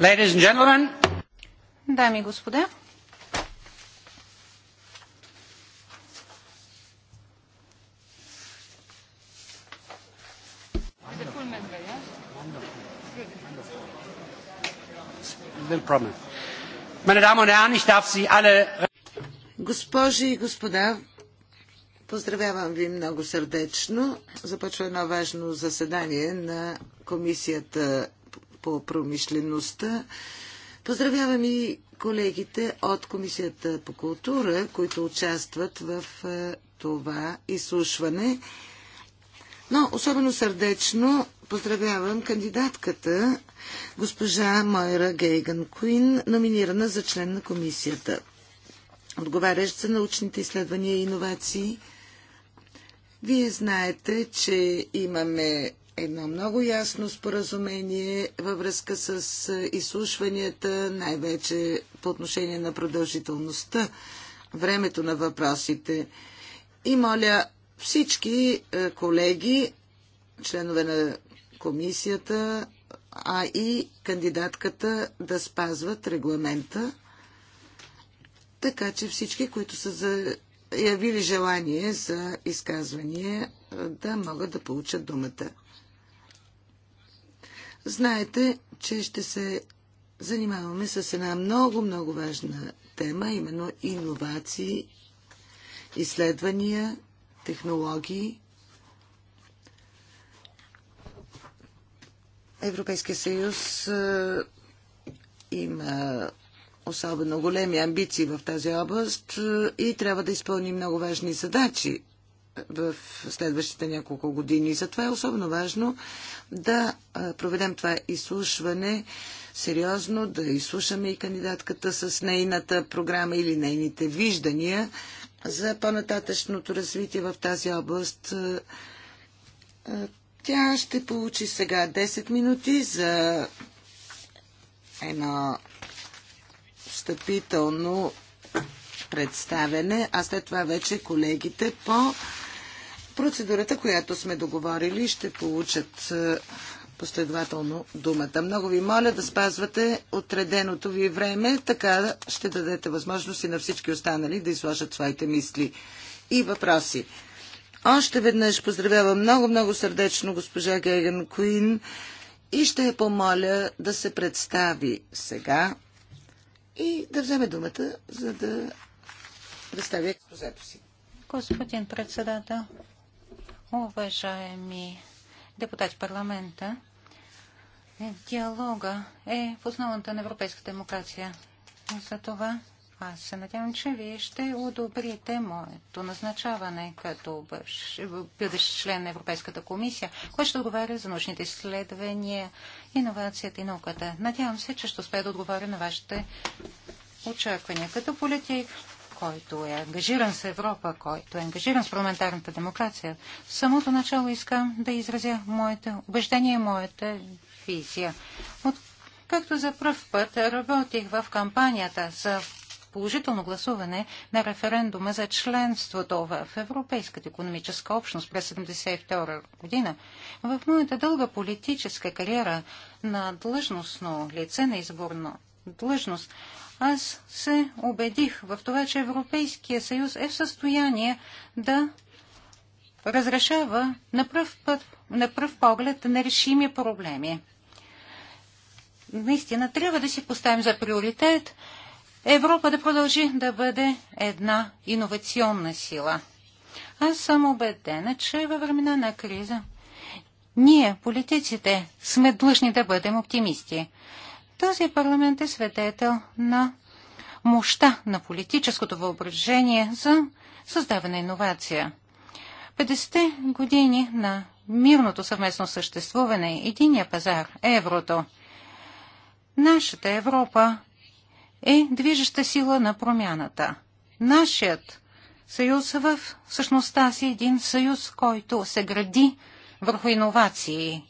Ladies and gentlemen. Дами и господа. Госпожи и господа, поздравявам ви много сърдечно. Започва едно важно заседание на Комисията по промишлеността. Поздравявам и колегите от Комисията по култура, които участват в е, това изслушване. Но особено сърдечно поздравявам кандидатката, госпожа Мойра Гейган Куин, номинирана за член на комисията. Отговарящ за научните изследвания и иновации. Вие знаете, че имаме едно много ясно споразумение във връзка с изслушванията, най-вече по отношение на продължителността, времето на въпросите. И моля всички колеги, членове на комисията, а и кандидатката да спазват регламента, така че всички, които са заявили желание за изказвания, да могат да получат думата. Знаете, че ще се занимаваме с една много-много важна тема, именно иновации, изследвания, технологии. Европейския съюз е, има особено големи амбиции в тази област е, и трябва да изпълни много важни задачи в следващите няколко години. Затова е особено важно да проведем това изслушване сериозно, да изслушаме и кандидатката с нейната програма или нейните виждания за по-нататъчното развитие в тази област. Тя ще получи сега 10 минути за едно встъпително представене, а след това вече колегите по процедурата, която сме договорили, ще получат е, последователно думата. Много ви моля да спазвате отреденото ви време, така ще дадете възможност и на всички останали да изложат своите мисли и въпроси. Още веднъж поздравявам много-много сърдечно госпожа Геген Куин и ще я помоля да се представи сега и да вземе думата, за да представи експозето си. Господин председател, уважаеми депутати в парламента. Диалога е в основата на европейска демокрация. За това аз се надявам, че вие ще одобрите моето назначаване като бъдещ, бъдещ член на Европейската комисия, който ще отговаря за научните изследвания, иновацията и науката. Надявам се, че ще успея да отговаря на вашите очаквания. Като политик който е ангажиран с Европа, който е ангажиран с парламентарната демокрация, в самото начало искам да изразя моите убеждения, и моята визия. От както за първ път работих в кампанията за положително гласуване на референдума за членството в Европейската економическа общност през 1972 година, в моята дълга политическа кариера на длъжностно лице на изборно длъжност, аз се убедих в това, че Европейския съюз е в състояние да разрешава на пръв, път, на пръв поглед нерешими проблеми. Наистина трябва да си поставим за приоритет Европа да продължи да бъде една иновационна сила. Аз съм убедена, че във времена на криза ние, политиците, сме длъжни да бъдем оптимисти. Този парламент е свидетел на мощта на политическото въображение за създаване иновация. 50-те години на мирното съвместно съществуване, единия пазар, еврото. Нашата Европа е движеща сила на промяната. Нашият съюз в същността си е един съюз, който се гради върху иновации.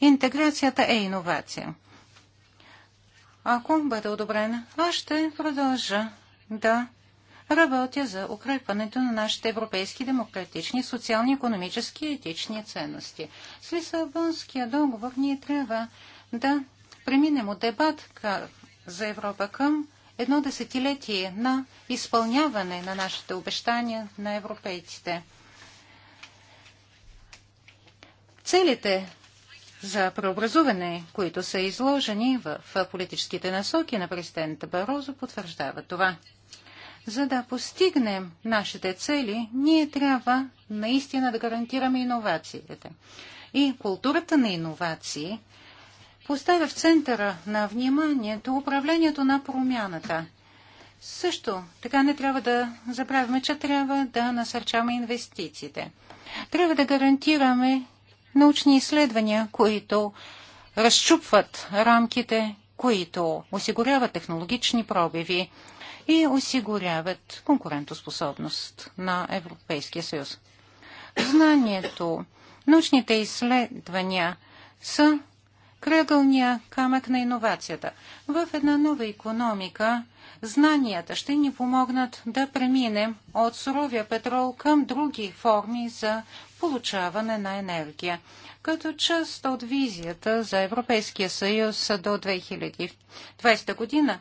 Интеграцията е иновация. Ако бъде одобрена, аз ще продължа да работя за укрепването на нашите европейски демократични, социални, економически и етични ценности. С Лисабонския договор ние трябва да преминем от дебат за Европа към едно десетилетие на изпълняване на нашите обещания на европейците. Целите за преобразуване, които са изложени в политическите насоки на президента Барозо, потвърждава това. За да постигнем нашите цели, ние трябва наистина да гарантираме иновациите. И културата на иновации поставя в центъра на вниманието управлението на промяната. Също така не трябва да забравяме, че трябва да насърчаваме инвестициите. Трябва да гарантираме научни изследвания, които разчупват рамките, които осигуряват технологични пробиви и осигуряват конкурентоспособност на Европейския съюз. Знанието, научните изследвания са кръгълния камък на иновацията. В една нова економика Знанията ще ни помогнат да преминем от суровия петрол към други форми за получаване на енергия. Като част от визията за Европейския съюз до 2020 година,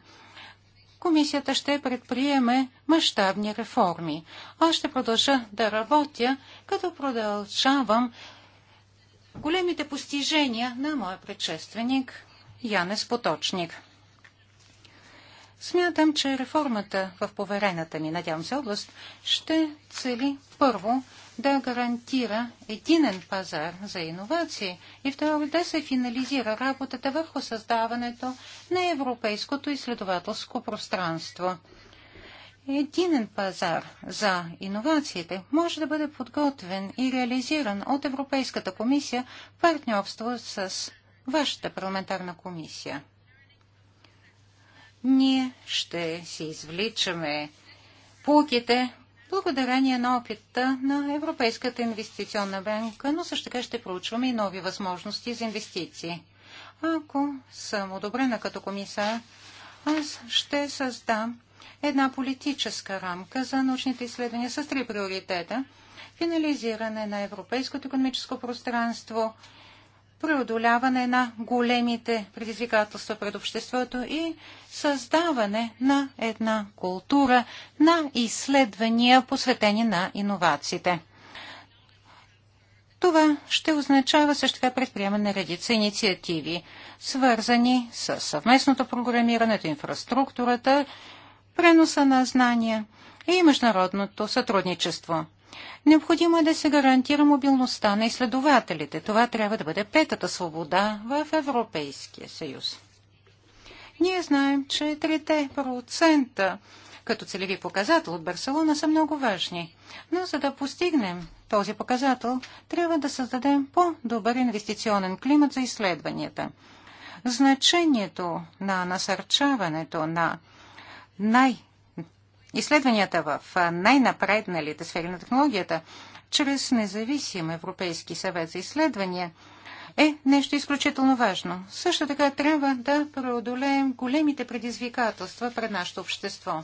комисията ще предприеме мащабни реформи. Аз ще продължа да работя, като продължавам големите постижения на моя предшественик Янес Поточник. Смятам, че реформата в поверената ми, надявам се, област ще цели първо да гарантира единен пазар за иновации и второ да се финализира работата върху създаването на европейското изследователско пространство. Единен пазар за иновациите може да бъде подготвен и реализиран от Европейската комисия в партньорство с вашата парламентарна комисия. Ние ще си извличаме полуките благодарение на опита на Европейската инвестиционна банка, но също така ще проучваме и нови възможности за инвестиции. Ако съм одобрена като комисар, аз ще създам една политическа рамка за научните изследвания с три приоритета – финализиране на европейското економическо пространство – преодоляване на големите предизвикателства пред обществото и създаване на една култура на изследвания, посветени на иновациите. Това ще означава също така предприемане на редица инициативи, свързани с съвместното програмирането, инфраструктурата, преноса на знания и международното сътрудничество. Необходимо е да се гарантира мобилността на изследователите. Това трябва да бъде петата свобода в Европейския съюз. Ние знаем, че 3% като целеви показател от Барселона са много важни. Но за да постигнем този показател, трябва да създадем по-добър инвестиционен климат за изследванията. Значението на насърчаването на най- изследванията в най-напредналите сфери на технологията чрез независим Европейски съвет за изследвания е нещо изключително важно. Също така трябва да преодолеем големите предизвикателства пред нашето общество.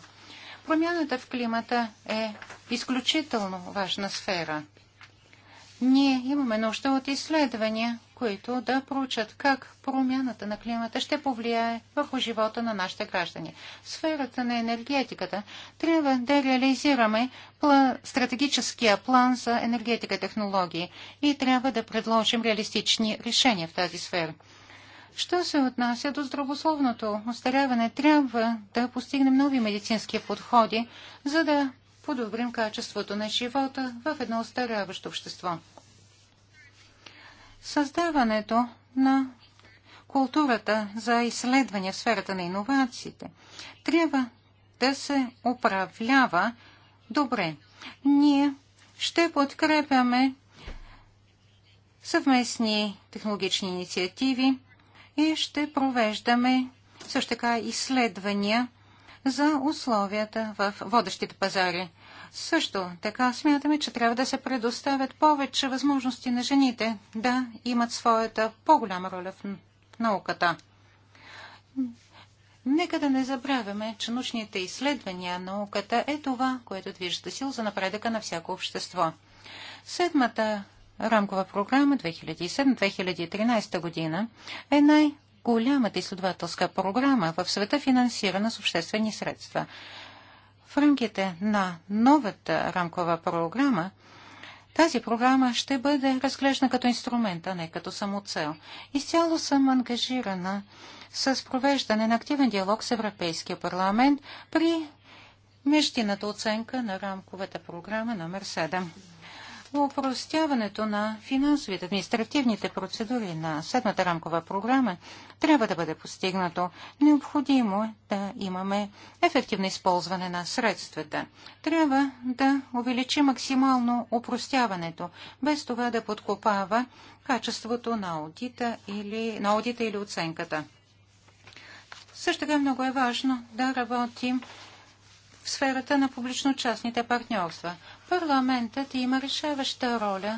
Промяната в климата е изключително важна сфера. Ние имаме нужда от изследвания, които да проучат как промяната на климата ще повлияе върху живота на нашите граждани. В сферата на енергетиката трябва да реализираме стратегическия план за енергетика и технологии и трябва да предложим реалистични решения в тази сфера. Що се отнася до здравословното остаряване, трябва да постигнем нови медицински подходи, за да подобрим качеството на живота в едно остаряващо общество създаването на културата за изследвания в сферата на иновациите трябва да се управлява добре. Ние ще подкрепяме съвместни технологични инициативи и ще провеждаме също така изследвания за условията в водещите пазари. Също така смятаме, че трябва да се предоставят повече възможности на жените да имат своята по-голяма роля в науката. Нека да не забравяме, че научните изследвания на науката е това, което движда сил за напредъка на всяко общество. Седмата рамкова програма 2007-2013 година е най-голямата изследователска програма в света, финансирана с обществени средства. В рамките на новата рамкова програма тази програма ще бъде разглеждана като инструмент, а не като самоцел. Изцяло съм ангажирана с провеждане на активен диалог с Европейския парламент при междинната оценка на рамковата програма номер 7 упростяването на финансовите, административните процедури на седмата рамкова програма трябва да бъде постигнато. Необходимо е да имаме ефективно използване на средствата. Трябва да увеличи максимално упростяването, без това да подкопава качеството на аудита или, на аудита или оценката. Също така много е важно да работим в сферата на публично-частните партньорства парламентът има решаваща роля,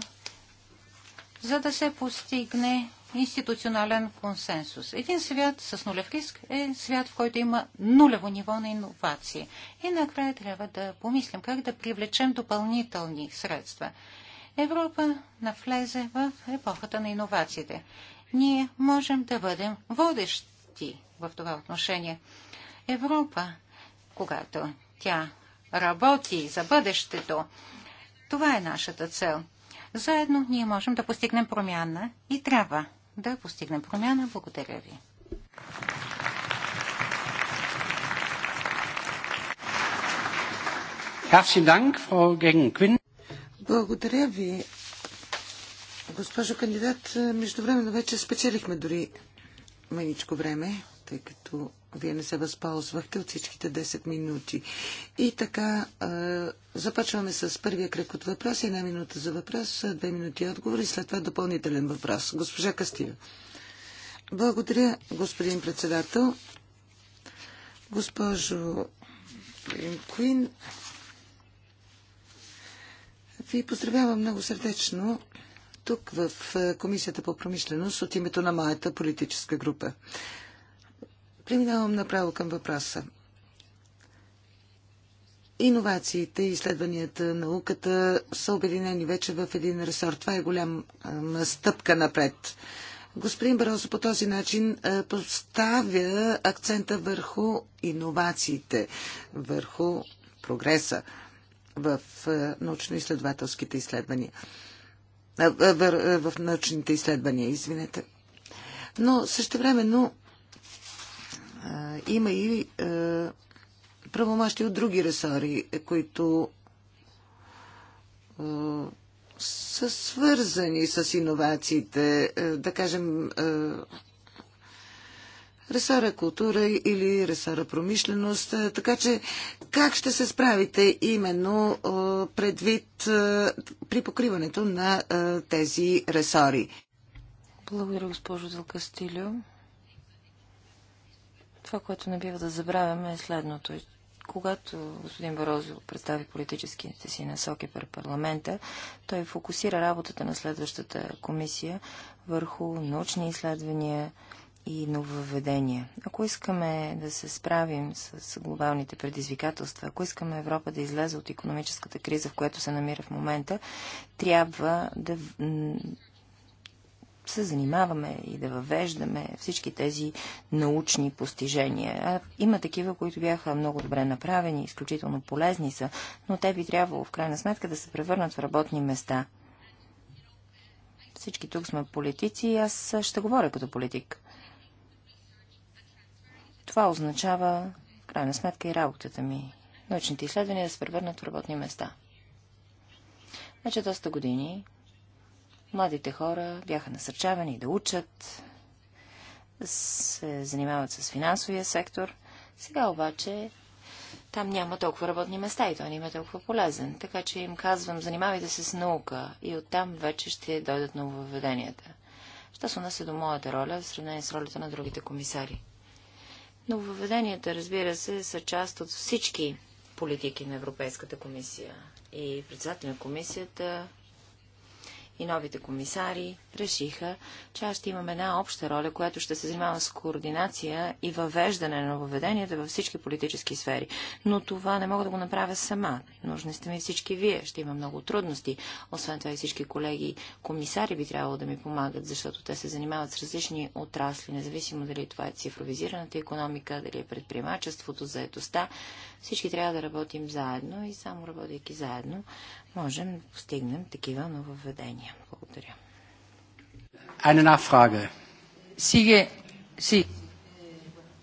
за да се постигне институционален консенсус. Един свят с нулев риск е свят, в който има нулево ниво на иновации. И накрая трябва да помислим как да привлечем допълнителни средства. Европа навлезе в епохата на иновациите. Ние можем да бъдем водещи в това отношение. Европа, когато тя работи за бъдещето. Това е нашата цел. Заедно ние можем да постигнем промяна и трябва да постигнем промяна. Благодаря ви. Благодаря ви, госпожо кандидат. Междувременно вече спечелихме дори маничко време тъй като вие не се възползвахте от всичките 10 минути. И така, започваме с първия кръг от въпроси. Една минута за въпрос, две минути отговор и след това допълнителен въпрос. Госпожа Кастива. Благодаря, господин председател. Госпожо Куин, ви поздравявам много сърдечно тук в Комисията по промишленост от името на моята политическа група. Преминавам направо към въпроса. Иновациите, изследванията, науката са обединени вече в един ресор. Това е голяма стъпка напред. Господин Барозо по този начин поставя акцента върху иновациите, върху прогреса в научно-изследователските изследвания. В, в, в научните изследвания, извинете. Но също времено има и правомощи от други ресори, които са свързани с иновациите, да кажем ресора култура или ресора промишленост. Така че как ще се справите именно предвид при покриването на тези ресори? Благодаря, госпожо Зелкастилио. Това, което не бива да забравяме е следното. Когато господин Барозо представи политическите си насоки пред парламента, той фокусира работата на следващата комисия върху научни изследвания и нововведения. Ако искаме да се справим с глобалните предизвикателства, ако искаме Европа да излезе от економическата криза, в която се намира в момента, трябва да се занимаваме и да въвеждаме всички тези научни постижения. А има такива, които бяха много добре направени, изключително полезни са, но те би трябвало в крайна сметка да се превърнат в работни места. Всички тук сме политици и аз ще говоря като политик. Това означава, в крайна сметка, и работата ми. Научните изследвания да се превърнат в работни места. Вече доста години Младите хора бяха насърчавани да учат, да се занимават с финансовия сектор. Сега обаче там няма толкова работни места и той не им е толкова полезен. Така че им казвам, занимавайте се с наука и оттам вече ще дойдат на нововведенията. Що се отнася до моята роля в сравнение с ролята на другите комисари? Нововведенията, разбира се, са част от всички политики на Европейската комисия. И председател на комисията и новите комисари решиха, че аз ще имам една обща роля, която ще се занимава с координация и въвеждане на нововведенията във всички политически сфери. Но това не мога да го направя сама. Нужни сте ми всички вие. Ще има много трудности. Освен това и всички колеги комисари би трябвало да ми помагат, защото те се занимават с различни отрасли, независимо дали това е цифровизираната економика, дали е предприемачеството, заедостта. Всички трябва да работим заедно и само работейки заедно можем да постигнем такива нововведения. Благодаря. Една Nachfrage. Сиге, си.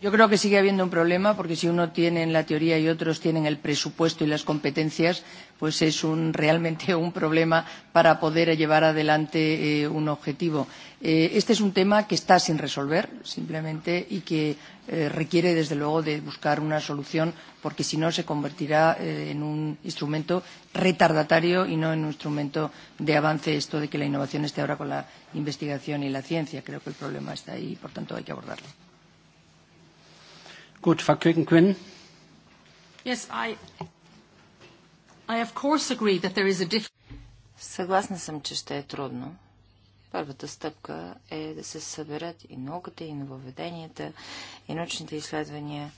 Yo creo que sigue habiendo un problema porque si uno tiene la teoría y otros tienen el presupuesto y las competencias, pues es un, realmente un problema para poder llevar adelante eh, un objetivo. Eh, este es un tema que está sin resolver simplemente y que eh, requiere desde luego de buscar una solución porque si no se convertirá eh, en un instrumento retardatario y no en un instrumento de avance esto de que la innovación esté ahora con la investigación y la ciencia. Creo que el problema está ahí y por tanto hay que abordarlo. Good. Frau Köken-Quinn. Yes, I, I of course agree that there is a difference. Съгласна съм, че ще е трудно. Първата стъпка е да се съберат и науката, и нововеденията, и научните изследвания.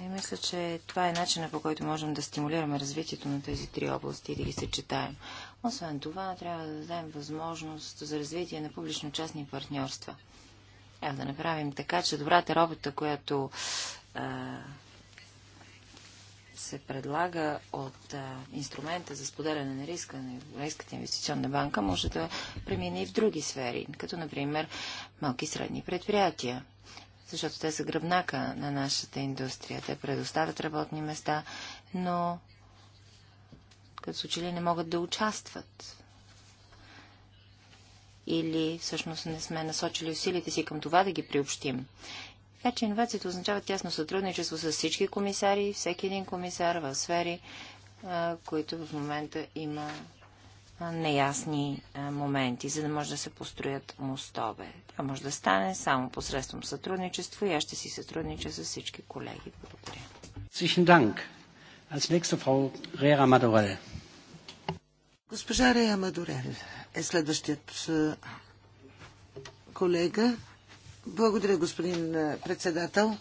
И мисля, че това е начина по който можем да стимулираме развитието на тези три области и да ги съчетаем. Освен това, трябва да дадем възможност за развитие на публично-частни партньорства. Ева, да направим така, че добрата работа, която а, се предлага от а, инструмента за споделяне на риска на Европейската инвестиционна банка, може да премине и в други сфери, като например малки и средни предприятия защото те са гръбнака на нашата индустрия. Те предоставят работни места, но като че ли не могат да участват или всъщност не сме насочили усилите си към това да ги приобщим. Така че инновацията означава тясно сътрудничество с всички комисари, всеки един комисар в сфери, а, които в момента има неясни моменти, за да може да се построят мостове. Това може да стане само посредством сътрудничество и аз ще си сътруднича с всички колеги. Благодаря. Сичен данк. Als nächste Frau Rera Madurell. Госпожа Рея Мадурел е следващият е, колега. Благодаря, господин е, председател.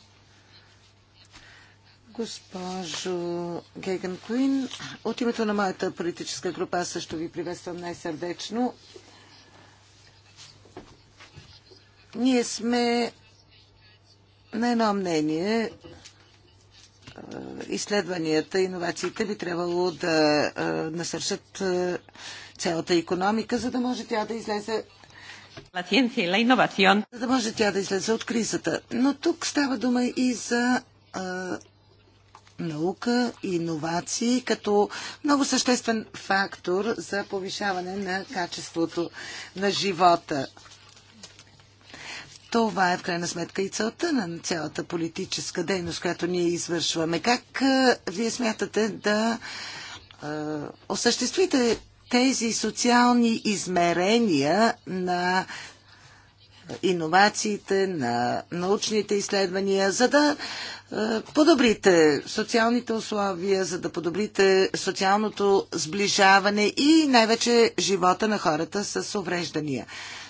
Госпожо Гейган Куин, от името на моята политическа група аз също ви приветствам най-сърдечно. Ние сме на едно мнение. Е, изследванията, иновациите би трябвало да насърчат цялата економика, за да може тя да излезе La ciencia y la innovación. За да може тя да излезе от кризата. Но тук става дума и за а, наука и иновации като много съществен фактор за повишаване на качеството на живота. Това е в крайна сметка и целта на цялата политическа дейност, която ние извършваме. Как а, вие смятате да а, осъществите тези социални измерения на иновациите, на научните изследвания, за да е, подобрите социалните условия, за да подобрите социалното сближаване и най-вече живота на хората с увреждания.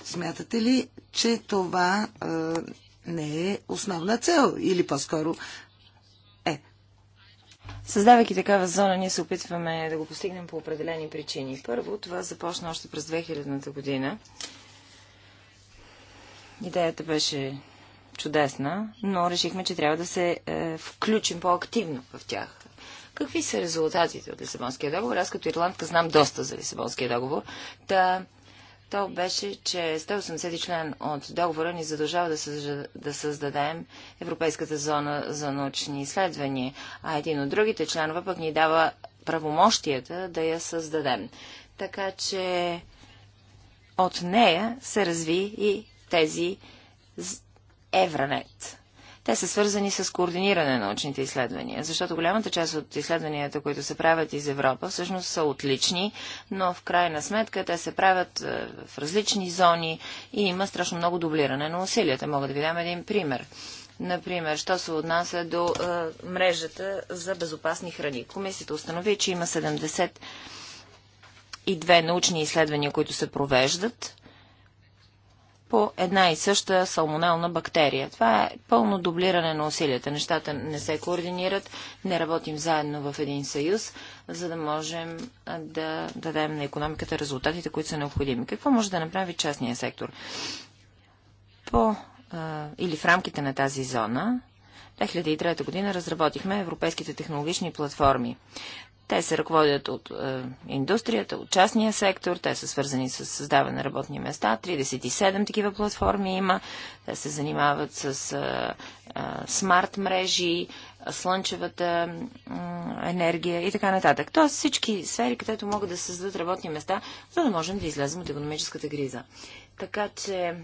Смятате ли, че това е, не е основна цел или по-скоро Създавайки такава зона, ние се опитваме да го постигнем по определени причини. Първо, това започна още през 2000-та година. Идеята беше чудесна, но решихме, че трябва да се е, включим по-активно в тях. Какви са резултатите от Лисабонския договор? Аз като ирландка знам доста за Лисабонския договор. Та, да то беше, че 180 член от договора ни задължава да, създа, да създадем Европейската зона за научни изследвания, а един от другите членове пък ни дава правомощията да я създадем. Така че от нея се разви и тези Евранет. Те са свързани с координиране на научните изследвания, защото голямата част от изследванията, които се правят из Европа, всъщност са отлични, но в крайна сметка те се правят е, в различни зони и има страшно много дублиране на усилията. Мога да ви дам един пример. Например, що се отнася до е, мрежата за безопасни храни. Комисията установи, че има 72 научни изследвания, които се провеждат по една и съща салмонална бактерия. Това е пълно дублиране на усилията. Нещата не се координират, не работим заедно в един съюз, за да можем да дадем на економиката резултатите, които са необходими. Какво може да направи частния сектор? По или в рамките на тази зона 2003 година разработихме европейските технологични платформи. Те се ръководят от е, индустрията, от частния сектор, те са свързани с създаване на работни места. 37 такива платформи има. Те се занимават с е, е, смарт мрежи, слънчевата енергия и така нататък. Тоест всички сфери, където могат да създадат работни места, за да можем да излезем от економическата криза. Така че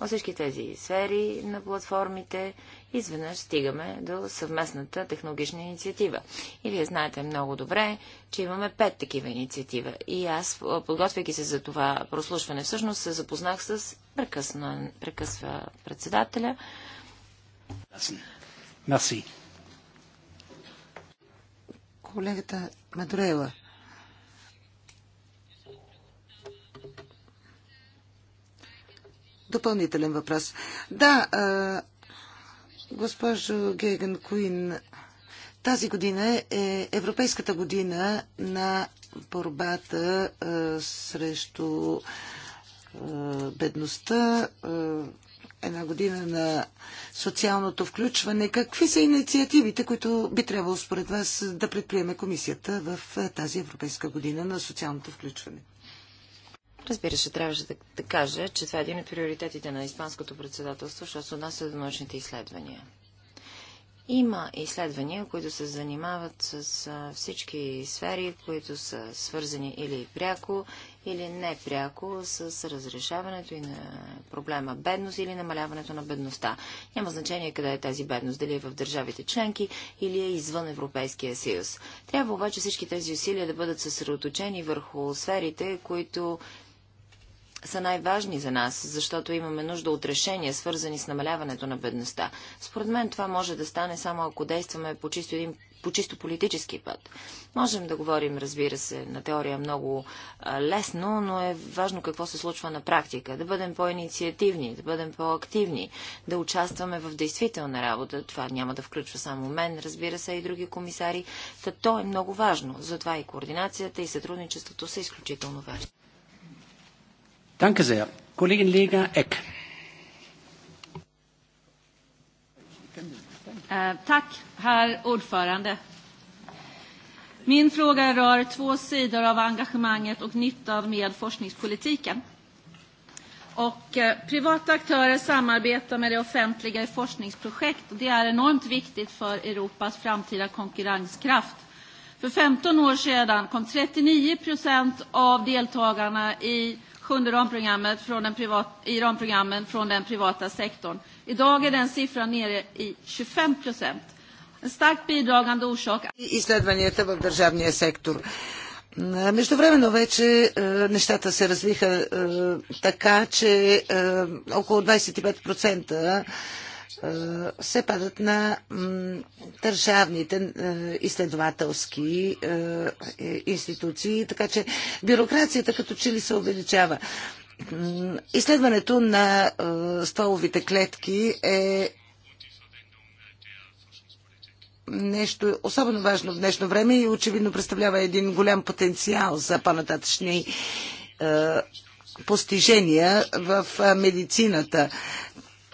от всички тези сфери на платформите изведнъж стигаме до съвместната технологична инициатива. И вие знаете много добре, че имаме пет такива инициатива. И аз, подготвяйки се за това прослушване, всъщност се запознах с прекъсна, прекъсва председателя. Мерси. Колегата Мадрела. Допълнителен въпрос. Да, Госпожо Геген Куин, тази година е Европейската година на борбата а, срещу а, бедността, а, една година на социалното включване. Какви са инициативите, които би трябвало според вас да предприеме комисията в тази Европейска година на социалното включване? Разбира се, трябваше да, да кажа, че това е един от приоритетите на Испанското председателство, защото се отнася до научните изследвания. Има изследвания, които се занимават с всички сфери, които са свързани или пряко, или непряко с разрешаването и на проблема бедност или намаляването на бедността. Няма значение къде е тази бедност, дали е в държавите членки или е извън Европейския съюз. Трябва обаче всички тези усилия да бъдат съсредоточени върху сферите, които са най-важни за нас, защото имаме нужда от решения, свързани с намаляването на бедността. Според мен това може да стане само ако действаме по чисто, един, по чисто политически път. Можем да говорим, разбира се, на теория много а, лесно, но е важно какво се случва на практика. Да бъдем по-инициативни, да бъдем по-активни, да участваме в действителна работа. Това няма да включва само мен, разбира се, и други комисари. Та то е много важно. Затова и координацията и сътрудничеството са изключително важни. Danke sehr. Kollegin Eck. Tack, herr ordförande. Min fråga rör två sidor av engagemanget och nyttan med forskningspolitiken. Och privata aktörer samarbetar med det offentliga i forskningsprojekt. Och det är enormt viktigt för Europas framtida konkurrenskraft. För 15 år sedan kom 39 procent av deltagarna i sjunde ramprogrammet från den privat, i ramprogrammen från den privata sektorn. Idag är den siffran nere i 25 procent. En starkt bidragande orsak... Изследванията в държавния сектор. Междувременно вече е, нещата се развиха е, така, че е, около 25% се падат на държавните изследователски е, институции, така че бюрокрацията като че ли се увеличава. Изследването на стволовите клетки е нещо особено важно в днешно време и очевидно представлява един голям потенциал за по-нататъчни постижения в медицината.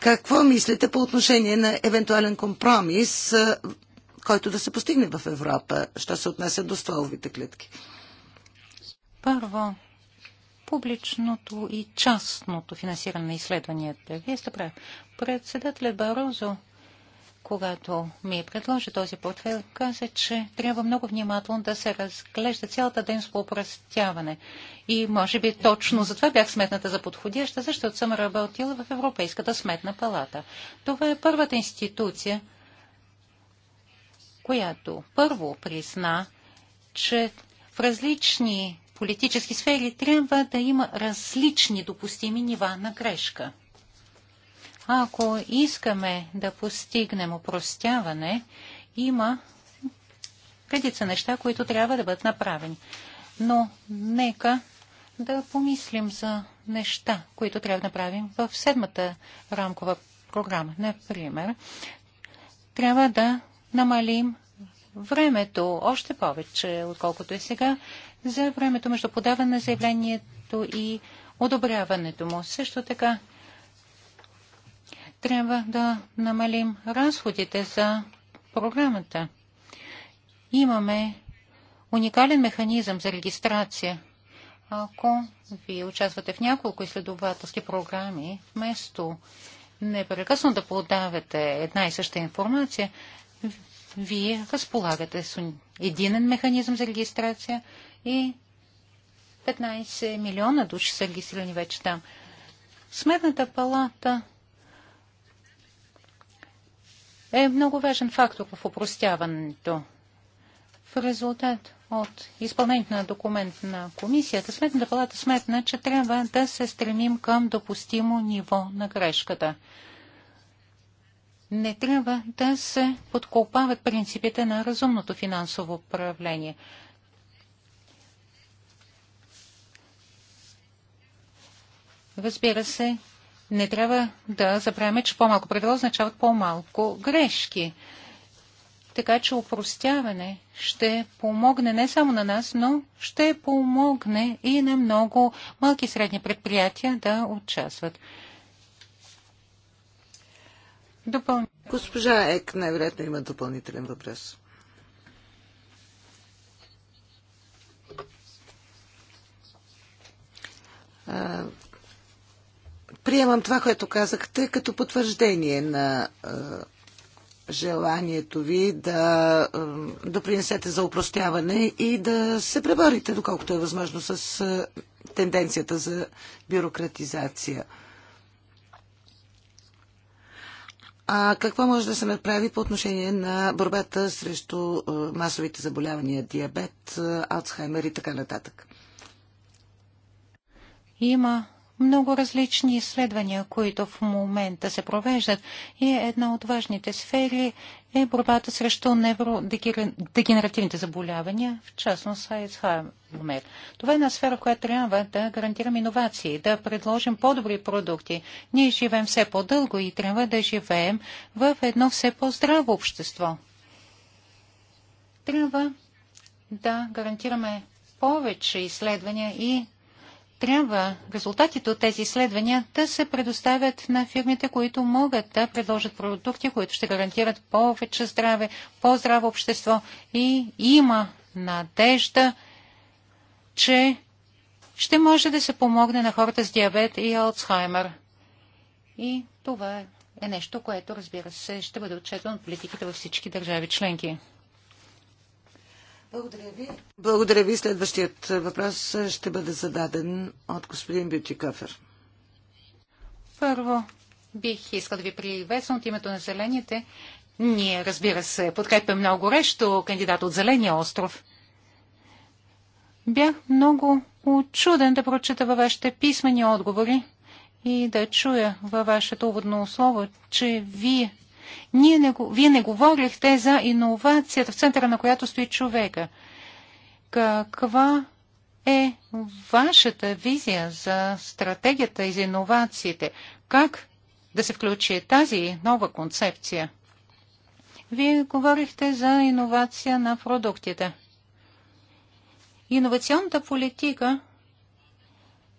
Какво мислите по отношение на евентуален компромис, който да се постигне в Европа, що се отнася до стволовите клетки? Първо, публичното и частното финансиране на изследванията. Вие сте прави, Председателят Барозо когато ми предложи този портфел, каза, че трябва много внимателно да се разглежда цялата ден с упростяване. И може би точно затова бях сметната за подходяща, защото съм работила в Европейската сметна палата. Това е първата институция, която първо призна, че в различни политически сфери трябва да има различни допустими нива на грешка. Ако искаме да постигнем упростяване, има редица неща, които трябва да бъдат направени. Но нека да помислим за неща, които трябва да направим в седмата рамкова програма. Например, трябва да намалим времето още повече, отколкото е сега, за времето между подаване на заявлението и одобряването му. Също така трябва да намалим разходите за програмата. Имаме уникален механизъм за регистрация. Ако вие участвате в няколко изследователски програми, вместо непрекъсно да подавате една и съща информация, вие разполагате с единен механизъм за регистрация и 15 милиона души са регистрирани вече там. Сметната палата е много важен фактор в упростяването. В резултат от изпълнението на документ на комисията, Сметната палата сметна, че трябва да се стремим към допустимо ниво на грешката. Не трябва да се подкопават принципите на разумното финансово управление. Разбира се, не трябва да забравяме, че по-малко правила означават по-малко грешки. Така че упростяване ще помогне не само на нас, но ще помогне и на много малки и средни предприятия да участват. Допъл... Госпожа Ек най-вероятно има допълнителен въпрос. Приемам това, което казахте, като потвърждение на е, желанието ви да е, допринесете за упростяване и да се преборите, доколкото е възможно, с е, тенденцията за бюрократизация. А какво може да се направи по отношение на борбата срещу масовите заболявания, диабет, Алцхаймер и така нататък? Има много различни изследвания, които в момента се провеждат и една от важните сфери е борбата срещу невродегенеративните заболявания, в частност Алцхаймер. Това е една сфера, в която трябва да гарантираме иновации, да предложим по-добри продукти. Ние живеем все по-дълго и трябва да живеем в едно все по-здраво общество. Трябва да гарантираме повече изследвания и трябва резултатите от тези изследвания да се предоставят на фирмите, които могат да предложат продукти, които ще гарантират повече здраве, по-здраво общество. И има надежда, че ще може да се помогне на хората с диабет и Алцхаймер. И това е нещо, което, разбира се, ще бъде отчетено от политиките във всички държави членки. Благодаря ви. Благодаря ви. Следващият въпрос ще бъде зададен от господин Бютикофер. Първо, бих искал да ви приветствам от името на Зелените. Ние, разбира се, подкрепям много горещо кандидат от Зеления остров. Бях много очуден да прочета във вашите писмени отговори и да чуя във вашето уводно слово, че вие ние не, вие не говорихте за иновацията, в центъра на която стои човека. Каква е вашата визия за стратегията и за иновациите? Как да се включи тази нова концепция? Вие говорихте за иновация на продуктите. Иновационната политика –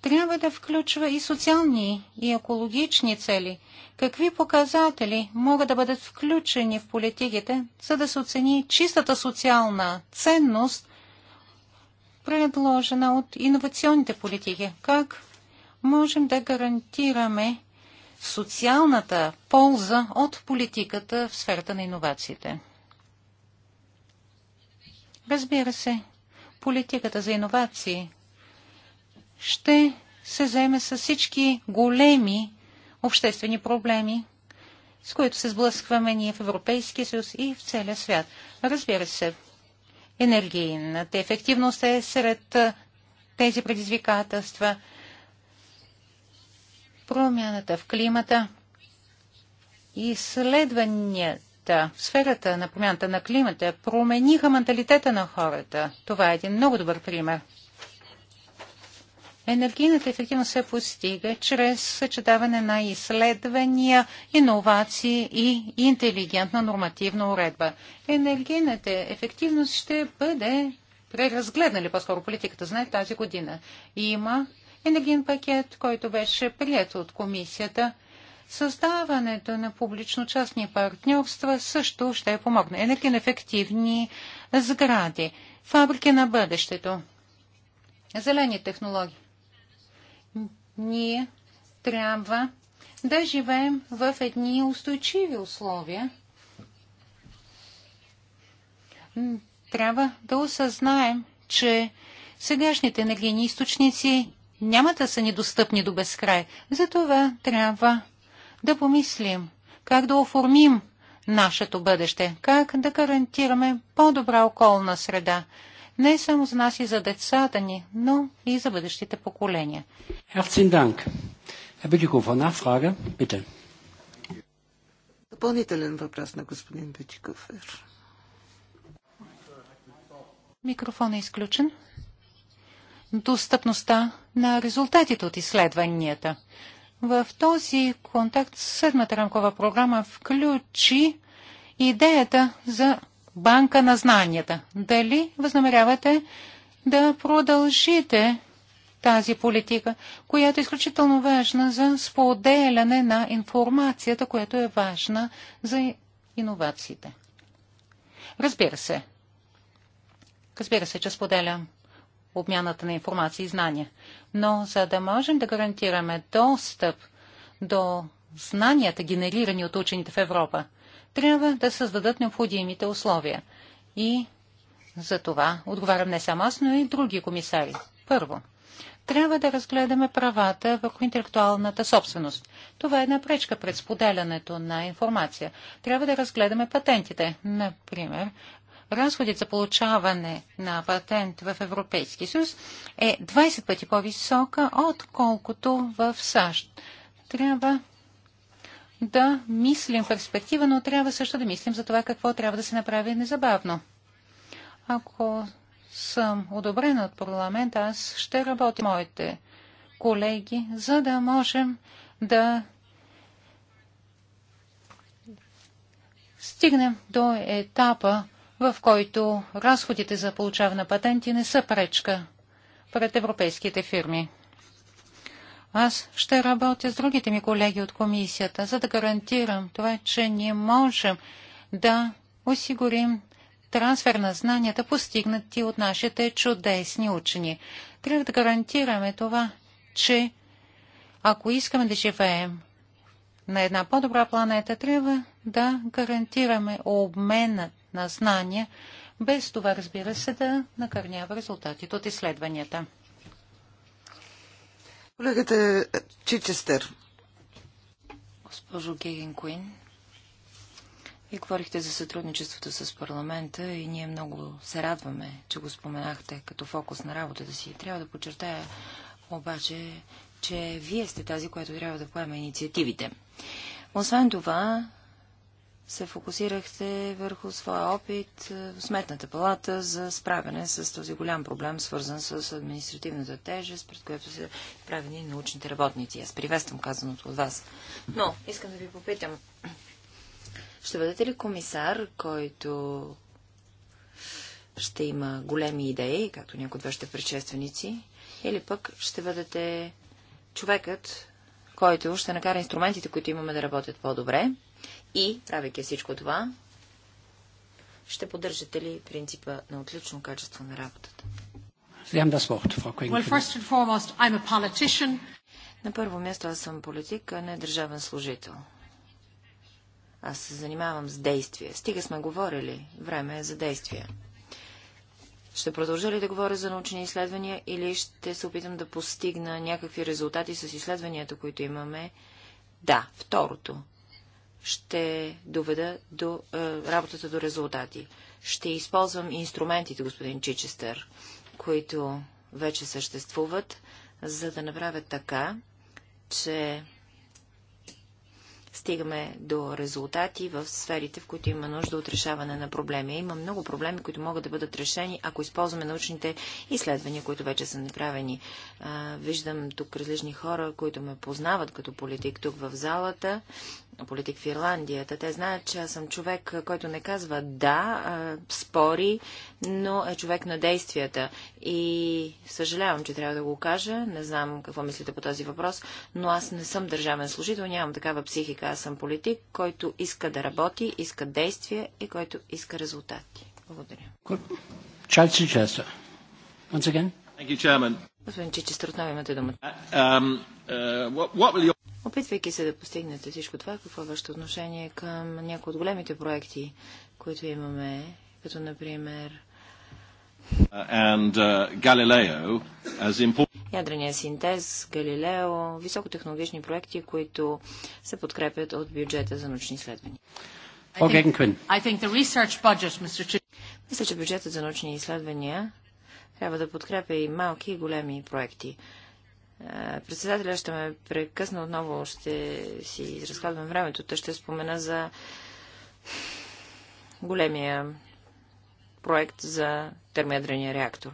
трябва да включва и социални и екологични цели. Какви показатели могат да бъдат включени в политиките, за да се оцени чистата социална ценност, предложена от иновационните политики? Как можем да гарантираме социалната полза от политиката в сферата на иновациите? Разбира се, политиката за иновации – ще се заеме с всички големи обществени проблеми, с които се сблъскваме ние в Европейския съюз и в целия свят. Разбира се, енергийната ефективност е сред тези предизвикателства, промяната в климата, изследванията в сферата на промяната на климата промениха менталитета на хората. Това е един много добър пример – Енергийната ефективност се постига чрез съчетаване на изследвания, иновации и интелигентна нормативна уредба. Енергийната ефективност ще бъде преразгледна ли по-скоро политиката, знаете, тази година. Има енергиен пакет, който беше прият от комисията. Създаването на публично-частни партньорства също ще помогне. Енергийно ефективни сгради, фабрики на бъдещето, зелени технологии. Ние трябва да живеем в едни устойчиви условия. Трябва да осъзнаем, че сегашните енергийни източници няма да са недостъпни до безкрай. Затова трябва да помислим как да оформим нашето бъдеще, как да гарантираме по-добра околна среда, не само за нас и за децата ни, но и за бъдещите поколения. Herzlichen Dank. Herr Bütikofer, Nachfrage, bitte. Допълнителен въпрос на господин Бютикофер. Микрофон е изключен. Достъпността на резултатите от изследванията. В този контакт седмата рамкова програма включи идеята за банка на знанията. Дали възнамерявате да продължите тази политика, която е изключително важна за споделяне на информацията, която е важна за иновациите. Разбира се. Разбира се, че споделям обмяната на информация и знания. Но за да можем да гарантираме достъп до знанията, генерирани от учените в Европа, трябва да създадат необходимите условия. И за това отговарям не само аз, но и други комисари. Първо, трябва да разгледаме правата върху интелектуалната собственост. Това е една пречка пред споделянето на информация. Трябва да разгледаме патентите. Например, разходите за получаване на патент в Европейския съюз е 20 пъти по-висока, отколкото в САЩ. Трябва да мислим в перспектива, но трябва също да мислим за това какво трябва да се направи незабавно. Ако съм одобрен от парламента, аз ще работя моите колеги, за да можем да стигнем до етапа, в който разходите за получаване на патенти не са пречка пред европейските фирми. Аз ще работя с другите ми колеги от комисията, за да гарантирам това, че ние можем да осигурим трансфер на знанията, постигнати от нашите чудесни учени. Трябва да гарантираме това, че ако искаме да живеем на една по-добра планета, трябва да гарантираме обмена на знания, без това, разбира се, да накърнява резултатите от изследванията. Колегата Чичестър. Госпожо Геген Куин, вие говорихте за сътрудничеството с парламента и ние много се радваме, че го споменахте като фокус на работата си. Трябва да подчертая обаче, че вие сте тази, която трябва да поема инициативите. Освен това, се фокусирахте върху своя опит е, в Сметната палата за справяне с този голям проблем, свързан с административната тежест, пред която са правени научните работници. Аз приветствам казаното от вас. Но искам да ви попитам, ще бъдете ли комисар, който ще има големи идеи, както някои от вашите предшественици, или пък ще бъдете човекът, който ще накара инструментите, които имаме да работят по-добре, и, правейки всичко това, ще поддържате ли принципа на отлично качество на работата? Well, на първо място аз съм политик, а не държавен служител. Аз се занимавам с действия. Стига сме говорили. Време е за действия. Ще продължа ли да говоря за научни изследвания или ще се опитам да постигна някакви резултати с изследванията, които имаме? Да, второто ще доведа до е, работата до резултати. Ще използвам инструментите, господин Чичестър, които вече съществуват, за да направя така, че стигаме до резултати в сферите, в които има нужда от решаване на проблеми. Има много проблеми, които могат да бъдат решени, ако използваме научните изследвания, които вече са направени. виждам тук различни хора, които ме познават като политик тук в залата политик в Ирландията, Те знаят, че аз съм човек, който не казва да, спори, но е човек на действията. И съжалявам, че трябва да го кажа. Не знам какво мислите по този въпрос, но аз не съм държавен служител, нямам такава психика. Аз съм политик, който иска да работи, иска действия и който иска резултати. Благодаря. Чарлз Чичестър. Once again. Господин Чичестър, отново имате думата. Uh, um, uh, Опитвайки се да постигнете всичко това, какво е вашето отношение към някои от големите проекти, които имаме, като например uh, uh, Ядрения синтез, Галилео, високотехнологични проекти, които се подкрепят от бюджета за научни изследвания. Мисля, че бюджетът за научни изследвания трябва да подкрепя и малки и големи проекти. Е, председателя ще ме прекъсна отново, ще си изразходвам времето. Та ще спомена за големия проект за термоядрения реактор.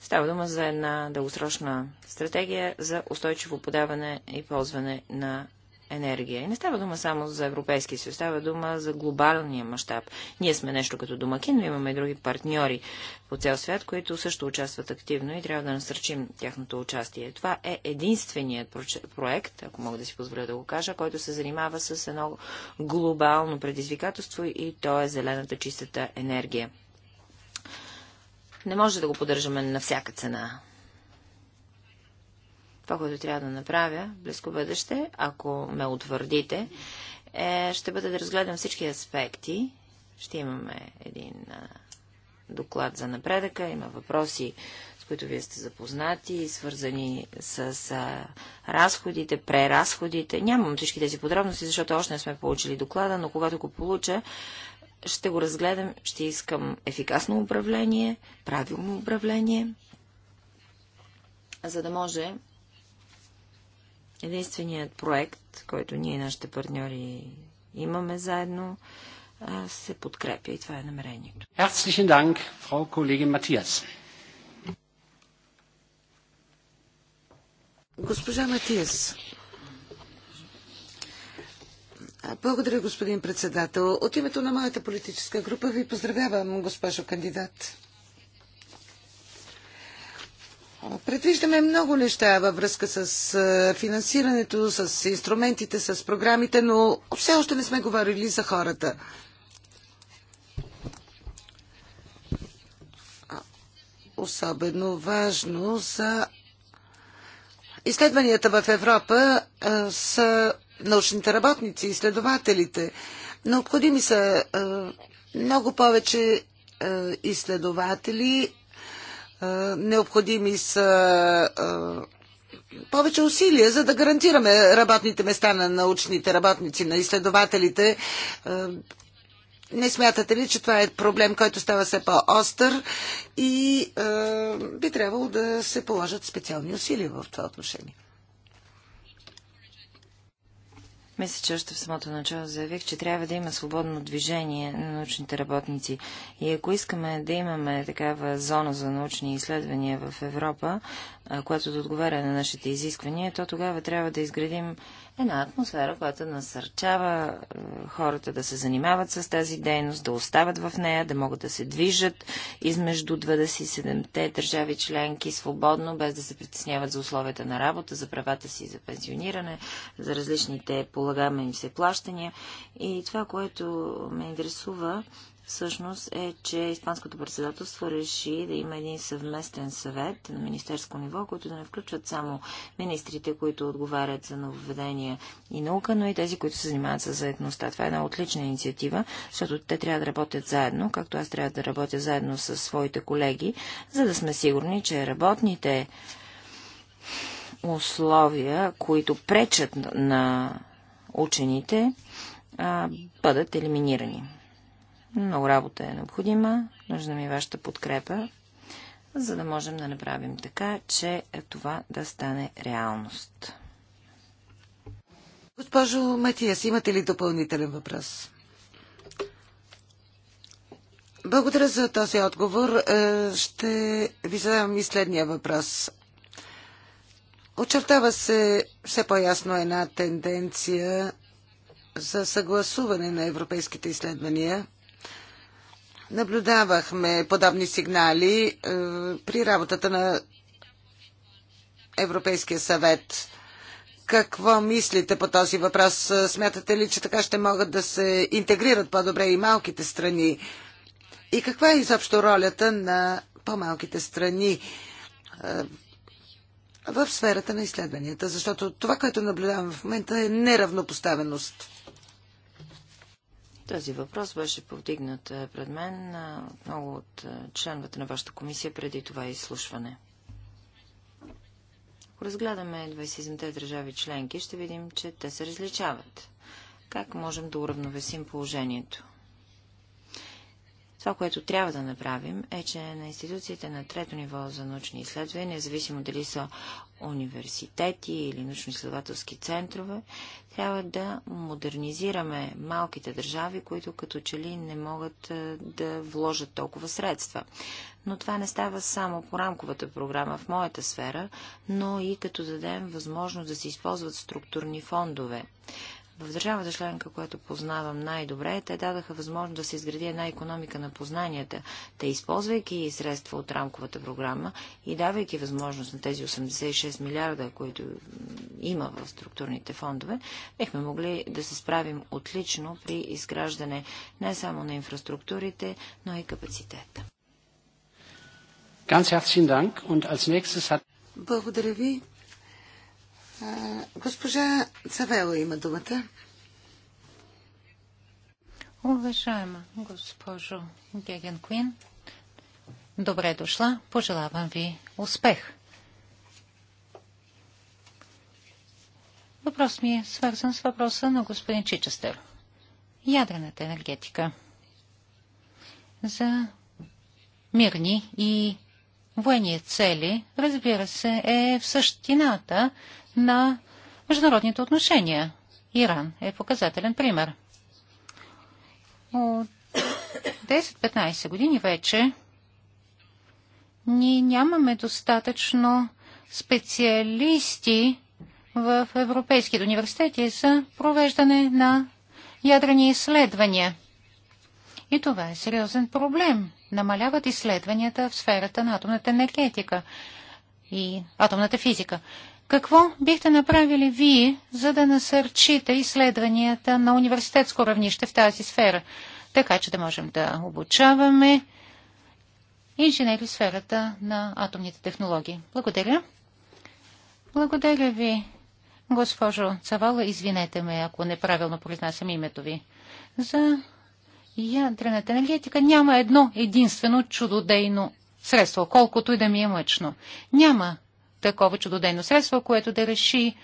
Става дума за една дългосрочна стратегия за устойчиво подаване и ползване на енергия. И не става дума само за Европейския съюз, става дума за глобалния мащаб. Ние сме нещо като домакин, но имаме и други партньори по цял свят, които също участват активно и трябва да насърчим тяхното участие. Това е единственият проект, ако мога да си позволя да го кажа, който се занимава с едно глобално предизвикателство и то е зелената чистата енергия. Не може да го поддържаме на всяка цена. Това, което трябва да направя в близко бъдеще, ако ме утвърдите, е, ще бъде да разгледам всички аспекти. Ще имаме един а, доклад за напредъка, има въпроси, с които вие сте запознати, свързани с а, разходите, преразходите. Нямам всички тези подробности, защото още не сме получили доклада, но когато го получа, ще го разгледам, ще искам ефикасно управление, правилно управление, за да може Единственият проект, който ние и нашите партньори имаме заедно, се подкрепя и това е намерението. Herzlichen Dank, Frau Kollegin Матиас. Госпожа Матиас, благодаря, господин председател. От името на моята политическа група ви поздравявам, госпожо кандидат. Предвиждаме много неща във връзка с финансирането, с инструментите, с програмите, но все още не сме говорили за хората. Особено важно за изследванията в Европа са научните работници, изследователите. Необходими са много повече изследователи е, необходими са е, повече усилия, за да гарантираме работните места на научните работници, на изследователите. Е, не смятате ли, че това е проблем, който става все по-остър и би трябвало да се положат специални усилия в това отношение? Мисля, че още в самото начало заявих, че трябва да има свободно движение на научните работници. И ако искаме да имаме такава зона за научни изследвания в Европа, която да отговаря на нашите изисквания, то тогава трябва да изградим една атмосфера, която насърчава хората да се занимават с тази дейност, да остават в нея, да могат да се движат измежду 27-те държави членки свободно, без да се притесняват за условията на работа, за правата си за пенсиониране, за различните полагаме им се плащания. И това, което ме интересува, всъщност е, че Испанското председателство реши да има един съвместен съвет на министерско ниво, който да не включват само министрите, които отговарят за нововведения и наука, но и тези, които се занимават с заедността. Това е една отлична инициатива, защото те трябва да работят заедно, както аз трябва да работя заедно с своите колеги, за да сме сигурни, че работните условия, които пречат на учените, бъдат елиминирани. Много работа е необходима, нужна ми е вашата подкрепа, за да можем да направим така, че това да стане реалност. Госпожо Матиас, имате ли допълнителен въпрос? Благодаря за този отговор. Е, ще ви задам и следния въпрос. Очертава се все по-ясно една тенденция за съгласуване на европейските изследвания Наблюдавахме подобни сигнали е, при работата на Европейския съвет. Какво мислите по този въпрос? Смятате ли, че така ще могат да се интегрират по-добре и малките страни? И каква е изобщо ролята на по-малките страни е, в сферата на изследванията? Защото това, което наблюдаваме в момента е неравнопоставеност. Този въпрос беше повдигнат е, пред мен е, много от е, членовете на вашата комисия преди това изслушване. Ако разгледаме 27-те държави членки, ще видим, че те се различават. Как можем да уравновесим положението? Това, което трябва да направим, е, че на институциите на трето ниво за научни изследвания, независимо дали са университети или научно-изследователски центрове, трябва да модернизираме малките държави, които като че ли не могат е, да вложат толкова средства. Но това не става само по рамковата програма в моята сфера, но и като дадем възможност да се използват структурни фондове. В държавата членка, която познавам най-добре, те дадаха възможност да се изгради една економика на познанията. Те, използвайки средства от рамковата програма и давайки възможност на тези 86 милиарда, които има в структурните фондове, бихме могли да се справим отлично при изграждане не само на инфраструктурите, но и капацитета. Благодаря ви. Госпожа Цавела има думата. Уважаема госпожо Геген Куин, добре дошла. Пожелавам ви успех. Въпрос ми е свързан с въпроса на господин Чичестър. Ядрената енергетика. За мирни и военни цели, разбира се, е в същината на международните отношения. Иран е показателен пример. От 10-15 години вече ние нямаме достатъчно специалисти в европейските университети за провеждане на ядрени изследвания. И това е сериозен проблем. Намаляват изследванията в сферата на атомната енергетика и атомната физика. Какво бихте направили вие, за да насърчите изследванията на университетско равнище в тази сфера, така че да можем да обучаваме инженери в сферата на атомните технологии? Благодаря. Благодаря ви, госпожо Цавала. Извинете ме, ако неправилно произнасям името ви. За ядрената енергетика няма едно единствено чудодейно средство, колкото и да ми е мъчно. Няма такова чудодейно средство, което да реши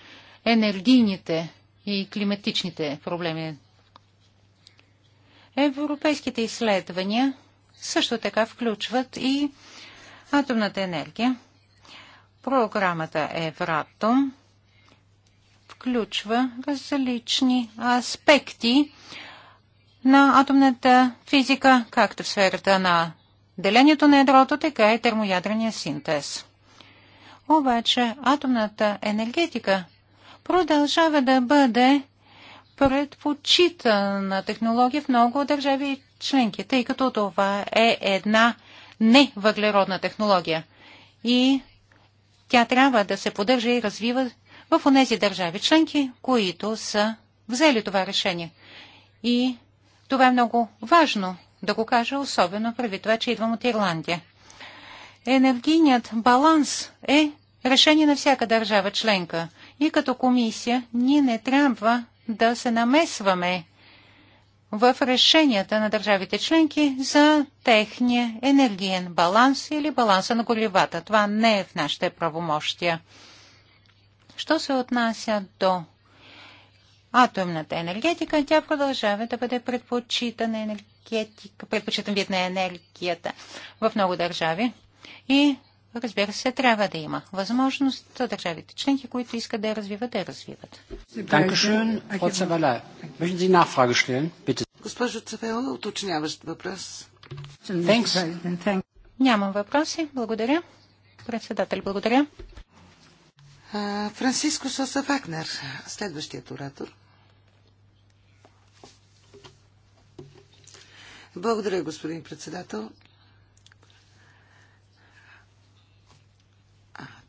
енергийните и климатичните проблеми. Европейските изследвания също така включват и атомната енергия. Програмата Евратом включва различни аспекти на атомната физика, както в сферата на делението на ядрото, така и термоядрения синтез. Обаче атомната енергетика продължава да бъде предпочитана технология в много държави членки, тъй като това е една невъглеродна технология. И тя трябва да се поддържа и развива в тези държави членки, които са взели това решение. И това е много важно да го кажа, особено преди това, че идвам от Ирландия. Енергийният баланс е решение на всяка държава членка. И като комисия ние не трябва да се намесваме в решенията на държавите членки за техния енергиен баланс или баланса на горивата. Това не е в нашите правомощия. Що се отнася до атомната енергетика, тя продължава да бъде предпочитана енергетика, предпочитан вид на енергията в много държави. И Разбира се, трябва да има възможност за държавите членки, които искат да я развиват, да я развиват. Госпожо Цавела, уточняващ въпрос. Нямам въпроси. Благодаря. Председател, благодаря. Франциско Соса Вагнер, следващият оратор. Благодаря, господин председател.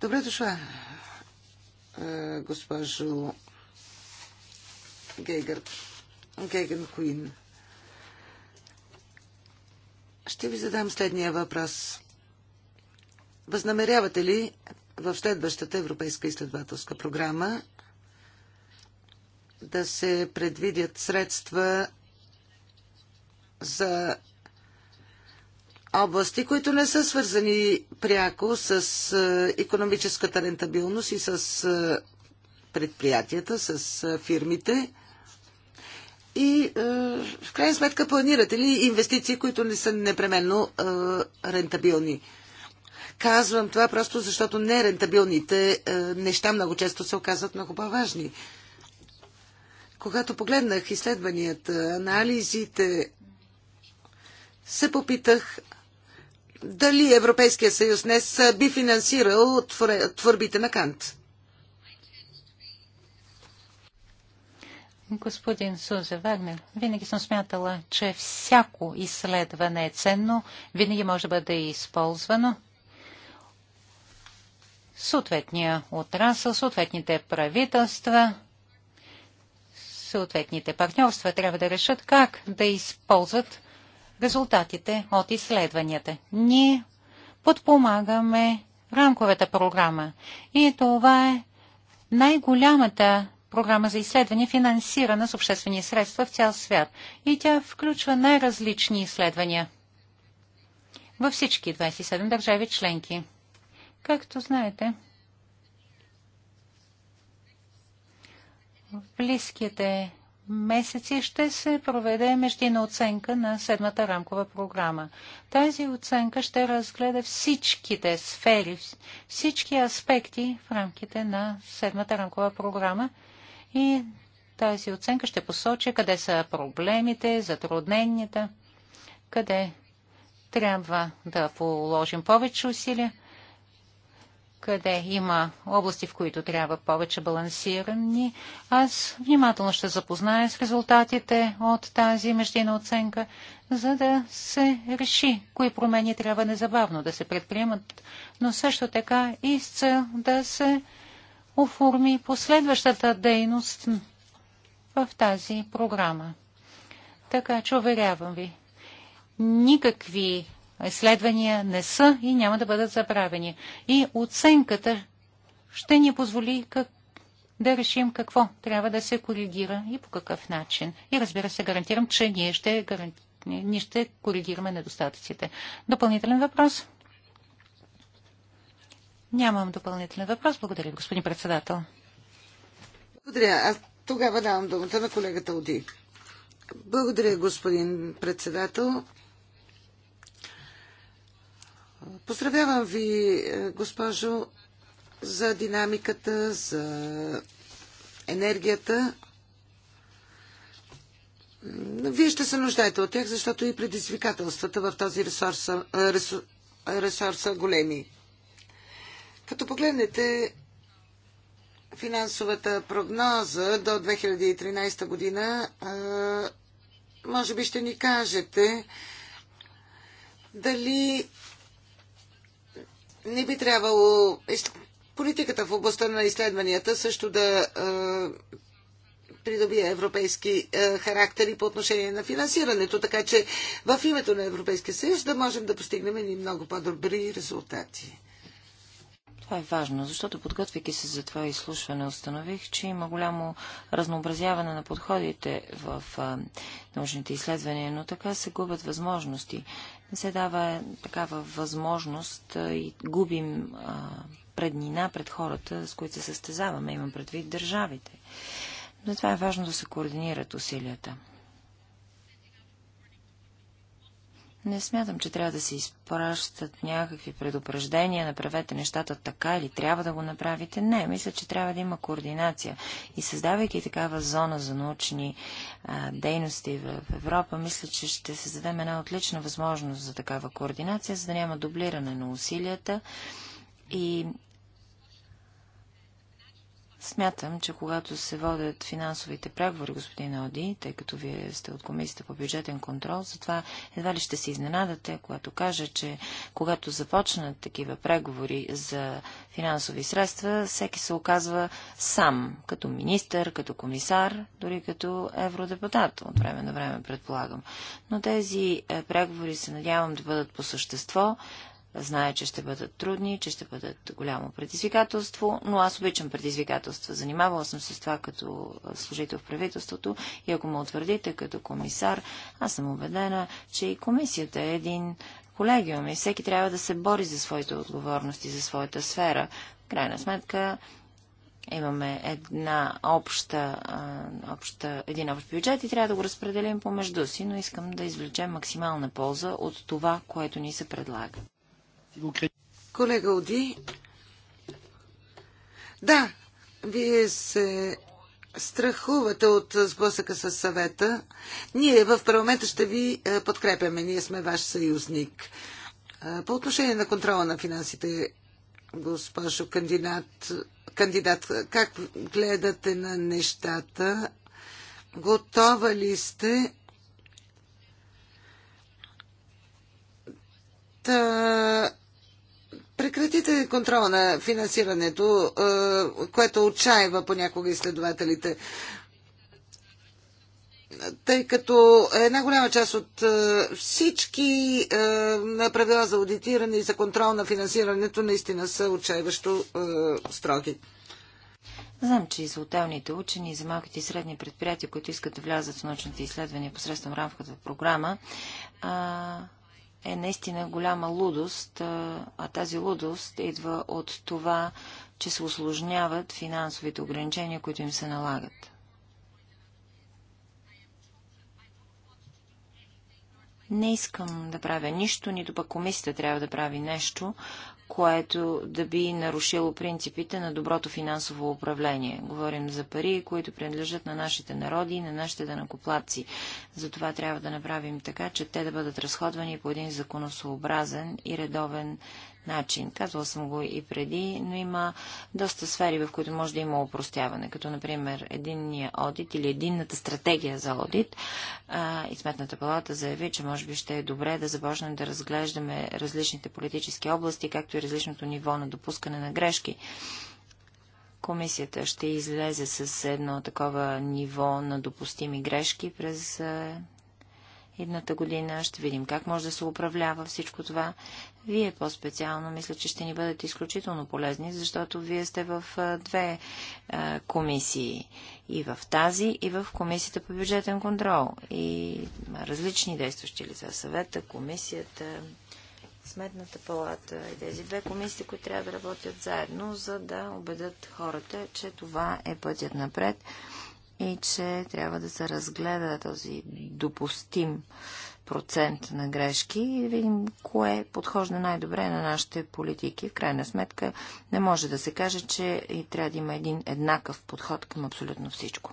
Добре дошла, е, госпожо Гейгър, Гейгън Куин. Ще ви задам следния въпрос. Възнамерявате ли в следващата Европейска изследователска програма да се предвидят средства за области, които не са свързани пряко с економическата рентабилност и с е, предприятията, с е, фирмите. И е, в крайна сметка планирате ли инвестиции, които не са непременно рентабилни? Казвам това просто защото нерентабилните неща много често се оказват много по-важни. Когато погледнах изследванията, анализите се попитах дали Европейския съюз днес би финансирал творбите на Кант. Господин Сузе Вагнер, винаги съм смятала, че всяко изследване е ценно, винаги може да бъде използвано. Съответния отрасъл, съответните правителства, съответните партньорства трябва да решат как да използват резултатите от изследванията. Ние подпомагаме рамковата програма и това е най-голямата програма за изследване, финансирана с обществени средства в цял свят. И тя включва най-различни изследвания във всички 27 държави членки. Както знаете, в близките месеци ще се проведе междинна оценка на седмата рамкова програма. Тази оценка ще разгледа всичките сфери, всички аспекти в рамките на седмата рамкова програма и тази оценка ще посочи къде са проблемите, затрудненията, къде трябва да положим повече усилия къде има области, в които трябва повече балансирани. Аз внимателно ще запозная с резултатите от тази междинна оценка, за да се реши кои промени трябва незабавно да се предприемат, но също така и с цел да се оформи последващата дейност в тази програма. Така че уверявам ви, никакви изследвания не са и няма да бъдат забравени. И оценката ще ни позволи как да решим какво трябва да се коригира и по какъв начин. И разбира се, гарантирам, че ние ще, гаранти... ние ще коригираме недостатъците. Допълнителен въпрос? Нямам допълнителен въпрос. Благодаря господин председател. Благодаря. Аз тогава давам думата на колегата Оди. Благодаря, господин председател. Поздравявам ви, е, госпожо, за динамиката, за енергията. Вие ще се нуждаете от тях, защото и предизвикателствата в този ресурс са, ресурс, ресурс са големи. Като погледнете финансовата прогноза до 2013 година, е, може би ще ни кажете дали не би трябвало политиката в областта на изследванията също да придобие европейски е, характер и по отношение на финансирането, така че в името на Европейския съюз да можем да постигнем и много по-добри резултати. Това е важно, защото подготвяйки се за това изслушване, установих, че има голямо разнообразяване на подходите в а, научните изследвания, но така се губят възможности не се дава такава възможност и губим преднина пред хората, с които се състезаваме, имам предвид държавите. Но това е важно да се координират усилията. Не смятам, че трябва да се изпращат някакви предупреждения, направете нещата така или трябва да го направите. Не, мисля, че трябва да има координация. И създавайки такава зона за научни а, дейности в, Европа, мисля, че ще създадем една отлична възможност за такава координация, за да няма дублиране на усилията и Смятам, че когато се водят финансовите преговори, господин Оди, тъй като вие сте от Комисията по бюджетен контрол, затова едва ли ще се изненадате, когато кажа, че когато започнат такива преговори за финансови средства, всеки се оказва сам, като министър, като комисар, дори като евродепутат, от време на време предполагам. Но тези е, преговори се надявам да бъдат по същество, Знае, че ще бъдат трудни, че ще бъдат голямо предизвикателство, но аз обичам предизвикателства. Занимавала съм се с това като служител в правителството и ако ме утвърдите като комисар, аз съм убедена, че и комисията е един колегиум и всеки трябва да се бори за своите отговорности, за своята сфера. В крайна сметка, имаме една обща, обща, един общ бюджет и трябва да го разпределим помежду си, но искам да извлечем максимална полза от това, което ни се предлага. Колега Оди, да, вие се страхувате от сблъсъка с съвета. Ние в парламента ще ви е, подкрепяме. Ние сме ваш съюзник. Е, по отношение на контрола на финансите, госпожо кандидат, кандидат как гледате на нещата? Готова ли сте да Прекратите контрола на финансирането, е, което отчаива понякога изследователите тъй като една голяма част от е, всички е, правила за аудитиране и за контрол на финансирането наистина са отчаиващо строги. Знам, че и за отделните учени, и за малките и средни предприятия, които искат да влязат в научните изследвания посредством рамката в програма, е наистина голяма лудост, а тази лудост идва от това, че се осложняват финансовите ограничения, които им се налагат. Не искам да правя нищо, нито пък комисията трябва да прави нещо, което да би нарушило принципите на доброто финансово управление. Говорим за пари, които принадлежат на нашите народи и на нашите данакоплаци. Затова трябва да направим така, че те да бъдат разходвани по един законосообразен и редовен начин. Казвал съм го и преди, но има доста сфери, в които може да има упростяване, като например единния одит или единната стратегия за одит. А, и Сметната палата заяви, че може би ще е добре да започнем да разглеждаме различните политически области, както и различното ниво на допускане на грешки комисията ще излезе с едно такова ниво на допустими грешки през Едната година ще видим как може да се управлява всичко това. Вие по-специално мисля, че ще ни бъдете изключително полезни, защото вие сте в две а, комисии. И в тази, и в комисията по бюджетен контрол. И различни действащи лица. Съвета, комисията, Сметната палата и тези две комисии, които трябва да работят заедно, за да убедят хората, че това е пътят напред и че трябва да се разгледа този допустим процент на грешки и да видим кое подхожда най-добре на нашите политики. В крайна сметка не може да се каже, че и трябва да има един еднакъв подход към абсолютно всичко.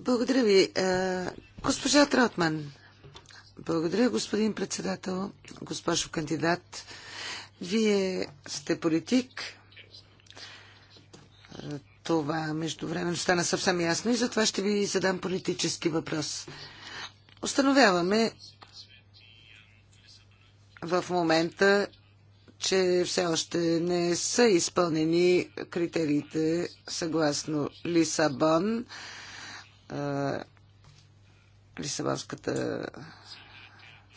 Благодаря ви. Е, госпожа Тротман. Благодаря, господин председател, госпожо кандидат. Вие сте политик, е, това между време стана съвсем ясно и затова ще ви задам политически въпрос. Установяваме в момента, че все още не са изпълнени критериите съгласно Лисабон, Лисабонската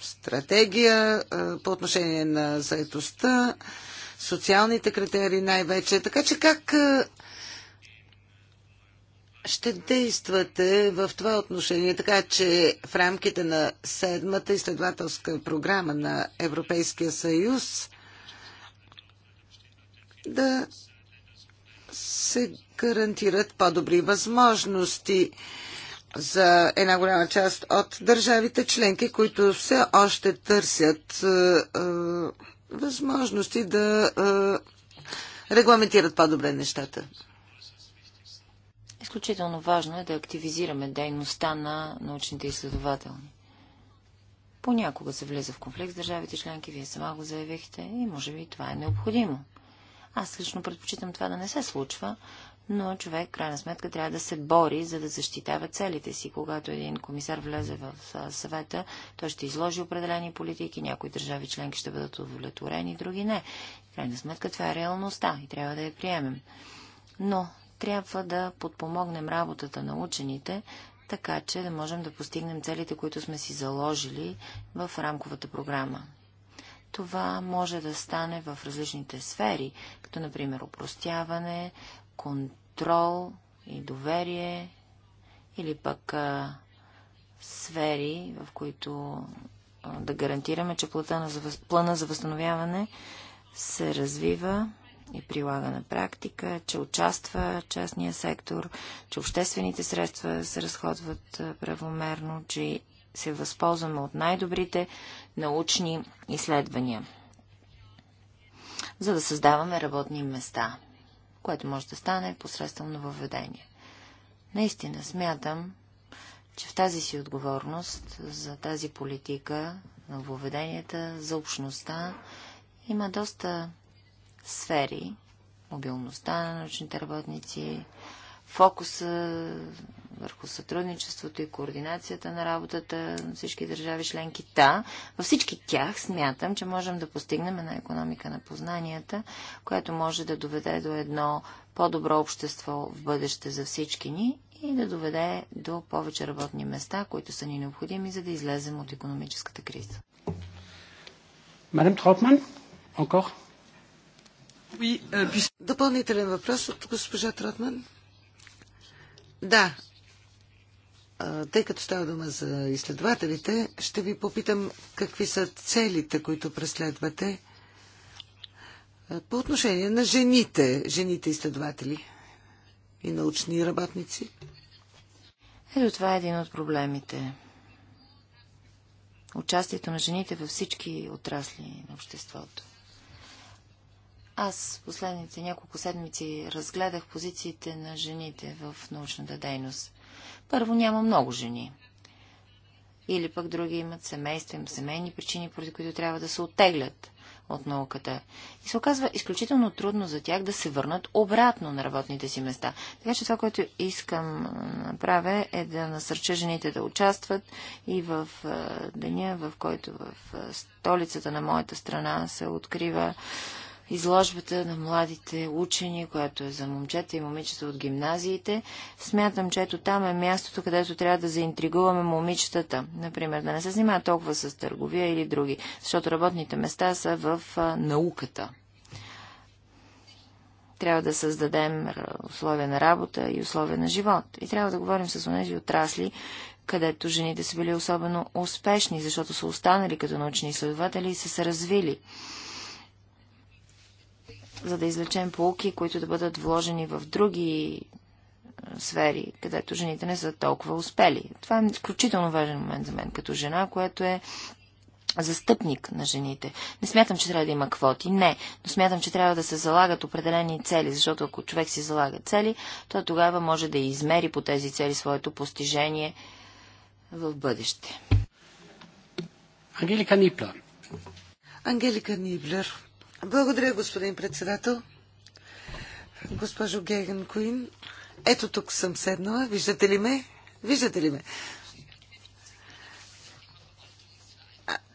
стратегия по отношение на заедостта, социалните критерии най-вече. Така че как ще действате в това отношение, така че в рамките на седмата изследователска програма на Европейския съюз да се гарантират по-добри възможности за една голяма част от държавите членки, които все още търсят е, е, възможности да е, регламентират по-добре нещата. Изключително важно е да активизираме дейността на научните изследователни. Понякога се влиза в конфликт с държавите членки, вие сама го заявихте и може би това е необходимо. Аз лично предпочитам това да не се случва, но човек, крайна сметка, трябва да се бори, за да защитава целите си. Когато един комисар влезе в съвета, той ще изложи определени политики, някои държави членки ще бъдат удовлетворени, други не. Крайна сметка, това е реалността и трябва да я приемем. Но трябва да подпомогнем работата на учените, така че да можем да постигнем целите, които сме си заложили в рамковата програма. Това може да стане в различните сфери, като например упростяване, контрол и доверие, или пък а, сфери, в които а, да гарантираме, че плана за, плана за възстановяване се развива и прилага на практика, че участва частния сектор, че обществените средства се разходват правомерно, че се възползваме от най-добрите научни изследвания, за да създаваме работни места, което може да стане посредством на въведение. Наистина смятам, че в тази си отговорност за тази политика на въведенията, за общността, има доста сфери. Мобилността на научните работници, фокуса върху сътрудничеството и координацията на работата на всички държави членки. Та, във всички тях смятам, че можем да постигнем една економика на познанията, която може да доведе до едно по-добро общество в бъдеще за всички ни и да доведе до повече работни места, които са ни необходими, за да излезем от економическата криза. Мадам Тропман, encore? Euh, Допълнителен въпрос от госпожа Тротман. Да, тъй като става дума за изследователите, ще ви попитам какви са целите, които преследвате по отношение на жените, жените изследователи и научни работници. Ето това е един от проблемите. Участието на жените във всички отрасли на обществото. Аз последните няколко седмици разгледах позициите на жените в научната дейност. Първо, няма много жени. Или пък други имат семейства, имат семейни причини, поради които трябва да се оттеглят от науката. И се оказва изключително трудно за тях да се върнат обратно на работните си места. Така че това, което искам направя е да насърча жените да участват и в деня, в който в столицата на моята страна се открива изложбата на младите учени, която е за момчета и момичета от гимназиите. Смятам, че ето там е мястото, където трябва да заинтригуваме момичетата. Например, да не се занимават толкова с търговия или други, защото работните места са в а, науката. Трябва да създадем условия на работа и условия на живот. И трябва да говорим с тези отрасли, където жените са били особено успешни, защото са останали като научни изследователи и са се развили за да излечем полуки, които да бъдат вложени в други е, сфери, където жените не са толкова успели. Това е изключително важен момент за мен като жена, която е застъпник на жените. Не смятам, че трябва да има квоти, не, но смятам, че трябва да се залагат определени цели, защото ако човек си залага цели, то тогава може да измери по тези цели своето постижение в бъдеще. Ангелика Ниплер. Ангелика Ниблер. Благодаря, господин председател. Госпожо Геген Куин, ето тук съм седнала. Виждате ли ме? Виждате ли ме?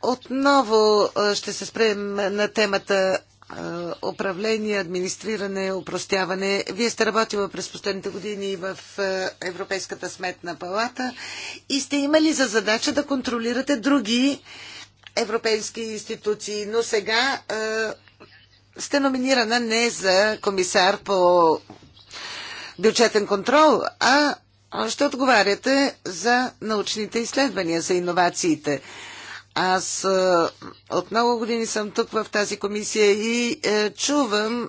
Отново ще се спрем на темата управление, администриране, упростяване. Вие сте работила през последните години в Европейската сметна палата и сте имали за задача да контролирате други европейски институции, но сега сте номинирана не за комисар по бюджетен контрол, а ще отговаряте за научните изследвания, за иновациите. Аз е, от много години съм тук в тази комисия и е, чувам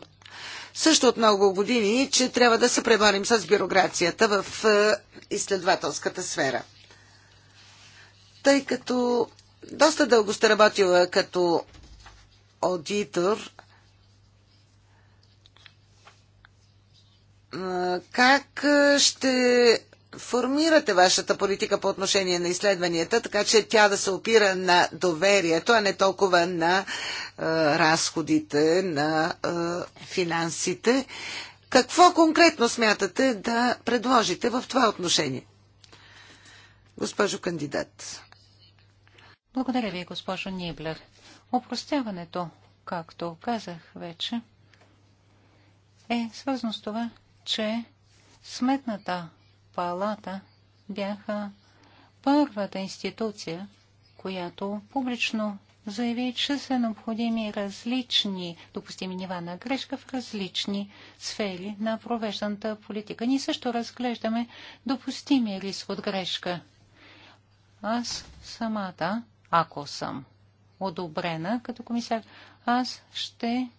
също от много години, че трябва да се преборим с бюрокрацията в е, изследователската сфера. Тъй като доста дълго сте работила като аудитор как ще формирате вашата политика по отношение на изследванията, така че тя да се опира на доверието, а не толкова на е, разходите, на е, финансите. Какво конкретно смятате да предложите в това отношение? Госпожо кандидат. Благодаря ви, госпожо Ниблер. Опростяването, както казах вече, е свързано с това, че Сметната палата бяха първата институция, която публично заяви, че са необходими различни допустими нива на грешка в различни сфери на провежданата политика. Ние също разглеждаме допустими риск от грешка. Аз самата, ако съм одобрена като комисар, аз ще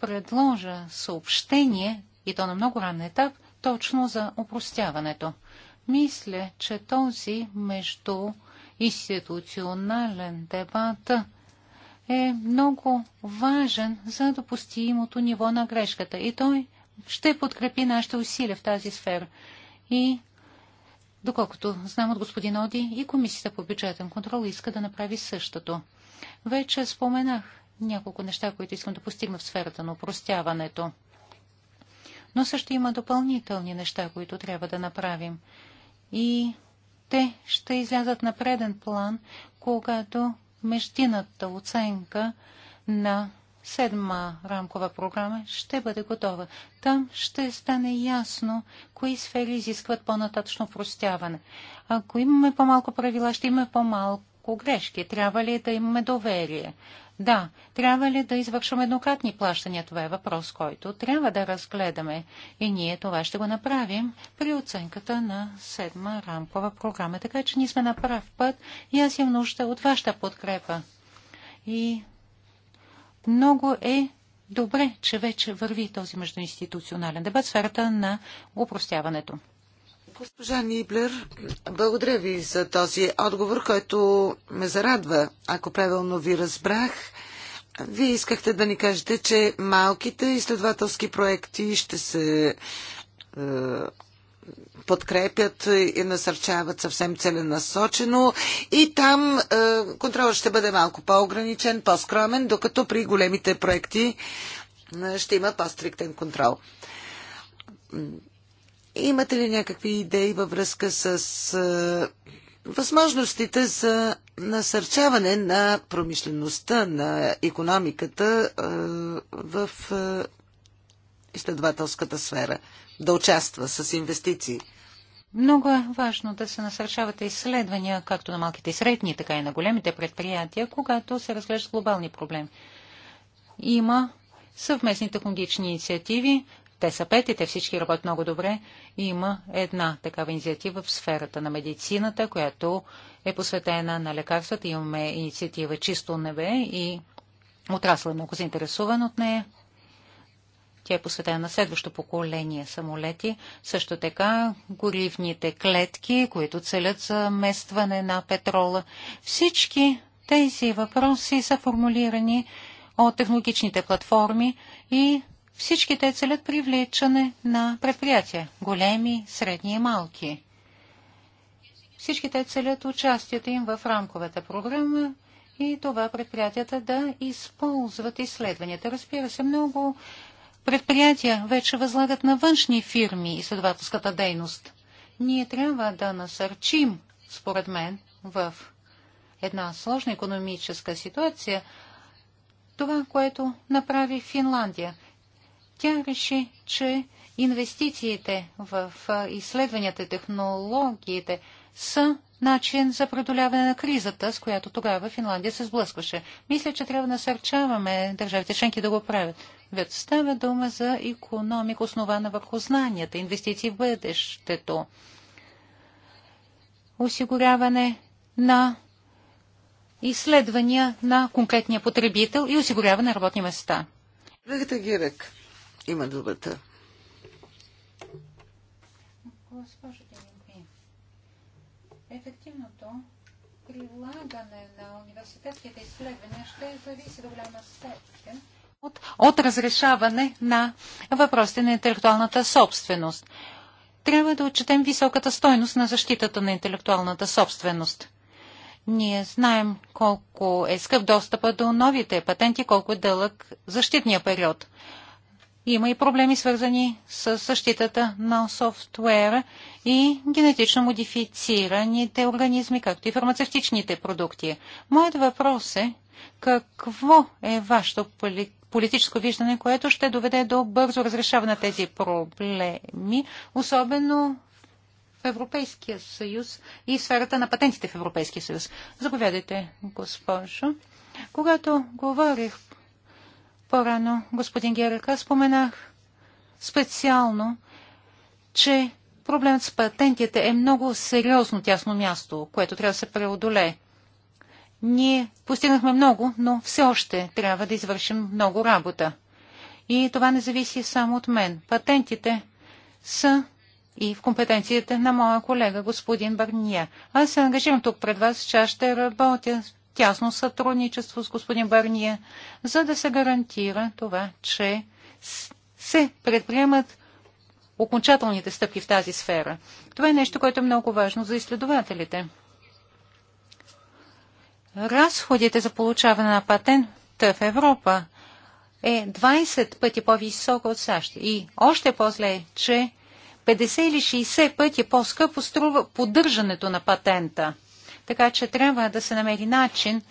предложа съобщение и то на много ранен етап, точно за опростяването. Мисля, че този между институционален дебат е много важен за допустимото ниво на грешката и той ще подкрепи нашите усилия в тази сфера. И доколкото знам от господин Оди, и Комисията по бюджетен контрол иска да направи същото. Вече споменах няколко неща, които искам да постигна в сферата на упростяването. Но също има допълнителни неща, които трябва да направим. И те ще излязат на преден план, когато междината оценка на седма рамкова програма ще бъде готова. Там ще стане ясно, кои сфери изискват по-нататъчно простяване. Ако имаме по-малко правила, ще имаме по-малко няколко грешки. Трябва ли да имаме доверие? Да, трябва ли да извършваме еднократни плащания? Това е въпрос, който трябва да разгледаме. И ние това ще го направим при оценката на седма рамкова програма. Така че ние сме на прав път и аз имам нужда от вашата подкрепа. И много е добре, че вече върви този междуинституционален дебат в сферата на упростяването. Госпожа Ниблер, благодаря ви за този отговор, който ме зарадва, ако правилно ви разбрах. Вие искахте да ни кажете, че малките изследователски проекти ще се е, подкрепят и насърчават съвсем целенасочено и там е, контролът ще бъде малко по-ограничен, по-скромен, докато при големите проекти е, ще има по-стриктен контрол. Имате ли някакви идеи във връзка с възможностите за насърчаване на промишлеността, на економиката в изследователската сфера, да участва с инвестиции? Много е важно да се насърчават изследвания, както на малките и средни, така и на големите предприятия, когато се разглеждат глобални проблеми. Има съвместни технологични инициативи, те са пет и те всички работят много добре. И има една такава инициатива в сферата на медицината, която е посветена на лекарствата. Имаме инициатива Чисто небе и отрасъл е много заинтересуван от нея. Тя е посветена на следващо поколение самолети. Също така горивните клетки, които целят заместване на петрола. Всички тези въпроси са формулирани от технологичните платформи и всички те целят привличане на предприятия, големи, средни и малки. Всички те целят участието им в рамковата програма и това предприятията да използват изследванията. Разбира се, много предприятия вече възлагат на външни фирми изследователската дейност. Ние трябва да насърчим, според мен, в една сложна економическа ситуация, това, което направи Финландия. Тя реши, че инвестициите в изследванията и технологиите са начин за преодоляване на кризата, с която тогава Финландия се сблъскваше. Мисля, че трябва да насърчаваме държавите членки да го правят. Вед става дума за економика, основана върху знанията, инвестиции в бъдещето, осигуряване на изследвания на конкретния потребител и осигуряване на работни места. Рахта Гирек има думата. Госпожо Деминби, ефективното прилагане на университетските изследвания ще зависи до голяма степен от, от разрешаване на въпросите на интелектуалната собственост. Трябва да отчетем високата стойност на защитата на интелектуалната собственост. Ние знаем колко е скъп достъпа до новите патенти, колко е дълъг защитния период. Има и проблеми свързани с защитата на софтуера и генетично модифицираните организми, както и фармацевтичните продукти. Моят въпрос е какво е вашето политическо виждане, което ще доведе до бързо разрешаване на тези проблеми, особено в Европейския съюз и в сферата на патентите в Европейския съюз. Заповядайте, госпожо. Когато говорих по-рано господин Герек, аз споменах специално, че проблемът с патентите е много сериозно тясно място, което трябва да се преодолее. Ние постигнахме много, но все още трябва да извършим много работа. И това не зависи само от мен. Патентите са и в компетенциите на моя колега господин Барния. Аз се ангажирам тук пред вас, че аз ще работя тясно сътрудничество с господин Барния, за да се гарантира това, че се предприемат окончателните стъпки в тази сфера. Това е нещо, което е много важно за изследователите. Разходите за получаване на патент в Европа е 20 пъти по-високо от САЩ. И още по-зле е, че 50 или 60 пъти по-скъпо струва поддържането на патента. Така че трябва да се намери начин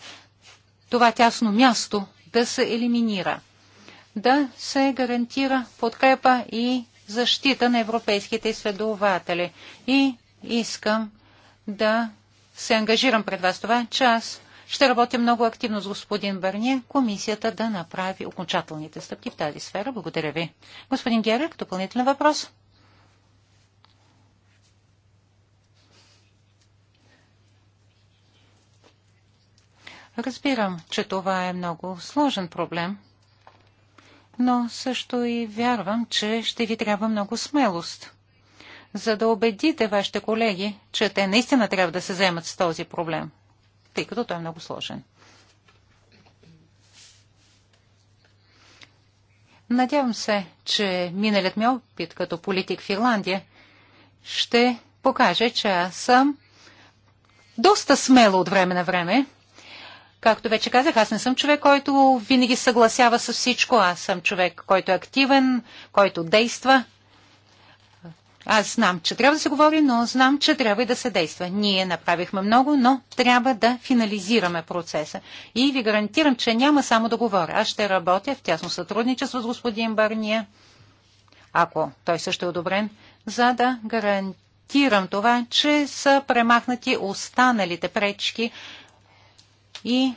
това тясно място да се елиминира, да се гарантира подкрепа и защита на европейските изследователи. И искам да се ангажирам пред вас това, че аз ще работя много активно с господин Бърни, комисията да направи окончателните стъпки в тази сфера. Благодаря ви. Господин Герек, допълнителен въпрос? Разбирам, че това е много сложен проблем, но също и вярвам, че ще ви трябва много смелост, за да убедите вашите колеги, че те наистина трябва да се вземат с този проблем, тъй като той е много сложен. Надявам се, че миналият ми опит като политик в Ирландия ще покаже, че аз съм доста смело от време на време Както вече казах, аз не съм човек, който винаги съгласява с всичко. Аз съм човек, който е активен, който действа. Аз знам, че трябва да се говори, но знам, че трябва и да се действа. Ние направихме много, но трябва да финализираме процеса. И ви гарантирам, че няма само да говоря. Аз ще работя в тясно сътрудничество с господин Барния, ако той също е одобрен, за да гарантирам това, че са премахнати останалите пречки и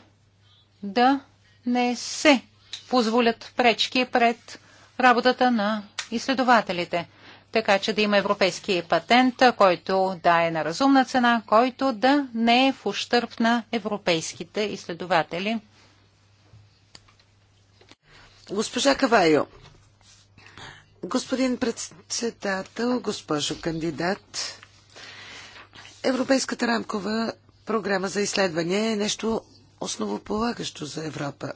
да не се позволят пречки пред работата на изследователите. Така че да има европейски патент, който да е на разумна цена, който да не е в ущърп на европейските изследователи. Госпожа Кавайо, господин председател, госпожо кандидат, Европейската рамкова програма за изследване е нещо основополагащо за Европа.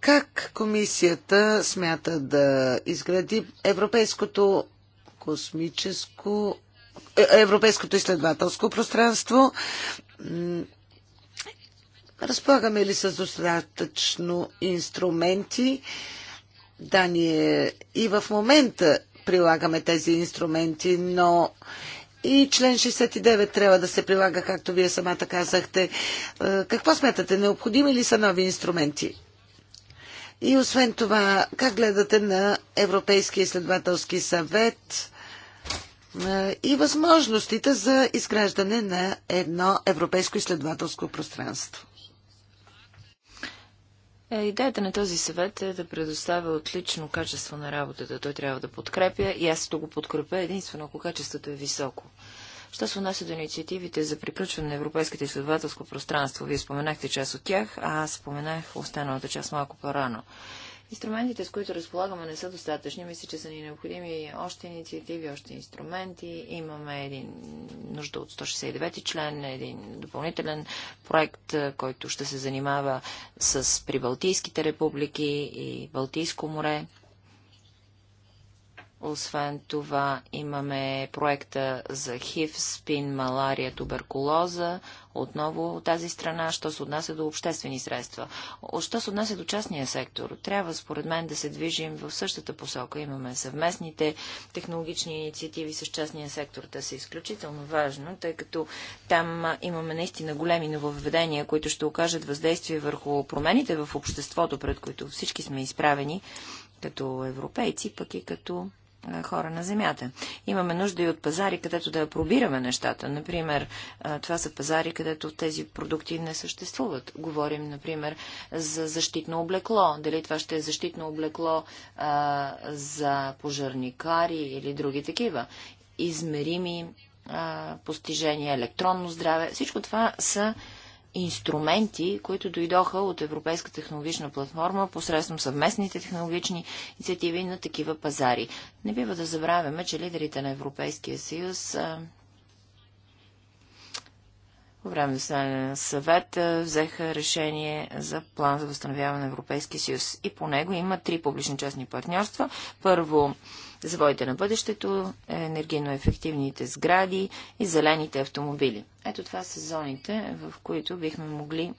Как комисията смята да изгради европейското космическо е, европейското изследователско пространство. Разполагаме ли с достатъчно инструменти? Да, ние и в момента прилагаме тези инструменти, но и член 69 трябва да се прилага, както вие самата казахте. Е, какво смятате? Необходими ли са нови инструменти? И освен това, как гледате на Европейския изследователски съвет е, и възможностите за изграждане на едно европейско изследователско пространство? Е, идеята на този съвет е да предоставя отлично качество на работата. Той трябва да подкрепя и аз ще го подкрепя единствено, ако качеството е високо. Що се отнася до инициативите за приключване на европейските изследователско пространство, вие споменахте част от тях, а аз споменах останалата част малко по-рано. Инструментите, с които разполагаме, не са достатъчни. Мисля, че са ни необходими още инициативи, още инструменти. Имаме един нужда от 169 член, един допълнителен проект, който ще се занимава с прибалтийските републики и Балтийско море. Освен това имаме проекта за ХИВ, спин, малария, туберкулоза. Отново от тази страна, що се отнася до обществени средства. Що се отнася до частния сектор, трябва според мен да се движим в същата посока. Имаме съвместните технологични инициативи с частния сектор. Те са изключително важно, тъй като там имаме наистина големи нововведения, които ще окажат въздействие върху промените в обществото, пред които всички сме изправени като европейци, пък и като хора на земята. Имаме нужда и от пазари, където да пробираме нещата. Например, това са пазари, където тези продукти не съществуват. Говорим, например, за защитно облекло. Дали това ще е защитно облекло а, за пожарникари или други такива. Измерими а, постижения, електронно здраве. Всичко това са инструменти, които дойдоха от Европейска технологична платформа посредством съвместните технологични инициативи на такива пазари. Не бива да забравяме, че лидерите на Европейския съюз по време на на съвет взеха решение за план за възстановяване на Европейския съюз. И по него има три публично-частни партньорства. Първо, Заводите на бъдещето, енергийно ефективните сгради и зелените автомобили. Ето това са зоните, в които бихме могли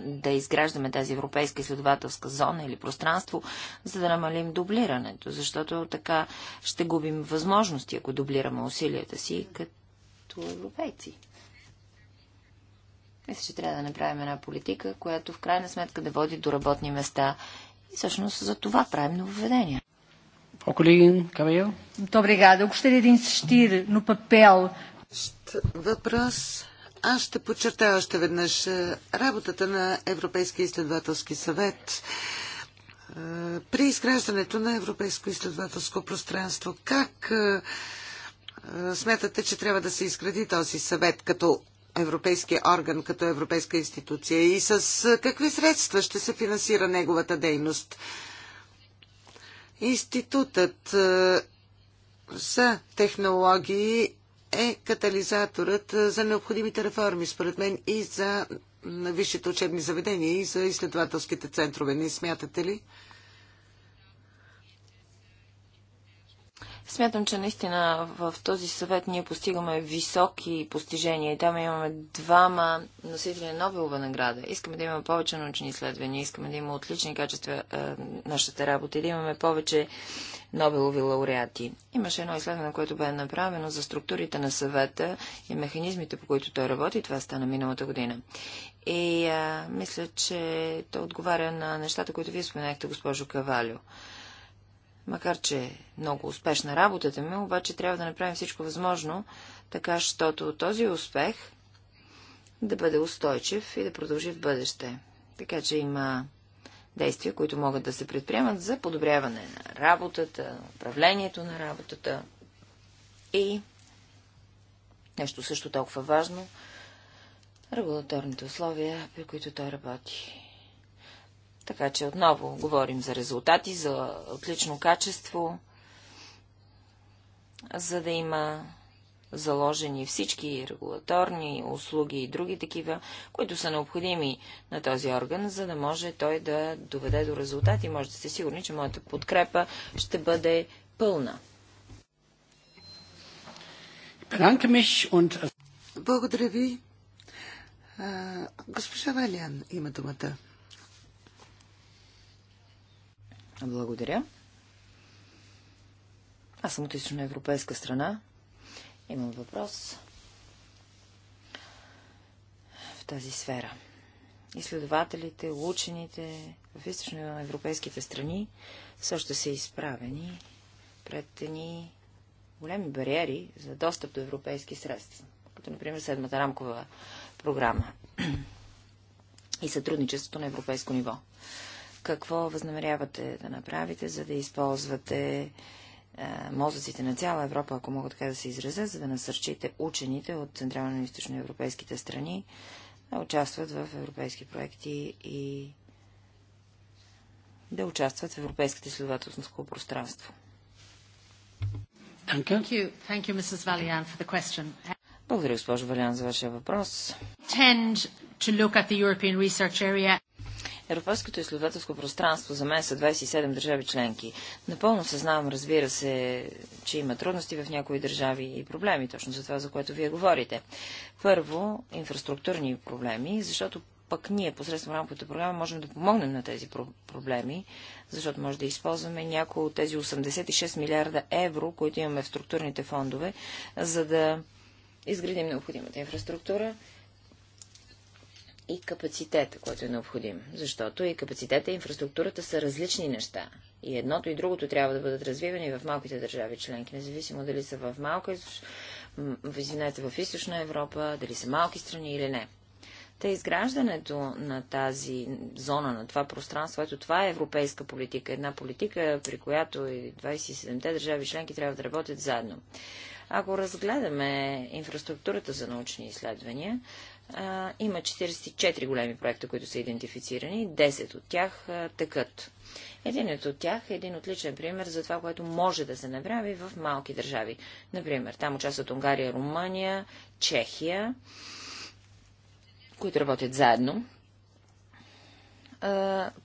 да изграждаме тази европейска изследователска зона или пространство, за да намалим дублирането, защото така ще губим възможности, ако дублираме усилията си като европейци. Мисля, че трябва да направим една политика, която в крайна сметка да води до работни места. И всъщност за това правим нововведения colega Cabello. Muito obrigada. Eu gostaria de insistir no papel. Въпрос. Аз ще подчертая още веднъж е, работата на Европейския изследователски съвет е, при изграждането на Европейско изследователско пространство. Как е, смятате, че трябва да се изгради този съвет като европейски орган, като европейска институция и с какви средства ще се финансира неговата дейност? Институтът е, за технологии е катализаторът е, за необходимите реформи, според мен, и за висшите учебни заведения, и за изследователските центрове. Не смятате ли? Смятам, че наистина в този съвет ние постигаме високи постижения и там имаме двама носители на Нобелова награда. Искаме да имаме повече научни изследвания, искаме да имаме отлични качества а, е, нашата работа и да имаме повече Нобелови лауреати. Имаше едно изследване, което бе направено за структурите на съвета и механизмите, по които той работи. Това стана миналата година. И а, е, мисля, че то отговаря на нещата, които вие споменахте, госпожо Кавалю. Макар, че е много успешна работата ми, обаче трябва да направим всичко възможно, така, щото този успех да бъде устойчив и да продължи в бъдеще. Така, че има действия, които могат да се предприемат за подобряване на работата, управлението на работата и нещо също толкова важно – регулаторните условия, при които той работи. Така че отново говорим за резултати, за отлично качество, за да има заложени всички регулаторни услуги и други такива, които са необходими на този орган, за да може той да доведе до резултат и може да сте сигурни, че моята подкрепа ще бъде пълна. Благодаря ви. Госпожа Валиан има думата. Благодаря. Аз съм от източна европейска страна. Имам въпрос в тази сфера. Изследователите, учените в източно европейските страни също са изправени пред ни големи бариери за достъп до европейски средства, като например седмата рамкова програма и сътрудничеството на европейско ниво какво възнамерявате да направите, за да използвате мозъците на цяла Европа, ако мога така да се изразя, за да насърчите учените от Централно и Източно европейските страни да участват в европейски проекти и да участват в европейското изследователско пространство. Благодаря, госпожо Валян, за вашия въпрос. Европейското изследователско пространство за мен са 27 държави членки. Напълно съзнавам, разбира се, че има трудности в някои държави и проблеми, точно за това, за което вие говорите. Първо, инфраструктурни проблеми, защото пък ние посредством рамковата програма можем да помогнем на тези проблеми, защото може да използваме някои от тези 86 милиарда евро, които имаме в структурните фондове, за да изградим необходимата инфраструктура и капацитета, който е необходим. Защото и капацитета и инфраструктурата са различни неща. И едното и другото трябва да бъдат развивани в малките държави членки, независимо дали са в малка, извинете, в източна Европа, дали са малки страни или не. Та изграждането на тази зона, на това пространство, ето това е европейска политика. Една политика, при която и 27-те държави членки трябва да работят заедно. Ако разгледаме инфраструктурата за научни изследвания, има 44 големи проекта, които са идентифицирани, 10 от тях а, тъкат. Един от тях е един отличен пример за това, което може да се направи в малки държави. Например, там участват Унгария, Румъния, Чехия, които работят заедно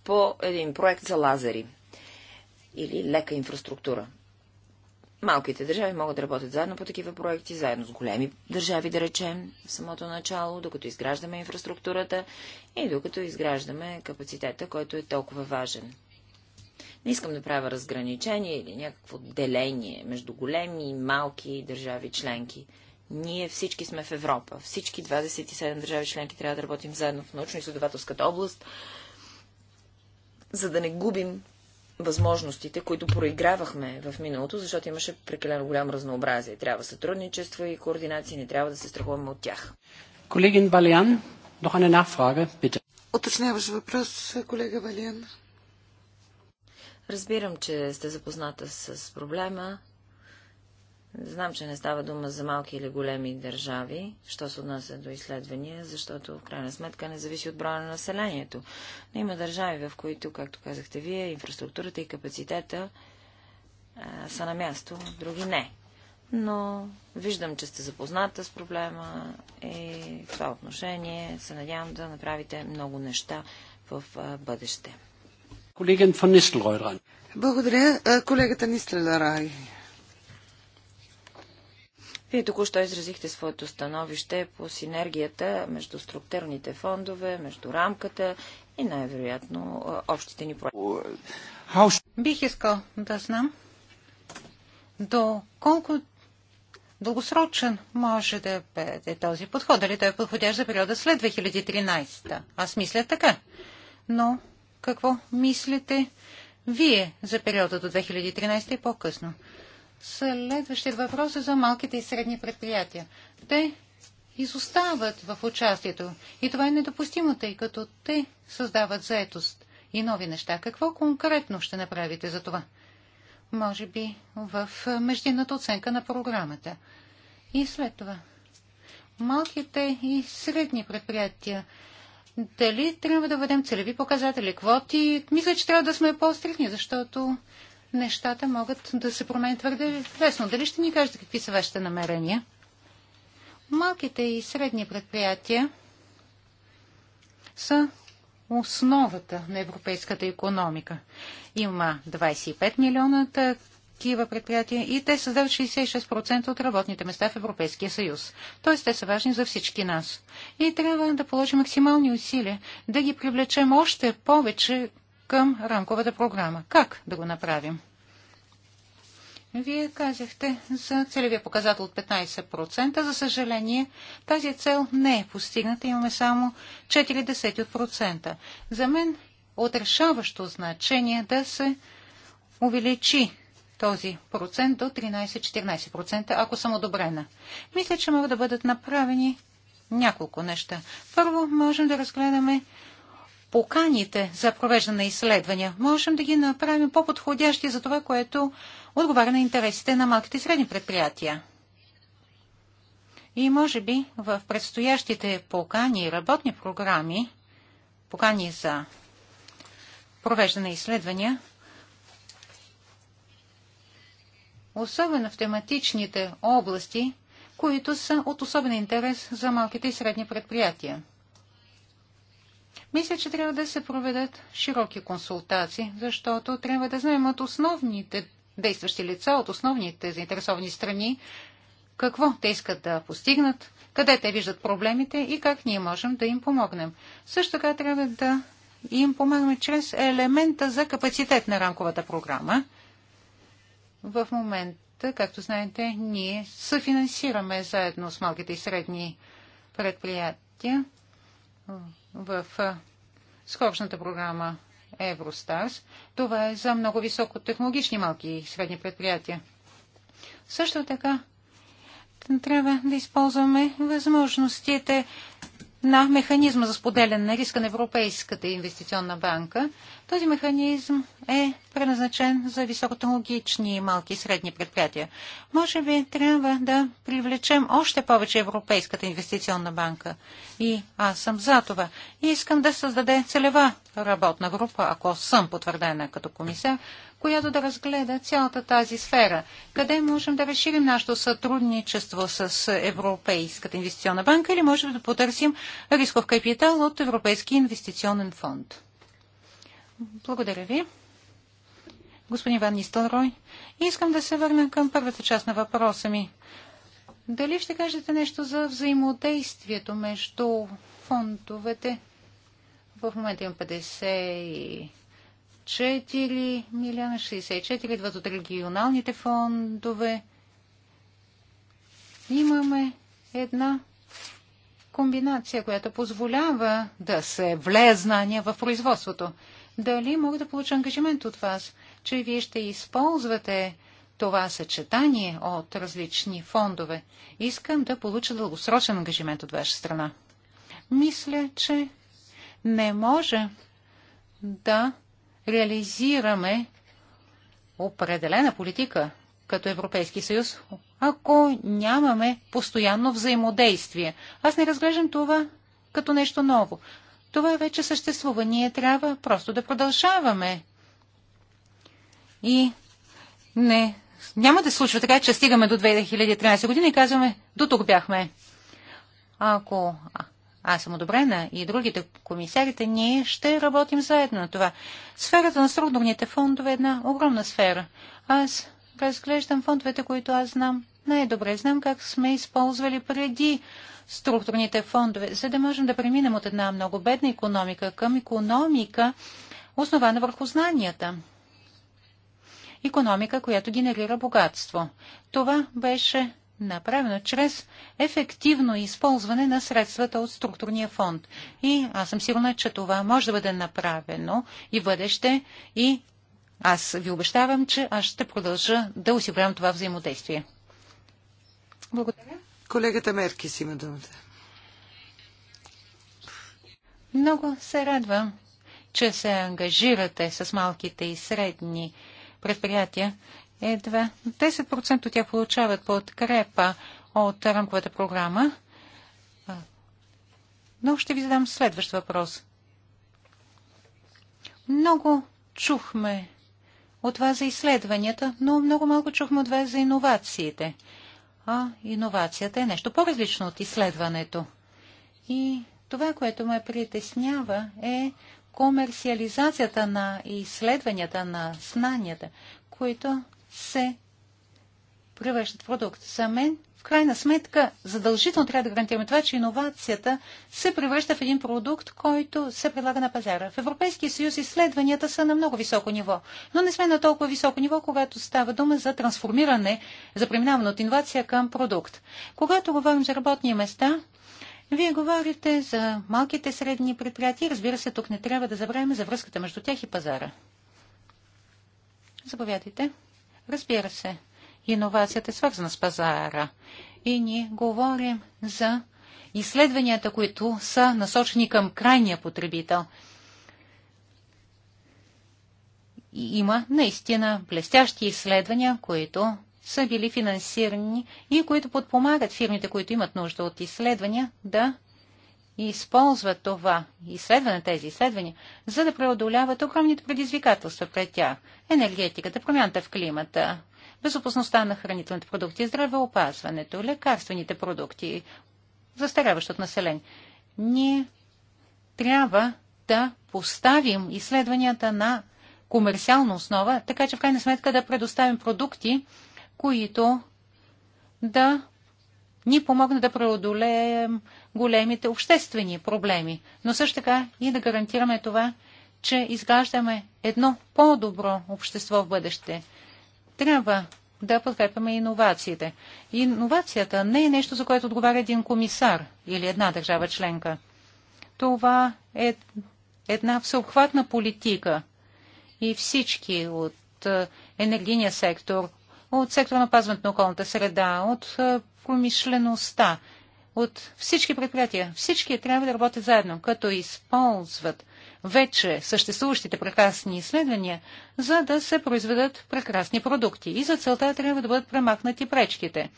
по един проект за лазери или лека инфраструктура. Малките държави могат да работят заедно по такива проекти, заедно с големи държави, да речем, в самото начало, докато изграждаме инфраструктурата и докато изграждаме капацитета, който е толкова важен. Не искам да правя разграничение или някакво деление между големи и малки държави членки. Ние всички сме в Европа. Всички 27 държави членки трябва да работим заедно в научно-изследователската област, за да не губим възможностите, които проигравахме в миналото, защото имаше прекалено голям разнообразие. Трябва сътрудничество и координация, не трябва да се страхуваме от тях. Колегин Валиан, noch eine Nachfrage, bitte. Оточняваш въпрос, колега Валиан. Разбирам, че сте запозната с проблема. Знам, че не става дума за малки или големи държави, що се отнася до изследвания, защото в крайна сметка не зависи от броя на населението. Но има държави, в които, както казахте вие, инфраструктурата и капацитета а, са на място, други не. Но виждам, че сте запозната с проблема и в това отношение се надявам да направите много неща в а, бъдеще. Благодаря, колегата Нистлерай. Вие току-що изразихте своето становище по синергията между структурните фондове, между рамката и най-вероятно общите ни проекти. Бих искал да знам до колко дългосрочен може да бъде този подход. Дали той е подходящ за периода след 2013? Аз мисля така. Но какво мислите вие за периода до 2013 и по-късно? Следващият въпрос е за малките и средни предприятия. Те изостават в участието и това е недопустимо, тъй като те създават заетост и нови неща. Какво конкретно ще направите за това? Може би в междинната оценка на програмата. И след това. Малките и средни предприятия. Дали трябва да въдем целеви показатели, квоти? Мисля, че трябва да сме по-стрихни, защото нещата могат да се променят твърде лесно. Дали ще ни кажете какви са вашите намерения? Малките и средни предприятия са основата на европейската економика. Има 25 милиона такива предприятия и те създават 66% от работните места в Европейския съюз. Тоест те са важни за всички нас. И трябва да положим максимални усилия да ги привлечем още повече към рамковата програма. Как да го направим? Вие казахте за целевия показател от 15%. За съжаление, тази цел не е постигната. Имаме само 40%. За мен от решаващо значение да се увеличи този процент до 13-14%, ако съм одобрена. Мисля, че могат да бъдат направени няколко неща. Първо, можем да разгледаме поканите за провеждане на изследвания, можем да ги направим по-подходящи за това, което отговаря на интересите на малките и средни предприятия. И може би в предстоящите покани и работни програми, покани за провеждане на изследвания, особено в тематичните области, които са от особен интерес за малките и средни предприятия. Мисля, че трябва да се проведат широки консултации, защото трябва да знаем от основните действащи лица, от основните заинтересовани страни, какво те искат да постигнат, къде те виждат проблемите и как ние можем да им помогнем. Също така трябва да им помагаме чрез елемента за капацитет на рамковата програма. В момента, както знаете, ние съфинансираме заедно с малките и средни предприятия в скоршната програма Евростарс. Това е за много високотехнологични малки и средни предприятия. Също така трябва да използваме възможностите на механизма за споделяне на риска на Европейската инвестиционна банка. Този механизъм е предназначен за високотехнологични малки и средни предприятия. Може би трябва да привлечем още повече Европейската инвестиционна банка. И аз съм за това. И искам да създаде целева работна група, ако съм потвърдена като комисар, която да разгледа цялата тази сфера. Къде можем да разширим нашето сътрудничество с Европейската инвестиционна банка или можем да потърсим рисков капитал от Европейския инвестиционен фонд? Благодаря ви. Господин Ван Нистелрой, искам да се върна към първата част на въпроса ми. Дали ще кажете нещо за взаимодействието между фондовете? В момента има 50 и 4 милиона 64 идват от регионалните фондове. Имаме една комбинация, която позволява да се влезе знания в производството. Дали мога да получа ангажимент от вас, че вие ще използвате това съчетание от различни фондове? Искам да получа дългосрочен ангажимент от ваша страна. Мисля, че не може да реализираме определена политика като Европейски съюз, ако нямаме постоянно взаимодействие. Аз не разглеждам това като нещо ново. Това вече съществува. Ние трябва просто да продължаваме. И не, няма да случва така, че стигаме до 2013 година и казваме, до тук бяхме. Ако аз съм одобрена и другите комисарите, ние ще работим заедно на това. Сферата на структурните фондове е една огромна сфера. Аз разглеждам фондовете, които аз знам най-добре. Знам как сме използвали преди структурните фондове, за да можем да преминем от една много бедна економика към економика, основана върху знанията. Економика, която генерира богатство. Това беше направено чрез ефективно използване на средствата от структурния фонд. И аз съм сигурна, че това може да бъде направено и бъдеще и аз ви обещавам, че аз ще продължа да осигурявам това взаимодействие. Благодаря. Колегата Меркис има думата. Много се радвам, че се ангажирате с малките и средни предприятия едва 10% от тях получават подкрепа от рамковата програма. Но ще ви задам следващ въпрос. Много чухме от вас за изследванията, но много малко чухме от вас за иновациите. А иновацията е нещо по-различно от изследването. И това, което ме притеснява, е комерциализацията на изследванията на знанията, които се превръщат в продукт. За мен, в крайна сметка, задължително трябва да гарантираме това, че иновацията се превръща в един продукт, който се предлага на пазара. В Европейския съюз изследванията са на много високо ниво, но не сме на толкова високо ниво, когато става дума за трансформиране, за преминаване от иновация към продукт. Когато говорим за работни места, вие говорите за малките средни предприятия. Разбира се, тук не трябва да забравяме за връзката между тях и пазара. Заповядайте. Разбира се, иновацията е свързана с пазара и ние говорим за изследванията, които са насочени към крайния потребител. И има наистина блестящи изследвания, които са били финансирани и които подпомагат фирмите, които имат нужда от изследвания, да използват това изследване, тези изследвания, за да преодоляват огромните предизвикателства пред тях. Енергетиката, промяната в климата, безопасността на хранителните продукти, здравеопазването, лекарствените продукти, застаряващото население. Ние трябва да поставим изследванията на комерциална основа, така че в крайна сметка да предоставим продукти, които да ни помогне да преодолеем големите обществени проблеми, но също така и да гарантираме това, че изграждаме едно по-добро общество в бъдеще. Трябва да подкрепяме иновациите. Иновацията не е нещо, за което отговаря един комисар или една държава членка. Това е една всеобхватна политика и всички от е, енергийния сектор, от сектора на пазването на околната среда, от е, промишлеността, от всички предприятия. Всички трябва да работят заедно, като използват вече съществуващите прекрасни изследвания, за да се произведат прекрасни продукти. И за целта трябва да бъдат премахнати пречките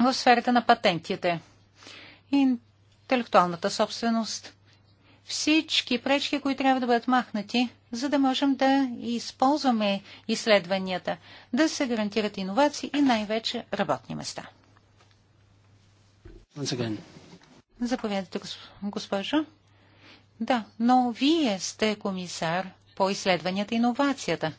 в сферата на патентите. Интелектуалната собственост. Всички пречки, които трябва да бъдат махнати, за да можем да използваме изследванията, да се гарантират иновации и най-вече работни места. Заповядайте, госпожо. Да, но вие сте комисар по изследванията и иновацията.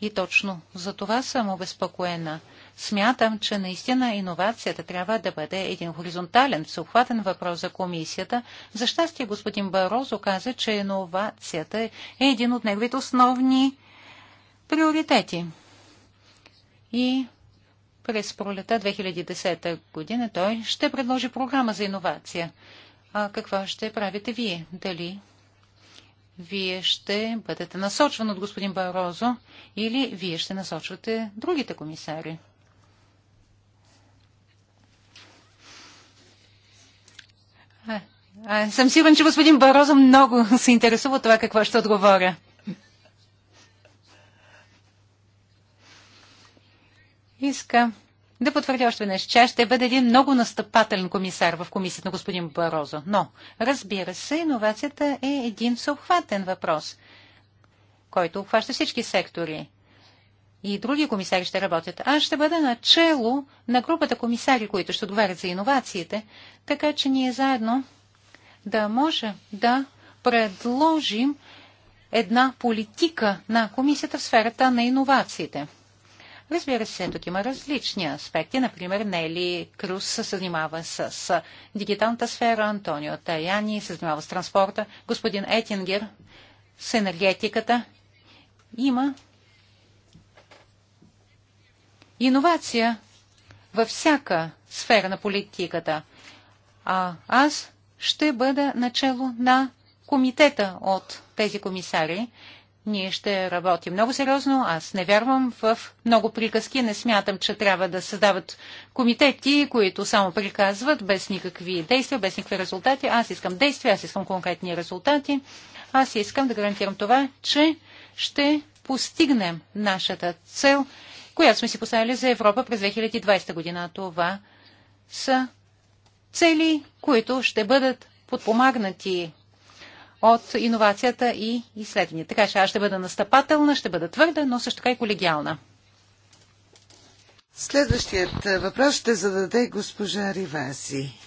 И точно за това съм обезпокоена. Смятам, че наистина иновацията трябва да бъде един хоризонтален, всеобхватен въпрос за комисията. За щастие господин Барозо каза, че иновацията е един от неговите основни приоритети. И през пролета 2010 година той ще предложи програма за иновация. А какво ще правите вие? Дали вие ще бъдете насочван от господин Барозо или вие ще насочвате другите комисари? А, а, съм сигурен, че господин Барозо много се интересува това какво ще отговоря. Искам да потвърдя още веднъж, че ще бъде един много настъпателен комисар в комисията на господин Барозо. Но, разбира се, иновацията е един съобхватен въпрос, който обхваща всички сектори. И други комисари ще работят. Аз ще бъда начало на групата комисари, които ще отговарят за иновациите, така че ние заедно да може да предложим една политика на комисията в сферата на иновациите. Разбира се, тук има различни аспекти. Например, Нели Крус се занимава с дигиталната сфера, Антонио Таяни се занимава с транспорта, господин Етингер с енергетиката. Има иновация във всяка сфера на политиката. А аз ще бъда начало на комитета от тези комисари, ние ще работим много сериозно. Аз не вярвам в много приказки. Не смятам, че трябва да създават комитети, които само приказват без никакви действия, без никакви резултати. Аз искам действия, аз искам конкретни резултати. Аз искам да гарантирам това, че ще постигнем нашата цел, която сме си поставили за Европа през 2020 година. Това са цели, които ще бъдат подпомагнати от иновацията и изследвания. Така че аз ще бъда настъпателна, ще бъда твърда, но също така и колегиална. Следващият е, въпрос ще зададе госпожа Риваси.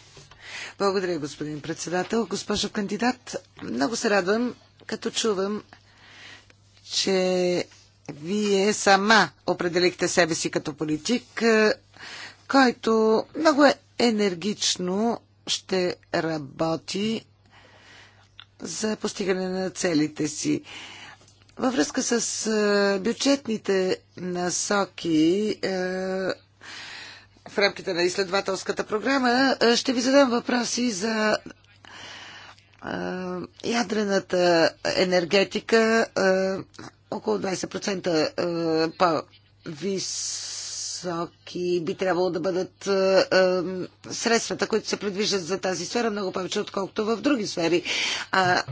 Благодаря, господин председател. Госпожо кандидат, много се радвам, като чувам, че вие сама определихте себе си като политик, е, който много е енергично ще работи за постигане на целите си. Във връзка с е, бюджетните насоки е, в рамките на изследователската програма е, ще ви задам въпроси за ядрената енергетика около 20% по-висока високи би трябвало да бъдат е, е, средствата, които се предвиждат за тази сфера, много повече, отколкото в други сфери. А,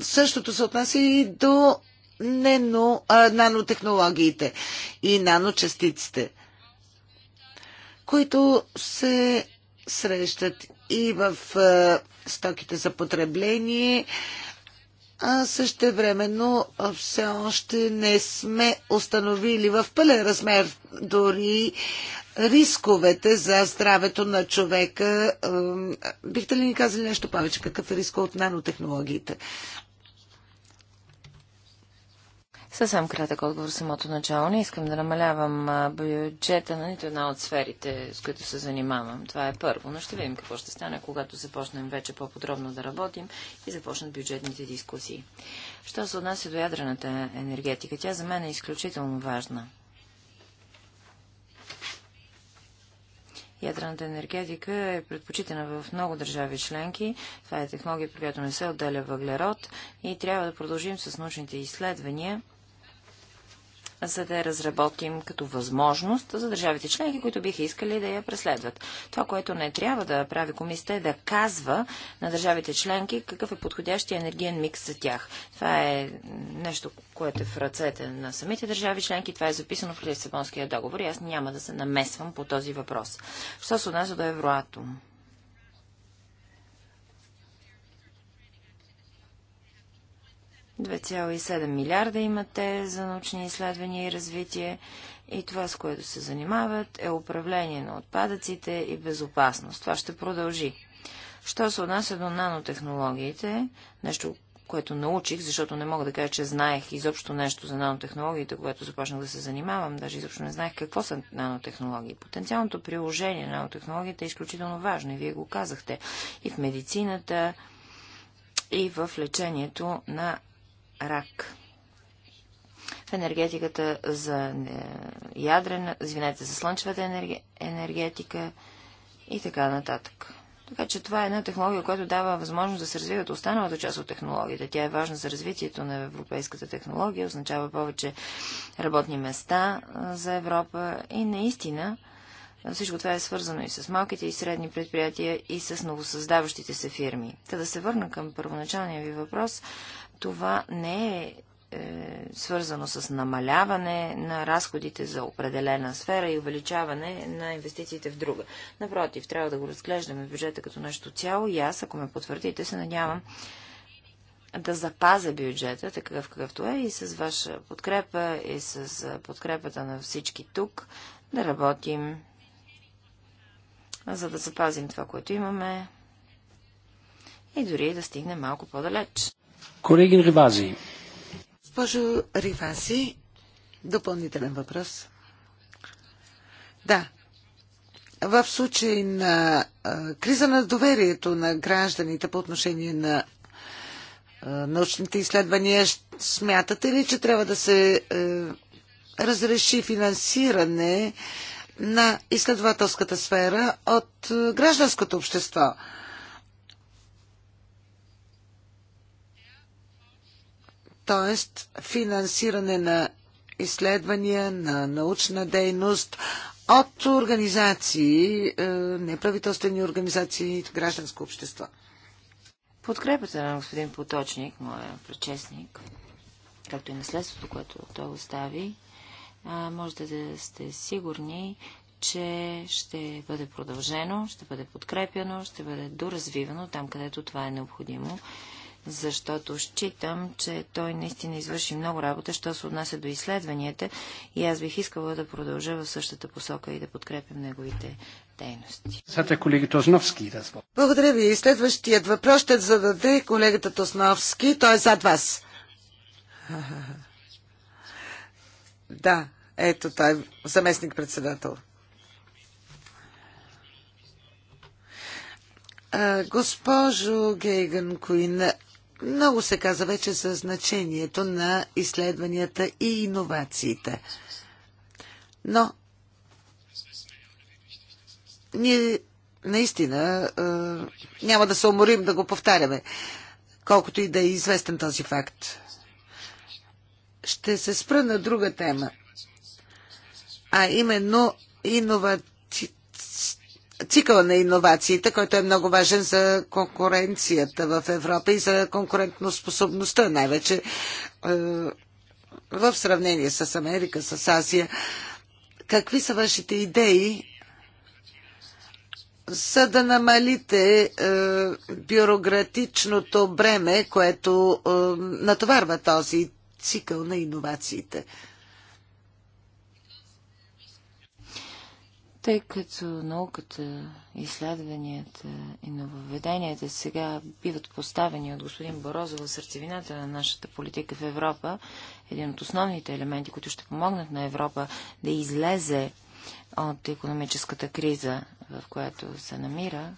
същото се отнася и до нено, а, нанотехнологиите и наночастиците, които се срещат и в е, стоките за потребление, а същевременно все още не сме установили в пълен размер дори рисковете за здравето на човека. Бихте ли ни казали нещо повече? Какъв е риска от нанотехнологиите? Съвсем кратък отговор самото начало. Не искам да намалявам бюджета на нито една от сферите, с които се занимавам. Това е първо, но ще видим какво ще стане, когато започнем вече по-подробно да работим и започнат бюджетните дискусии. Що се отнася до ядрената енергетика, тя за мен е изключително важна. Ядрената енергетика е предпочитана в много държави членки. Това е технология, при която не се отделя въглерод и трябва да продължим с научните изследвания – за да я разработим като възможност за държавите членки, които биха искали да я преследват. Това, което не трябва да прави комисията е да казва на държавите членки какъв е подходящия енергиен микс за тях. Това е нещо, което е в ръцете на самите държави членки. Това е записано в Лисабонския договор и аз няма да се намесвам по този въпрос. Що се отнася до Евроатом? 2,7 милиарда имате за научни изследвания и развитие и това, с което се занимават, е управление на отпадъците и безопасност. Това ще продължи. Що се отнася до нанотехнологиите, нещо, което научих, защото не мога да кажа, че знаех изобщо нещо за нанотехнологиите, когато започнах да се занимавам, даже изобщо не знаех какво са нанотехнологии. Потенциалното приложение на нанотехнологията е изключително важно и вие го казахте и в медицината, и в лечението на рак. В енергетиката за ядрена, извинете, за слънчевата енергетика и така нататък. Така че това е една технология, която дава възможност да се развиват останалата част от технологията. Тя е важна за развитието на европейската технология, означава повече работни места за Европа и наистина всичко това е свързано и с малките и средни предприятия и с новосъздаващите се фирми. Та да се върна към първоначалния ви въпрос, това не е, е свързано с намаляване на разходите за определена сфера и увеличаване на инвестициите в друга. Напротив, трябва да го разглеждаме в бюджета като нещо цяло и аз, ако ме потвърдите, се надявам да запазя бюджета, такъв какъвто е, и с ваша подкрепа, и с подкрепата на всички тук, да работим, за да запазим това, което имаме, и дори да стигнем малко по-далеч. Колегин Ривази. Госпожо Ривази, допълнителен въпрос. Да. В случай на а, криза на доверието на гражданите по отношение на а, научните изследвания, смятате ли, че трябва да се а, разреши финансиране на изследователската сфера от гражданското общество? т.е. финансиране на изследвания, на научна дейност от организации, е, неправителствени организации, и гражданско общество. Подкрепата на господин Поточник, моя предчестник, както и наследството, което той остави, можете да сте сигурни, че ще бъде продължено, ще бъде подкрепено, ще бъде доразвивано там, където това е необходимо защото считам, че той наистина извърши много работа, що се отнася до изследванията и аз бих искала да продължа в същата посока и да подкрепям неговите дейности. Благодаря ви. Следващият въпрос ще зададе колегата Тосновски. Той е зад вас. Да, ето той, е заместник-председател. Госпожо Гейган Куин, много се каза вече за значението на изследванията и иновациите. Но ние наистина е, няма да се уморим да го повтаряме, колкото и да е известен този факт. Ще се спра на друга тема, а именно иноват цикъла на иновациите, който е много важен за конкуренцията в Европа и за конкурентноспособността, най-вече е, в сравнение с Америка, с Азия. Какви са вашите идеи за да намалите е, бюрократичното бреме, което е, натоварва този цикъл на иновациите? Тъй като науката, изследванията и нововведенията сега биват поставени от господин Борозов в сърцевината на нашата политика в Европа, един от основните елементи, които ще помогнат на Европа да излезе от економическата криза, в която се намира,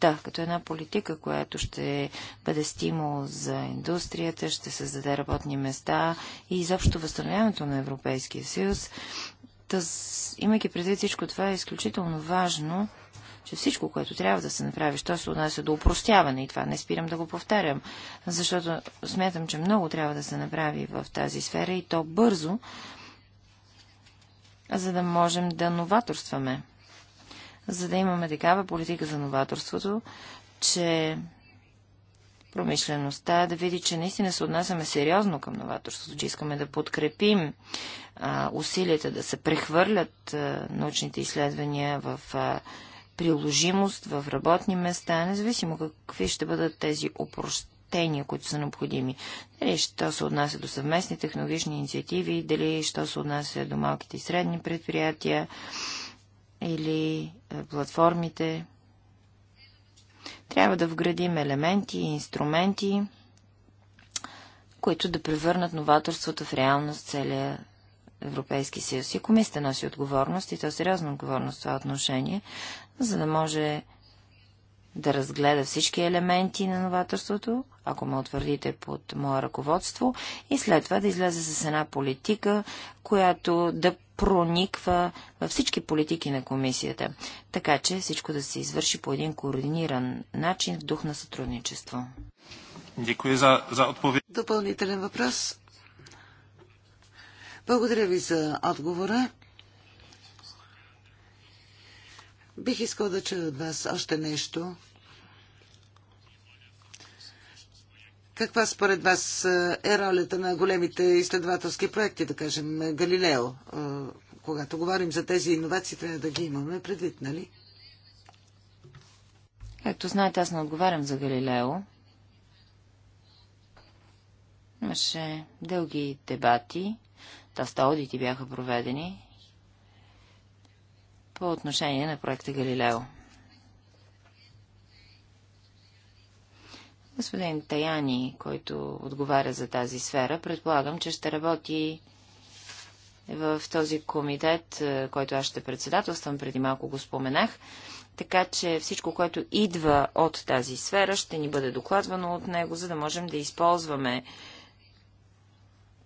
да, като една политика, която ще бъде стимул за индустрията, ще създаде работни места и изобщо възстановяването на Европейския съюз Тъс, имайки предвид всичко това, е изключително важно, че всичко, което трябва да се направи, що се отнася до упростяване, и това не спирам да го повтарям, защото смятам, че много трябва да се направи в тази сфера и то бързо, за да можем да новаторстваме. За да имаме такава политика за новаторството, че промишлеността да види, че наистина се отнасяме сериозно към новаторството, че искаме да подкрепим усилията да се прехвърлят научните изследвания в приложимост, в работни места, независимо какви ще бъдат тези опрощения, които са необходими. Дали що се отнася до съвместни технологични инициативи, дали що се отнася до малките и средни предприятия или платформите. Трябва да вградим елементи и инструменти, които да превърнат новаторството в реалност целия Европейски съюз. И комисията носи отговорност, и то сериозна отговорност в това отношение, за да може да разгледа всички елементи на новаторството, ако ме утвърдите под мое ръководство, и след това да излезе с една политика, която да прониква във всички политики на комисията, така че всичко да се извърши по един координиран начин в дух на сътрудничество. За, за Допълнителен въпрос. Благодаря ви за отговора. Бих искал да чуя от вас още нещо. Каква според вас е, е ролята на големите изследователски проекти, да кажем Галилео? Е, когато говорим за тези иновации, трябва да ги имаме предвид, нали? Както знаете, аз не отговарям за Галилео. Имаше дълги дебати доста одити бяха проведени по отношение на проекта Галилео. Господин Таяни, който отговаря за тази сфера, предполагам, че ще работи в този комитет, е, който аз ще председателствам, преди малко го споменах. Така че всичко, което идва от тази сфера, ще ни бъде докладвано от него, за да можем да използваме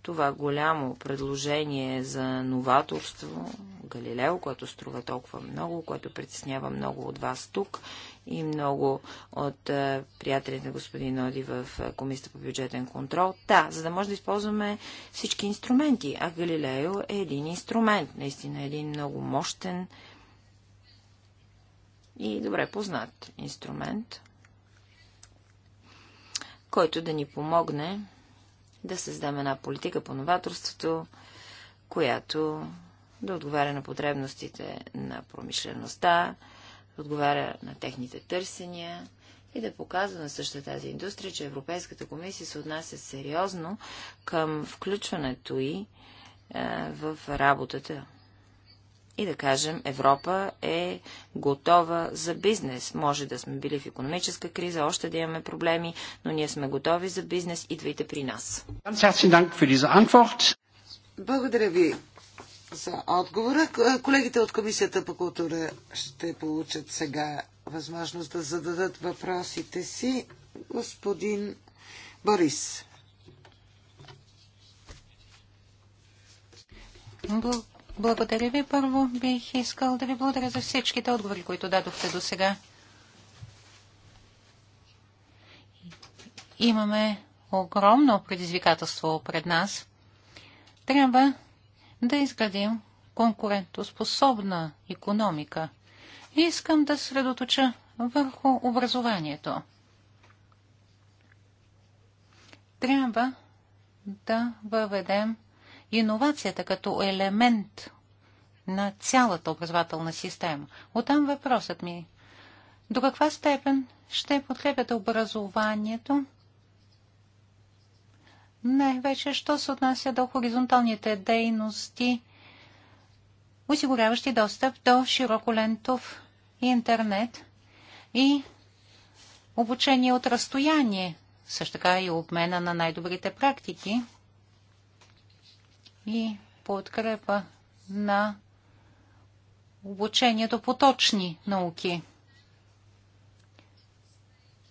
това голямо предложение за новаторство, Галилео, което струва толкова много, което притеснява много от вас тук и много от е, приятелите на господин Оди в е, Комисията по бюджетен контрол. Да, за да може да използваме всички инструменти. А Галилео е един инструмент, наистина е един много мощен и добре познат инструмент, който да ни помогне да създам една политика по новаторството, която да отговаря на потребностите на промишлеността, да отговаря на техните търсения и да показва на същата тази индустрия, че Европейската комисия се отнася сериозно към включването и в работата и да кажем, Европа е готова за бизнес. Може да сме били в економическа криза, още да имаме проблеми, но ние сме готови за бизнес. Идвайте при нас. Благодаря ви за отговора. Колегите от Комисията по култура ще получат сега възможност да зададат въпросите си. Господин Борис. Благодаря. Благодаря ви. Първо бих искал да ви благодаря за всичките отговори, които дадохте до сега. Имаме огромно предизвикателство пред нас. Трябва да изградим конкурентоспособна економика. Искам да средоточа върху образованието. Трябва да въведем иновацията като елемент на цялата образователна система. Оттам въпросът ми. Е, до каква степен ще подкрепят образованието? Не, вече, що се отнася до хоризонталните дейности, осигуряващи достъп до широколентов интернет и обучение от разстояние, също така и обмена на най-добрите практики и подкрепа на обучението по точни науки.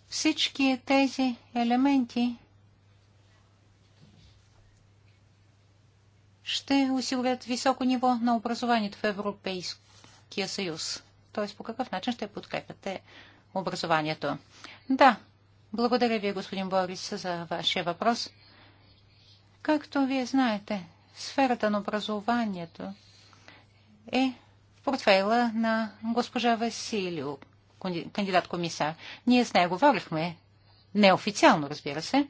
Всички тези елементи ще осигурят високо ниво на образованието в Европейския съюз. Т.е. по какъв начин ще подкрепяте образованието. Да, благодаря ви, господин Борис, за вашия въпрос. Както вие знаете, сферата на образованието е в портфейла на госпожа Василио, кандидат-комисар. Ние с нея говорихме, неофициално, разбира се,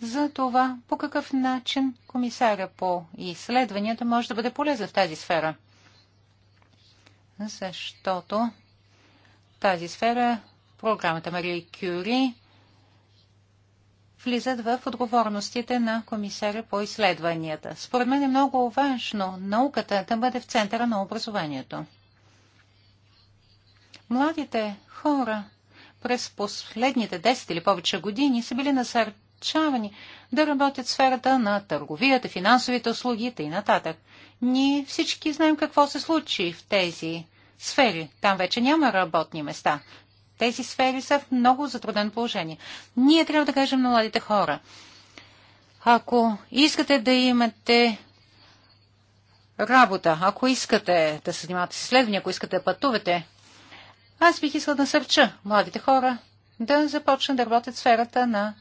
за това по какъв начин комисаря по изследванията може да бъде полезен в тази сфера. Защото тази сфера програмата Мария Кюри влизат в отговорностите на комисаря по изследванията. Според мен е много важно науката да бъде в центъра на образованието. Младите хора през последните 10 или повече години са били насърчавани да работят в сферата на търговията, финансовите услуги и нататък. Ние всички знаем какво се случи в тези сфери. Там вече няма работни места тези сфери са в много затруднено положение. Ние трябва да кажем на младите хора. Ако искате да имате работа, ако искате да се занимавате с изследвания, ако искате да пътувате, аз бих искал да насърча младите хора да започнат да работят в сферата на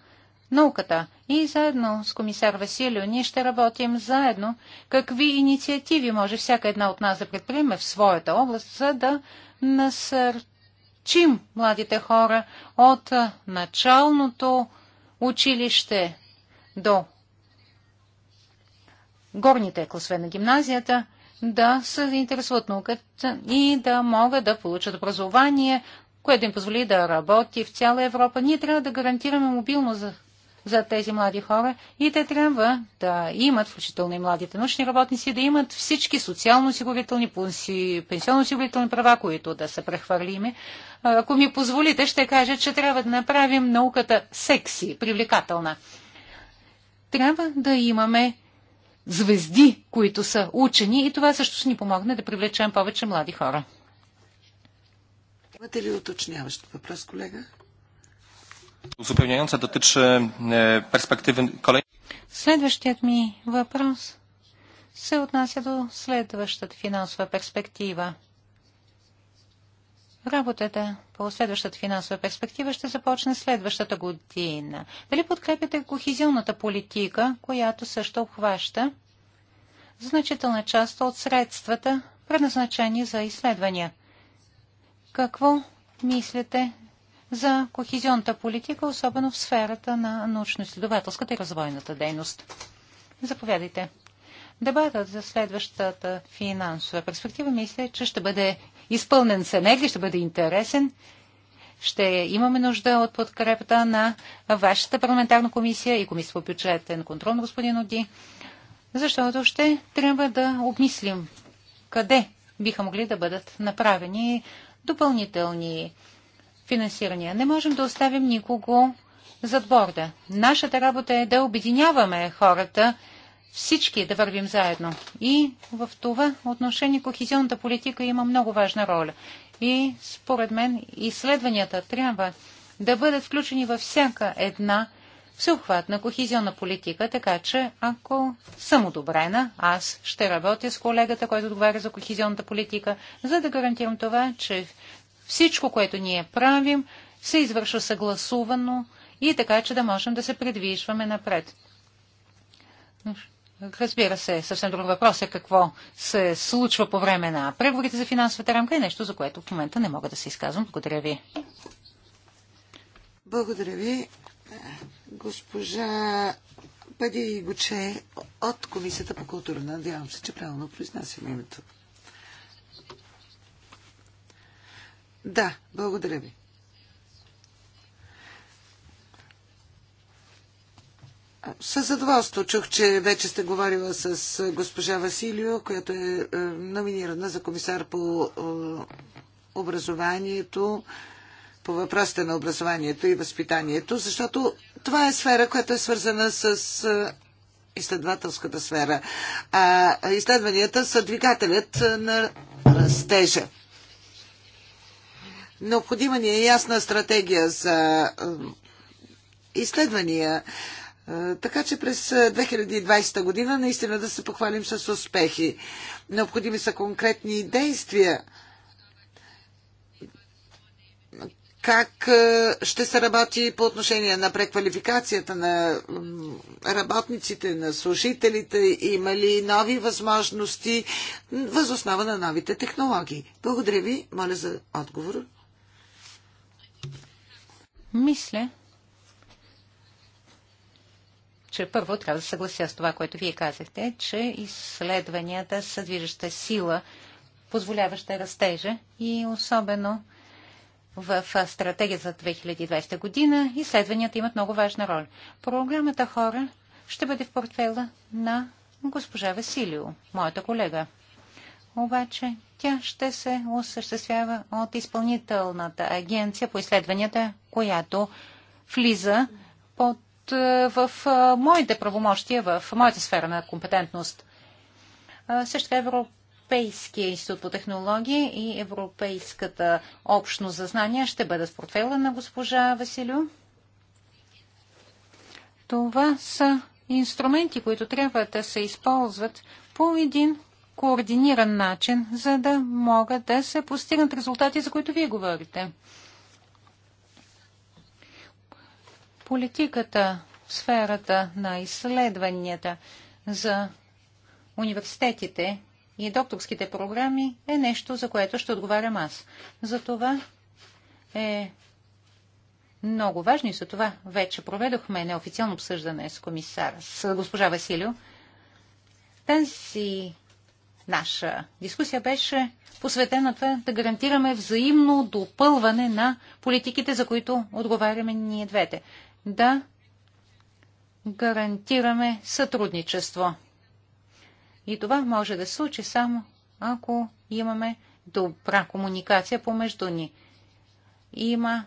науката. И заедно с комисар Василио ние ще работим заедно какви инициативи може всяка една от нас да предприеме в своята област, за да насърчим обучим младите хора от началното училище до горните класове на гимназията да се интересуват науката и да могат да получат образование, което им позволи да работи в цяла Европа. Ние трябва да гарантираме мобилност за тези млади хора и те трябва да имат, включително и младите научни работници, да имат всички социално-осигурителни, пенсионно-осигурителни права, които да са прехвърлими. Ако ми позволите, ще кажа, че трябва да направим науката секси, привлекателна. Трябва да имаме звезди, които са учени и това също ще ни помогне да привлечем повече млади хора. Имате ли уточняващ въпрос, колега? Uzupełniająca dotyczy e, perspektywy kolejnej. Следващият ми въпрос се отнася до следващата финансова перспектива. Работата по следващата финансова перспектива ще започне следващата година. Дали подкрепяте кохизионната политика, която също обхваща значителна част от средствата, предназначени за изследвания? Какво мислите за кохезионната политика, особено в сферата на научно-изследователската и развойната дейност. Заповядайте. Дебатът за следващата финансова перспектива мисля, че ще бъде изпълнен с енергия, ще бъде интересен. Ще имаме нужда от подкрепата на вашата парламентарна комисия и комисия по бюджетен контрол на господин Оди, защото ще трябва да обмислим къде биха могли да бъдат направени допълнителни финансирания. Не можем да оставим никого зад борда. Нашата работа е да обединяваме хората, всички да вървим заедно. И в това отношение кохезионната политика има много важна роля. И според мен изследванията трябва да бъдат включени във всяка една всеобхватна кохезионна политика, така че ако съм одобрена, аз ще работя с колегата, който отговаря за кохезионната политика, за да гарантирам това, че всичко, което ние правим, се извършва съгласувано и е така, че да можем да се предвижваме напред. Разбира се, съвсем друг въпрос е какво се случва по време на преговорите за финансовата рамка и нещо, за което в момента не мога да се изказвам. Благодаря ви. Благодаря ви. Госпожа Пади Гоче от Комисията по култура. Надявам се, че правилно произнасям името. Да, благодаря ви. Със задоволство чух, че вече сте говорила с е, госпожа Василио, която е, е номинирана за комисар по е, образованието, по въпросите на образованието и възпитанието, защото това е сфера, която е свързана с изследователската сфера. А изследванията са двигателят на растежа. Необходима ни е ясна стратегия за е, изследвания, е, така че през 2020 е, година наистина да се похвалим с успехи. Необходими са конкретни действия. Как ще се работи по отношение на преквалификацията на работниците, на служителите? Има ли нови възможности възоснова на новите технологии? Благодаря ви. Моля за отговор. Мисля, че първо трябва да съглася с това, което вие казахте, че изследванията са движеща сила, позволяваща растежа и особено в стратегията за 2020 година изследванията имат много важна роля. Програмата Хора ще бъде в портфела на госпожа Василио, моята колега. Обаче тя ще се осъществява от изпълнителната агенция по изследванията, която влиза под, е, в е, моите правомощия, в моята сфера на компетентност. Е, също така Европейския институт по технологии и Европейската общност за знания ще бъдат в портфела на госпожа Василю. Това са инструменти, които трябва да се използват по един координиран начин, за да могат да се постигнат резултати, за които вие говорите. Политиката в сферата на изследванията за университетите и докторските програми е нещо, за което ще отговарям аз. За това е много важно и за това вече проведохме неофициално обсъждане с комисара, с госпожа Василио. Тази Наша дискусия беше посветена това да гарантираме взаимно допълване на политиките, за които отговаряме ние двете. Да гарантираме сътрудничество. И това може да се случи само ако имаме добра комуникация помежду ни. Има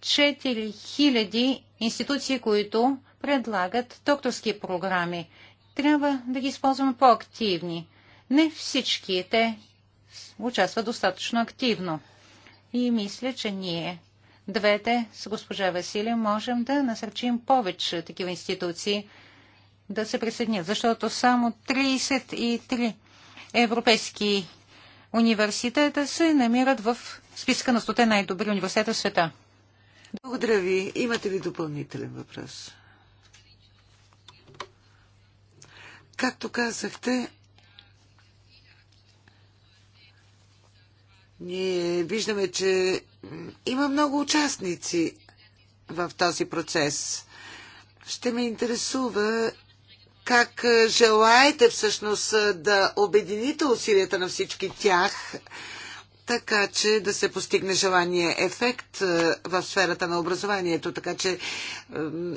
4000 институции, които предлагат докторски програми. Трябва да ги използваме по-активни не всички те участват достатъчно активно. И мисля, че ние двете с госпожа Василия можем да насърчим повече такива институции да се присъединят, защото само 33 европейски университета се намират в списка на 100 най-добри университета в света. Благодаря ви. Имате ли допълнителен въпрос? Както казахте, Ние виждаме, че има много участници в този процес. Ще ме интересува как желаете всъщност да обедините усилията на всички тях, така че да се постигне желания ефект е, в сферата на образованието, така че е,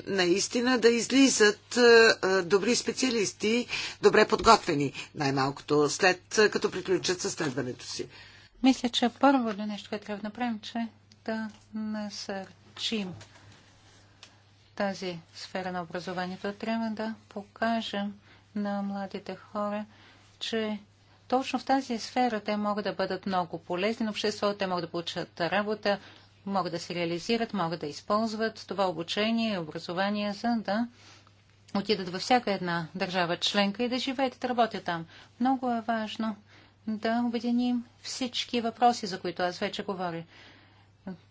наистина да излизат е, добри специалисти, добре подготвени, най-малкото след като приключат със следването си. Мисля, че първото нещо, което трябва да направим, че да насърчим тази сфера на образованието. Трябва да покажем на младите хора, че точно в тази сфера те могат да бъдат много полезни на обществото, те могат да получат работа, могат да се реализират, могат да използват това обучение и образование, за да отидат във всяка една държава членка и да живеят и да работят там. Много е важно да обединим всички въпроси, за които аз вече говоря.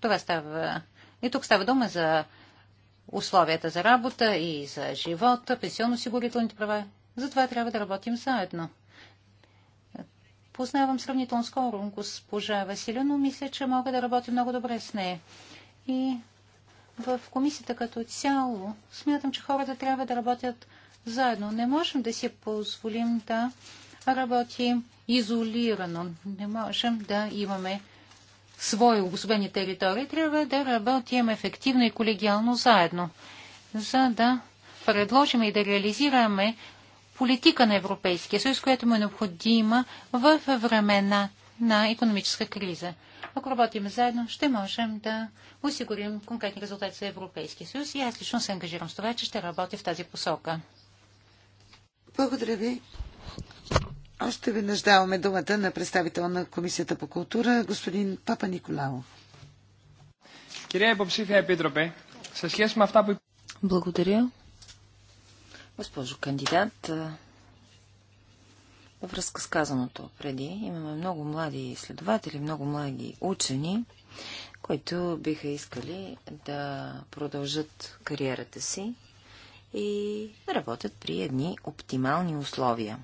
Това става... И тук става дума за условията за работа и за живота, пенсионно сигурителните права. Затова трябва да работим заедно. Познавам сравнително скоро госпожа Василя, но мисля, че мога да работя много добре с нея. И в комисията като цяло смятам, че хората трябва да работят заедно. Не можем да си позволим да работим изолирано. Не можем да имаме свои обособени територии. Трябва да работим ефективно и колегиално заедно, за да предложим и да реализираме политика на Европейския съюз, която му е необходима в времена на економическа криза. Ако работим заедно, ще можем да осигурим конкретни резултати за Европейския съюз и аз лично се ангажирам с това, че ще работя в тази посока. Благодаря ви. Още веднъж даваме думата на представител на Комисията по култура, господин Папа Николао. Кирия Ипопсифия Епитропе, с Благодаря. Госпожо кандидат, във връзка с казаното преди, имаме много млади изследователи, много млади учени, които биха искали да продължат кариерата си и да работят при едни оптимални условия.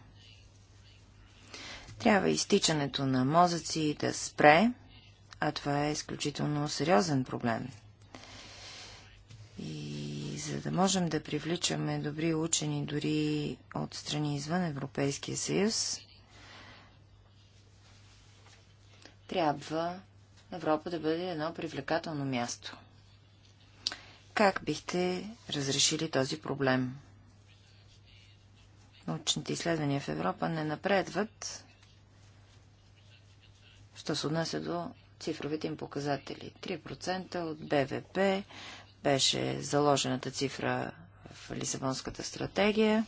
Трябва изтичането на мозъци да спре, а това е изключително сериозен проблем. И за да можем да привличаме добри учени дори от страни извън Европейския съюз, трябва Европа да бъде едно привлекателно място. Как бихте разрешили този проблем? Научните изследвания в Европа не напредват, що се отнася до цифровите им показатели. 3% от БВП беше заложената цифра в Лисабонската стратегия.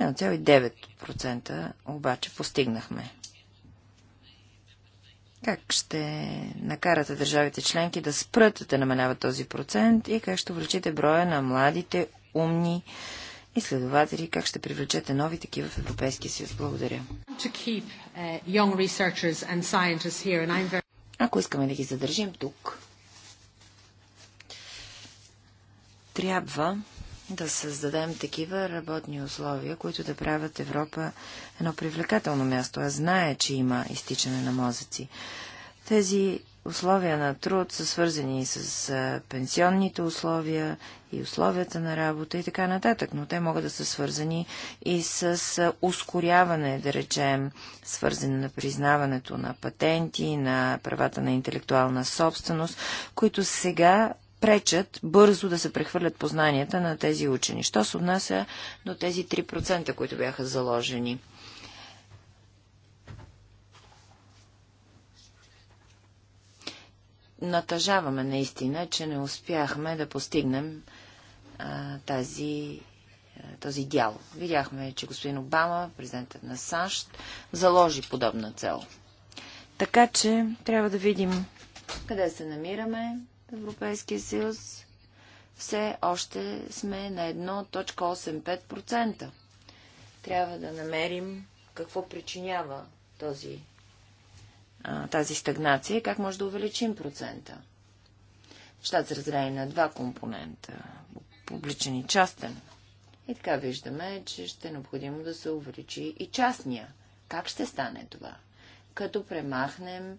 1,9% обаче постигнахме. Как ще накарате държавите членки да спрат да намаляват този процент и как ще увеличите броя на младите, умни, и следователи, как ще привлечете нови такива в Европейския съюз. Благодаря. Uh, Ако искаме да ги задържим тук, трябва да създадем такива работни условия, които да правят Европа едно привлекателно място. Аз знае, че има изтичане на мозъци. Тези условия на труд са свързани с пенсионните условия и условията на работа и така нататък, но те могат да са свързани и с ускоряване, да речем, свързане на признаването на патенти, на правата на интелектуална собственост, които сега пречат бързо да се прехвърлят познанията на тези учени. Що се отнася до тези 3%, които бяха заложени? натъжаваме наистина, че не успяхме да постигнем а, тази, а, този дял. Видяхме, че господин Обама, президентът на САЩ, заложи подобна цел. Така че трябва да видим къде се намираме в Европейския съюз. Все още сме на 1.85%. Трябва да намерим какво причинява този тази стагнация и как може да увеличим процента. Щат са разделени на два компонента – публичен и частен. И така виждаме, че ще е необходимо да се увеличи и частния. Как ще стане това? Като премахнем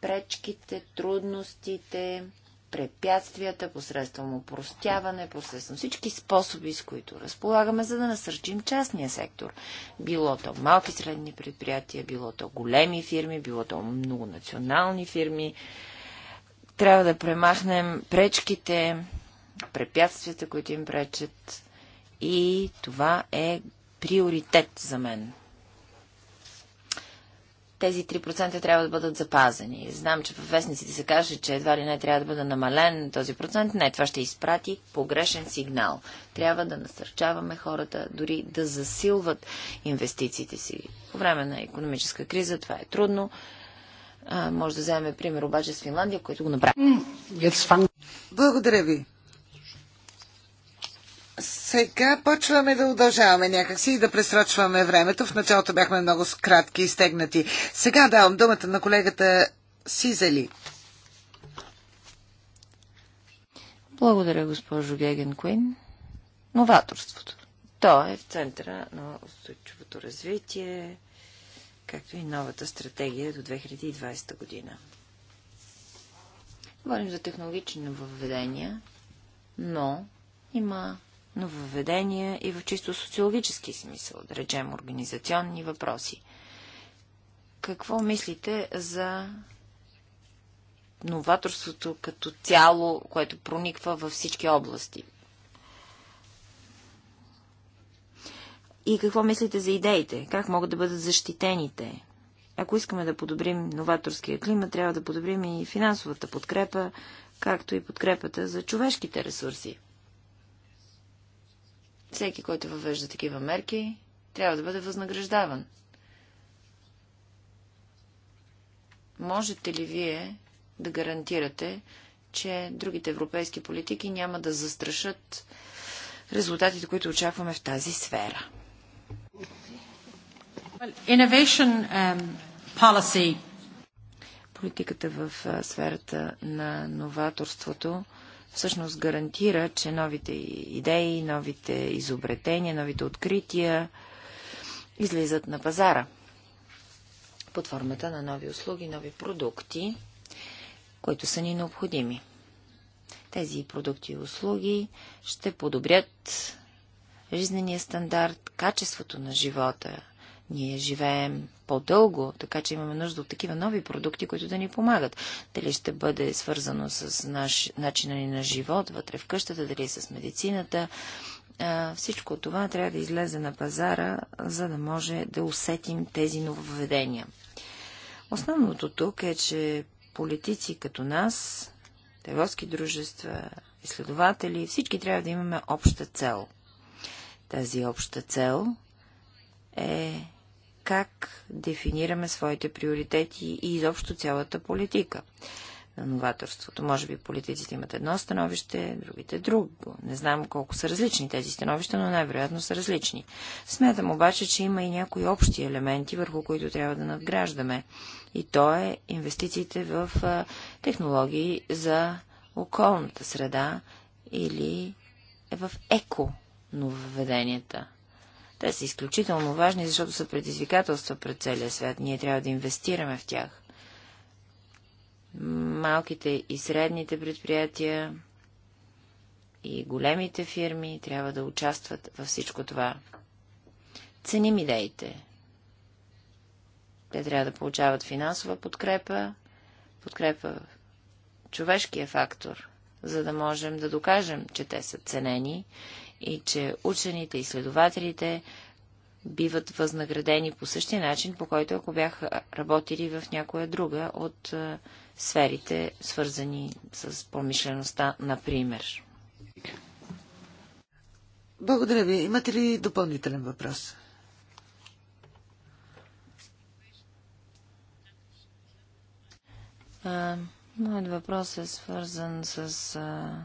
пречките, трудностите, препятствията, посредством упростяване, посредством всички способи, с които разполагаме, за да насърчим частния сектор. Било то малки средни предприятия, било то големи фирми, било то многонационални фирми. Трябва да премахнем пречките, препятствията, които им пречат. И това е приоритет за мен тези 3% трябва да бъдат запазени. Знам, че във вестниците се каже, че едва ли не трябва да бъде намален този процент. Не, това ще изпрати погрешен сигнал. Трябва да насърчаваме хората дори да засилват инвестициите си. По време на економическа криза това е трудно. А, може да вземем пример обаче с Финландия, който го направи. Благодаря ви. Сега почваме да удължаваме някакси и да пресрочваме времето. В началото бяхме много кратки и стегнати. Сега давам думата на колегата Сизели. Благодаря, госпожо Геген Куин. Новаторството. То е в центъра на устойчивото развитие, както и новата стратегия до 2020 година. Говорим за технологични нововведения, но има но въведения и в чисто социологически смисъл, да речем организационни въпроси. Какво мислите за новаторството като цяло, което прониква във всички области? И какво мислите за идеите? Как могат да бъдат защитените? Ако искаме да подобрим новаторския климат, трябва да подобрим и финансовата подкрепа, както и подкрепата за човешките ресурси. Всеки, който въвежда такива мерки, трябва да бъде възнаграждаван. Можете ли вие да гарантирате, че другите европейски политики няма да застрашат резултатите, които очакваме в тази сфера? Um, Политиката в сферата на новаторството всъщност гарантира, че новите идеи, новите изобретения, новите открития излизат на пазара под формата на нови услуги, нови продукти, които са ни необходими. Тези продукти и услуги ще подобрят жизнения стандарт, качеството на живота ние живеем по-дълго, така че имаме нужда от такива нови продукти, които да ни помагат. Дали ще бъде свързано с наш, начина ни на живот вътре в къщата, дали с медицината. А, всичко това трябва да излезе на пазара, за да може да усетим тези нововведения. Основното тук е, че политици като нас, търговски дружества, изследователи, всички трябва да имаме обща цел. Тази обща цел е как дефинираме своите приоритети и изобщо цялата политика на новаторството. Може би политиците имат едно становище, другите друго. Не знам колко са различни тези становища, но най-вероятно са различни. Смятам обаче, че има и някои общи елементи, върху които трябва да надграждаме. И то е инвестициите в технологии за околната среда или е в еко нововведенията – те са изключително важни, защото са предизвикателства пред целия свят. Ние трябва да инвестираме в тях. Малките и средните предприятия и големите фирми трябва да участват във всичко това. Ценим идеите. Те трябва да получават финансова подкрепа, подкрепа човешкия фактор, за да можем да докажем, че те са ценени и че учените, и следователите биват възнаградени по същия начин, по който ако бяха работили в някоя друга от сферите, свързани с промишлеността, например. Благодаря ви. Имате ли допълнителен въпрос? А, моят въпрос е свързан с а,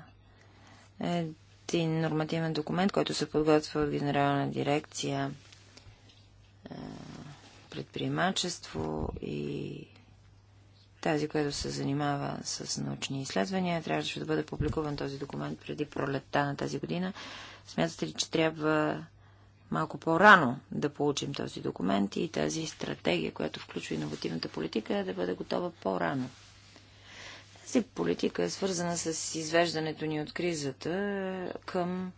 е, един нормативен документ, който се подготвя в Генерална дирекция предприемачество и тази, която се занимава с научни изследвания. Трябваше да бъде публикуван този документ преди пролетта на тази година. Смятате ли, че трябва малко по-рано да получим този документ и тази стратегия, която включва иновативната политика, да бъде готова по-рано? Тази политика е свързана с извеждането ни от кризата към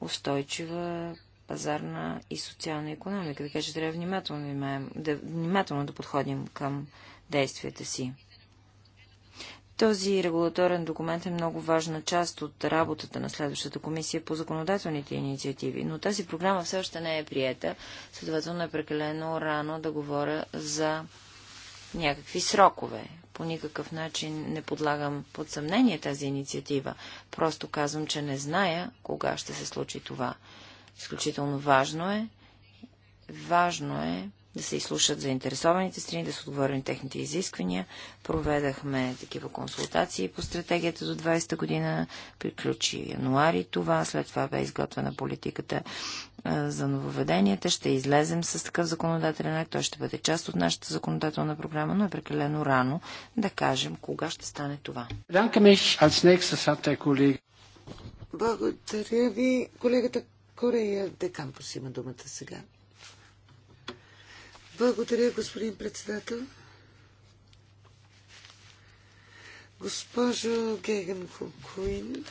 устойчива пазарна и социална економика, така че трябва внимателно, да, внимателно да подходим към действията си. Този регулаторен документ е много важна част от работата на следващата комисия по законодателните инициативи, но тази програма все още не е приета, следователно е прекалено рано да говоря за някакви срокове. По никакъв начин не подлагам под съмнение тази инициатива. Просто казвам, че не зная кога ще се случи това. Изключително важно е. Важно е да се изслушат заинтересованите страни, да се отговорим техните изисквания. Проведахме такива консултации по стратегията до 20-та година. Приключи януари това. След това бе изготвена политиката за нововведенията. Ще излезем с такъв законодателен акт. Той ще бъде част от нашата законодателна програма, но е прекалено рано да кажем кога ще стане това. Благодаря ви. Колегата Корея Декампус има думата сега. Благодаря, господин председател. Госпожо Геген Хукуин,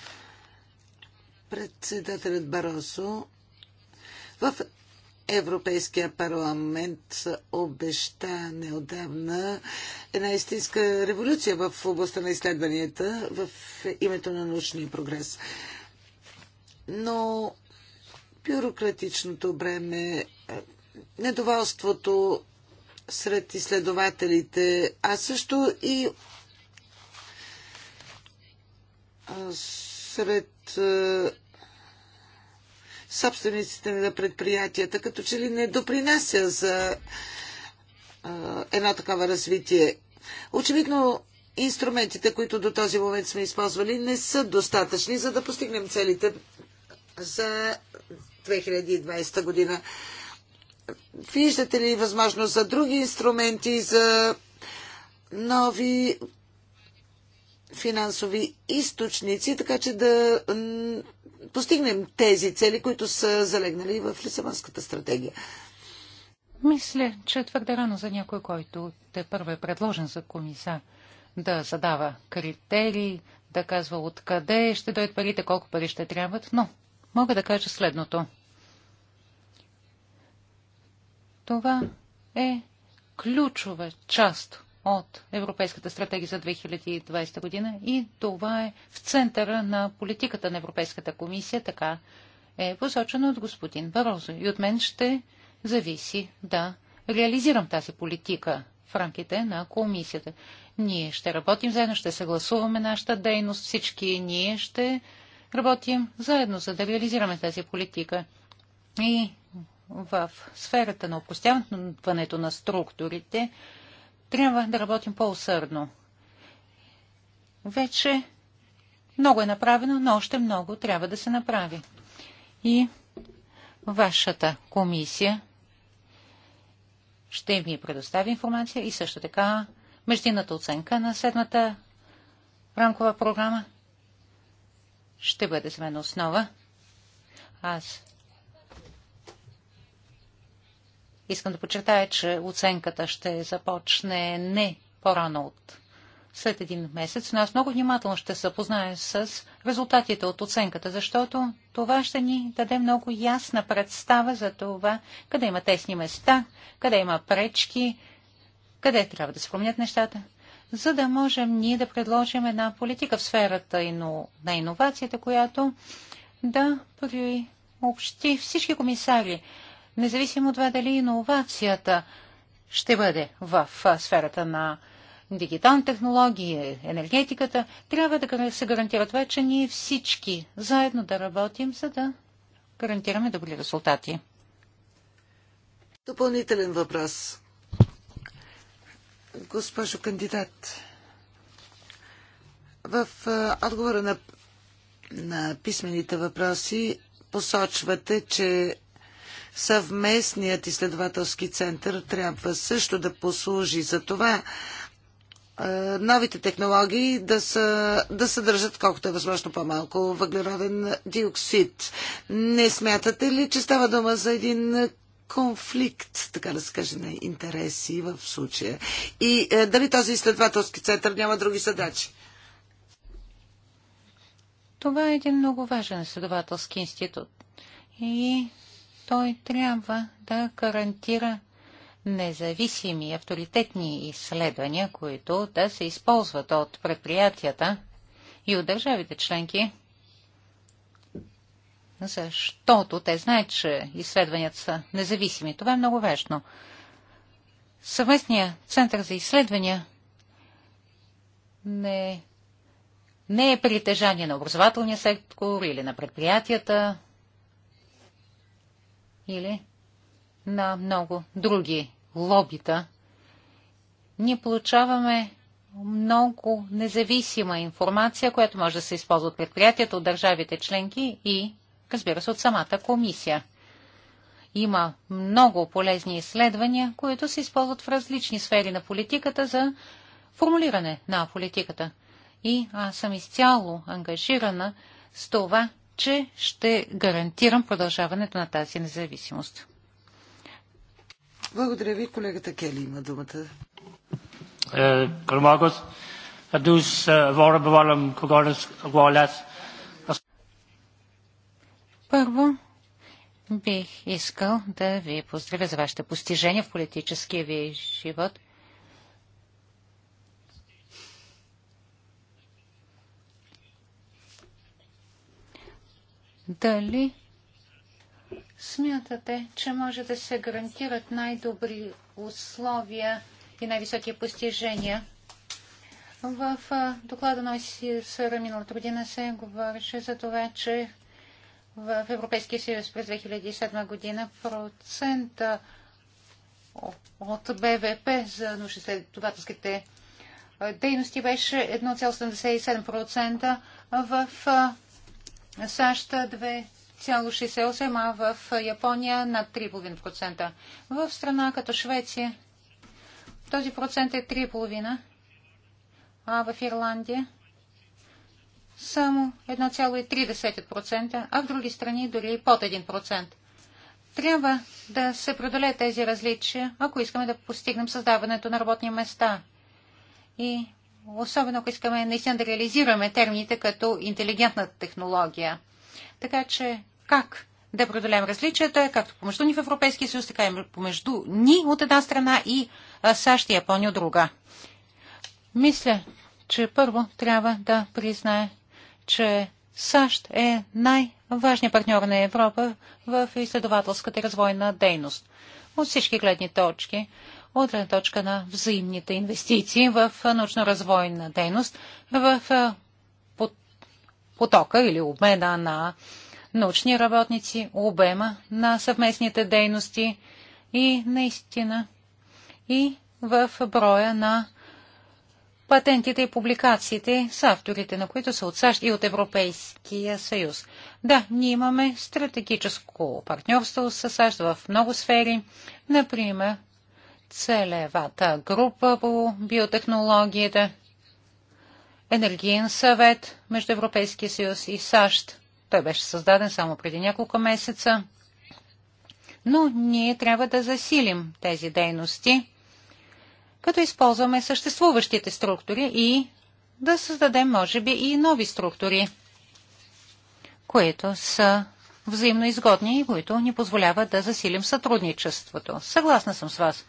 председателят Баросо в Европейския парламент обеща неодавна една истинска революция в областта на изследванията в името на научния прогрес. Но бюрократичното бреме, недоволството сред изследователите, а също и сред собствениците на предприятията, като че ли не допринася за едно такова развитие. Очевидно, инструментите, които до този момент сме използвали, не са достатъчни, за да постигнем целите за 2020 година виждате ли възможност за други инструменти, за нови финансови източници, така че да постигнем тези цели, които са залегнали в Лисабонската стратегия. Мисля, че е твърде рано за някой, който те първо е предложен за комисар, да задава критерии, да казва откъде ще дойдат парите, колко пари ще трябват, но мога да кажа следното. Това е ключова част от Европейската стратегия за 2020 година и това е в центъра на политиката на Европейската комисия, така е посочено от господин Барозо. И от мен ще зависи да реализирам тази политика в рамките на комисията. Ние ще работим заедно, ще съгласуваме нашата дейност, всички ние ще работим заедно, за да реализираме тази политика. И в сферата на опростяването на структурите, трябва да работим по-усърдно. Вече много е направено, но още много трябва да се направи. И вашата комисия ще ви предостави информация и също така междинната оценка на седмата рамкова програма ще бъде за мен основа. Аз Искам да подчертая, че оценката ще започне не по-рано от след един месец, но аз много внимателно ще се позная с резултатите от оценката, защото това ще ни даде много ясна представа за това, къде има тесни места, къде има пречки, къде трябва да се променят нещата, за да можем ние да предложим една политика в сферата на иновацията, която да приобщи всички комисари, независимо от това дали иновацията ще бъде в сферата на дигитални технологии, енергетиката, трябва да се гарантира това, че ние всички заедно да работим, за да гарантираме добри резултати. Допълнителен въпрос. Госпожо кандидат, в отговора на, на писмените въпроси посочвате, че Съвместният изследователски център трябва също да послужи за това е, новите технологии да, са, да съдържат колкото е възможно по-малко въглероден диоксид. Не смятате ли, че става дума за един конфликт, така да се каже, на интереси в случая? И е, дали този изследователски център няма други задачи? Това е един много важен изследователски институт. И той трябва да гарантира независими авторитетни изследвания, които да се използват от предприятията и от държавите членки, защото те знаят, че изследванията са независими. Това е много важно. Съвместният център за изследвания не, не е притежание на образователния сектор или на предприятията, или на много други лобита, ние получаваме много независима информация, която може да се използва от предприятията, от държавите членки и, разбира се, от самата комисия. Има много полезни изследвания, които се използват в различни сфери на политиката за формулиране на политиката. И аз съм изцяло ангажирана с това че ще гарантирам продължаването на тази независимост. Благодаря ви. Колегата Кели има думата. Е, е, Първо, бих искал да ви поздравя за вашите постижения в политическия ви живот. Дали смятате, че може да се гарантират най-добри условия и най-високи постижения? В доклада на ОССР миналата година се говореше за това, че в Европейския съюз през 2007 година процента от БВП за научно следователските дейности беше 1,77%. В САЩ 2,68, а в Япония над 3,5%. В страна като Швеция този процент е 3,5%, а в Ирландия само 1,3%, а в други страни дори и под 1%. Трябва да се преодолее тези различия, ако искаме да постигнем създаването на работни места. И особено ако искаме наистина да реализираме термините като интелигентна технология. Така че как да преодолеем различията, както помежду ни в Европейския съюз, така и помежду ни от една страна и САЩ и Япония от друга. Мисля, че първо трябва да признае, че САЩ е най-важният партньор на Европа в изследователската и развойна дейност. От всички гледни точки от точка на взаимните инвестиции в научно-развойна дейност в потока или обмена на научни работници, обема на съвместните дейности и наистина и в броя на патентите и публикациите с авторите, на които са от САЩ и от Европейския съюз. Да, ние имаме стратегическо партньорство с САЩ в много сфери, например целевата група по биотехнологията, енергиен съвет между Европейския съюз и САЩ. Той беше създаден само преди няколко месеца. Но ние трябва да засилим тези дейности, като използваме съществуващите структури и да създадем, може би, и нови структури, които са взаимно изгодни и които ни позволяват да засилим сътрудничеството. Съгласна съм с вас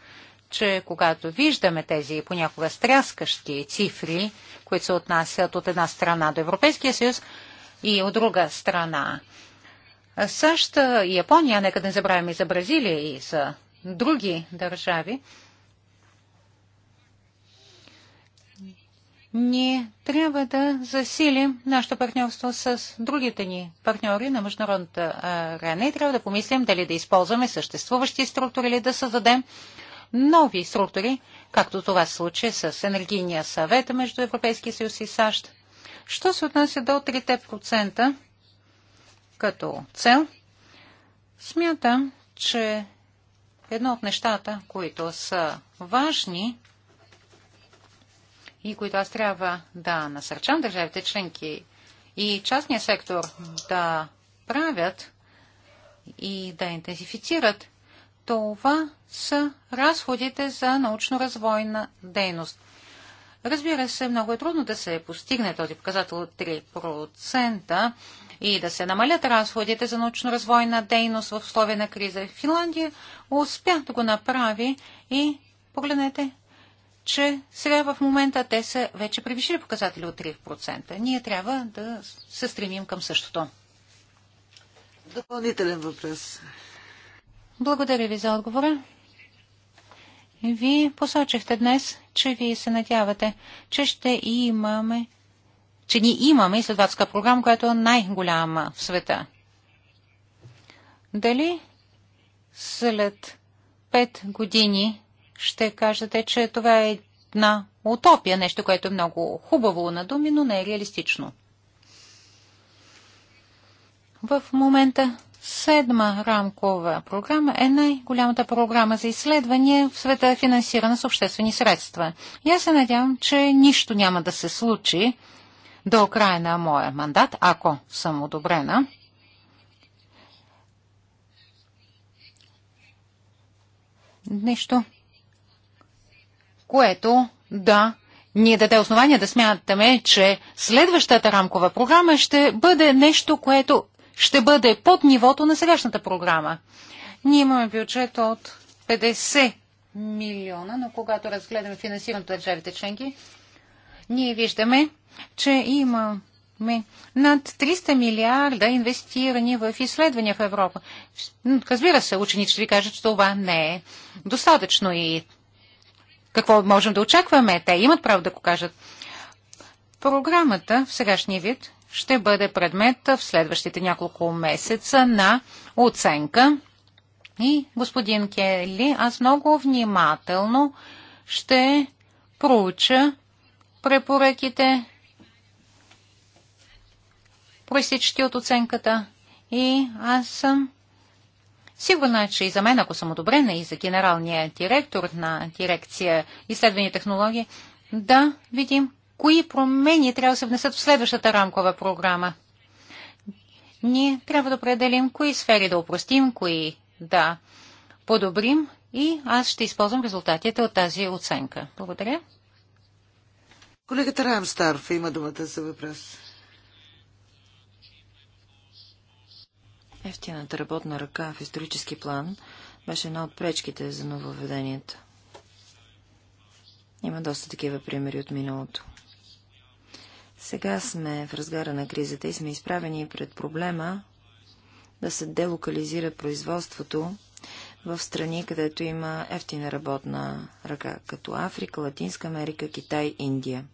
че когато виждаме тези понякога стряскащи цифри, които се отнасят от една страна до Европейския съюз и от друга страна САЩ и Япония, нека да не забравяме и за Бразилия и за други държави, ние трябва да засилим нашето партньорство с другите ни партньори на международната арена и трябва да помислим дали да използваме съществуващи структури или да създадем нови структури, както това се случи с Енергийния съвет между Европейския съюз и САЩ. Що се отнася до 3% като цел, смятам, че едно от нещата, които са важни и които аз трябва да насърчам държавите членки и частния сектор да правят и да интенсифицират това са разходите за научно-развойна дейност. Разбира се, много е трудно да се постигне този показател от 3% и да се намалят разходите за научно-развойна дейност в условия на криза. Финландия успя да го направи и погледнете, че сега в момента те са вече превишили показатели от 3%. Ние трябва да се стремим към същото. Допълнителен въпрос. Благодаря ви за отговора. Вие посочихте днес, че вие се надявате, че ще имаме, че ние имаме изследователска програма, която е най-голяма в света. Дали след пет години ще кажете, че това е една утопия, нещо, което е много хубаво на думи, но не е реалистично. В момента Седма рамкова програма е най-голямата програма за изследвания в света, финансирана с обществени средства. И аз се надявам, че нищо няма да се случи до края на моя мандат, ако съм одобрена. Нещо, което да ни даде основания да смятаме, че следващата рамкова програма ще бъде нещо, което ще бъде под нивото на сегашната програма. Ние имаме бюджет от 50 милиона, но когато разгледаме финансирането държавите членки, ние виждаме, че има над 300 милиарда инвестирани в изследвания в Европа. Разбира се, ученици ще ви кажат, че това не е достатъчно и какво можем да очакваме? Те имат право да го кажат. Програмата в сегашния вид ще бъде предмет в следващите няколко месеца на оценка. И, господин Кели, аз много внимателно ще проуча препоръките, проистичащи от оценката. И аз съм Сигурна, че и за мен, ако съм одобрена, и за генералния директор на дирекция изследвани технологии, да видим кои промени трябва да се внесат в следващата рамкова програма. Ние трябва да определим кои сфери да упростим, кои да подобрим и аз ще използвам резултатите от тази оценка. Благодаря. Колегата Старф има думата за въпрос. Ефтината работна ръка в исторически план беше една от пречките за нововведението. Има доста такива примери от миналото. Сега сме в разгара на кризата и сме изправени пред проблема да се делокализира производството в страни, където има ефтина работна ръка, като Африка, Латинска Америка, Китай, Индия.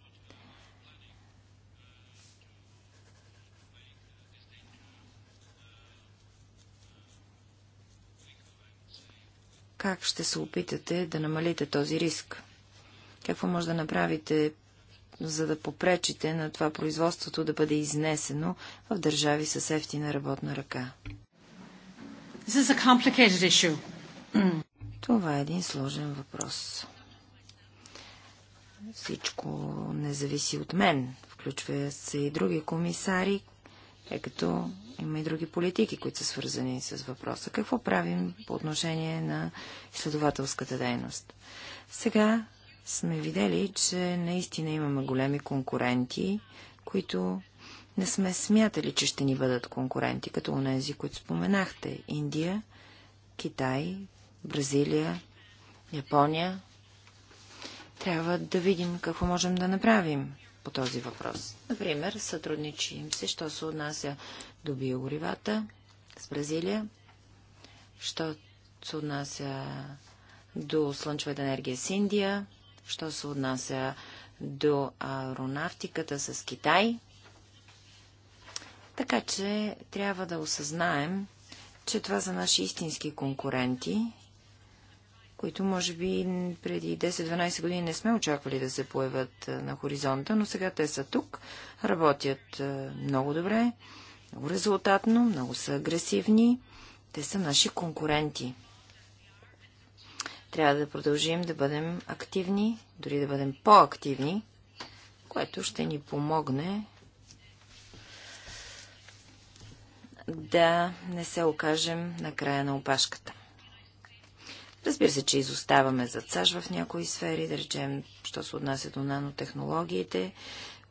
Как ще се опитате да намалите този риск? Какво може да направите за да попречите на това производството да бъде изнесено в държави с ефтина работна ръка? Това е един сложен въпрос. Всичко не зависи от мен. Включва се и други комисари, тъй като има и други политики, които са свързани с въпроса. Какво правим по отношение на изследователската дейност? Сега сме видели, че наистина имаме големи конкуренти, които не сме смятали, че ще ни бъдат конкуренти, като онези, които споменахте. Индия, Китай, Бразилия, Япония. Трябва да видим какво можем да направим по този въпрос. Например, сътрудничим се, що се отнася до биогоривата с Бразилия, що се отнася до слънчевата енергия с Индия, Що се отнася до аеронавтиката с Китай. Така че трябва да осъзнаем, че това са наши истински конкуренти, които може би преди 10-12 години не сме очаквали да се появят на хоризонта, но сега те са тук, работят много добре, много резултатно, много са агресивни. Те са наши конкуренти. Трябва да продължим да бъдем активни, дори да бъдем по-активни, което ще ни помогне да не се окажем на края на опашката. Разбира се, че изоставаме за ЦАЖ в някои сфери, да речем, що се отнася до нанотехнологиите,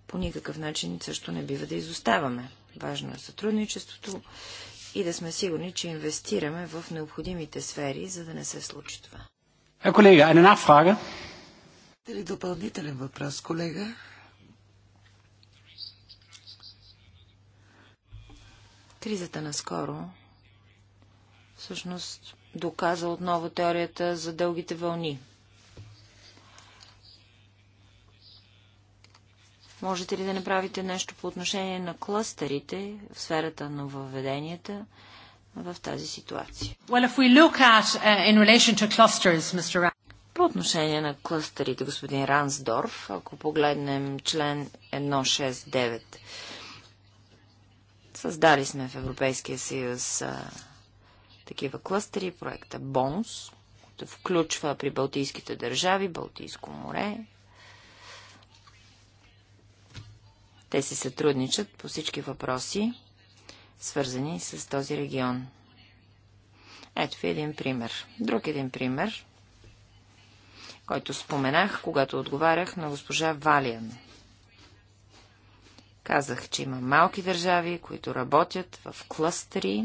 по никакъв начин също не бива да изоставаме. Важно е сътрудничеството и да сме сигурни, че инвестираме в необходимите сфери, за да не се случи това. Herr Kollege, eine Nachfrage? допълнителен въпрос, колега? Кризата наскоро всъщност доказа отново теорията за дългите вълни. Можете ли да направите нещо по отношение на клъстерите в сферата на въведенията? в тази ситуация. Well, if we look at, uh, in relation to clusters, Mr. По отношение на клъстерите, господин Рансдорф, ако погледнем член 169, създали сме в Европейския съюз такива клъстери, проекта БОНС, който включва при Балтийските държави, Балтийско море. Те се сътрудничат по всички въпроси, свързани с този регион. Ето ви един пример. Друг един пример, който споменах, когато отговарях на госпожа Валиан. Казах, че има малки държави, които работят в клъстери,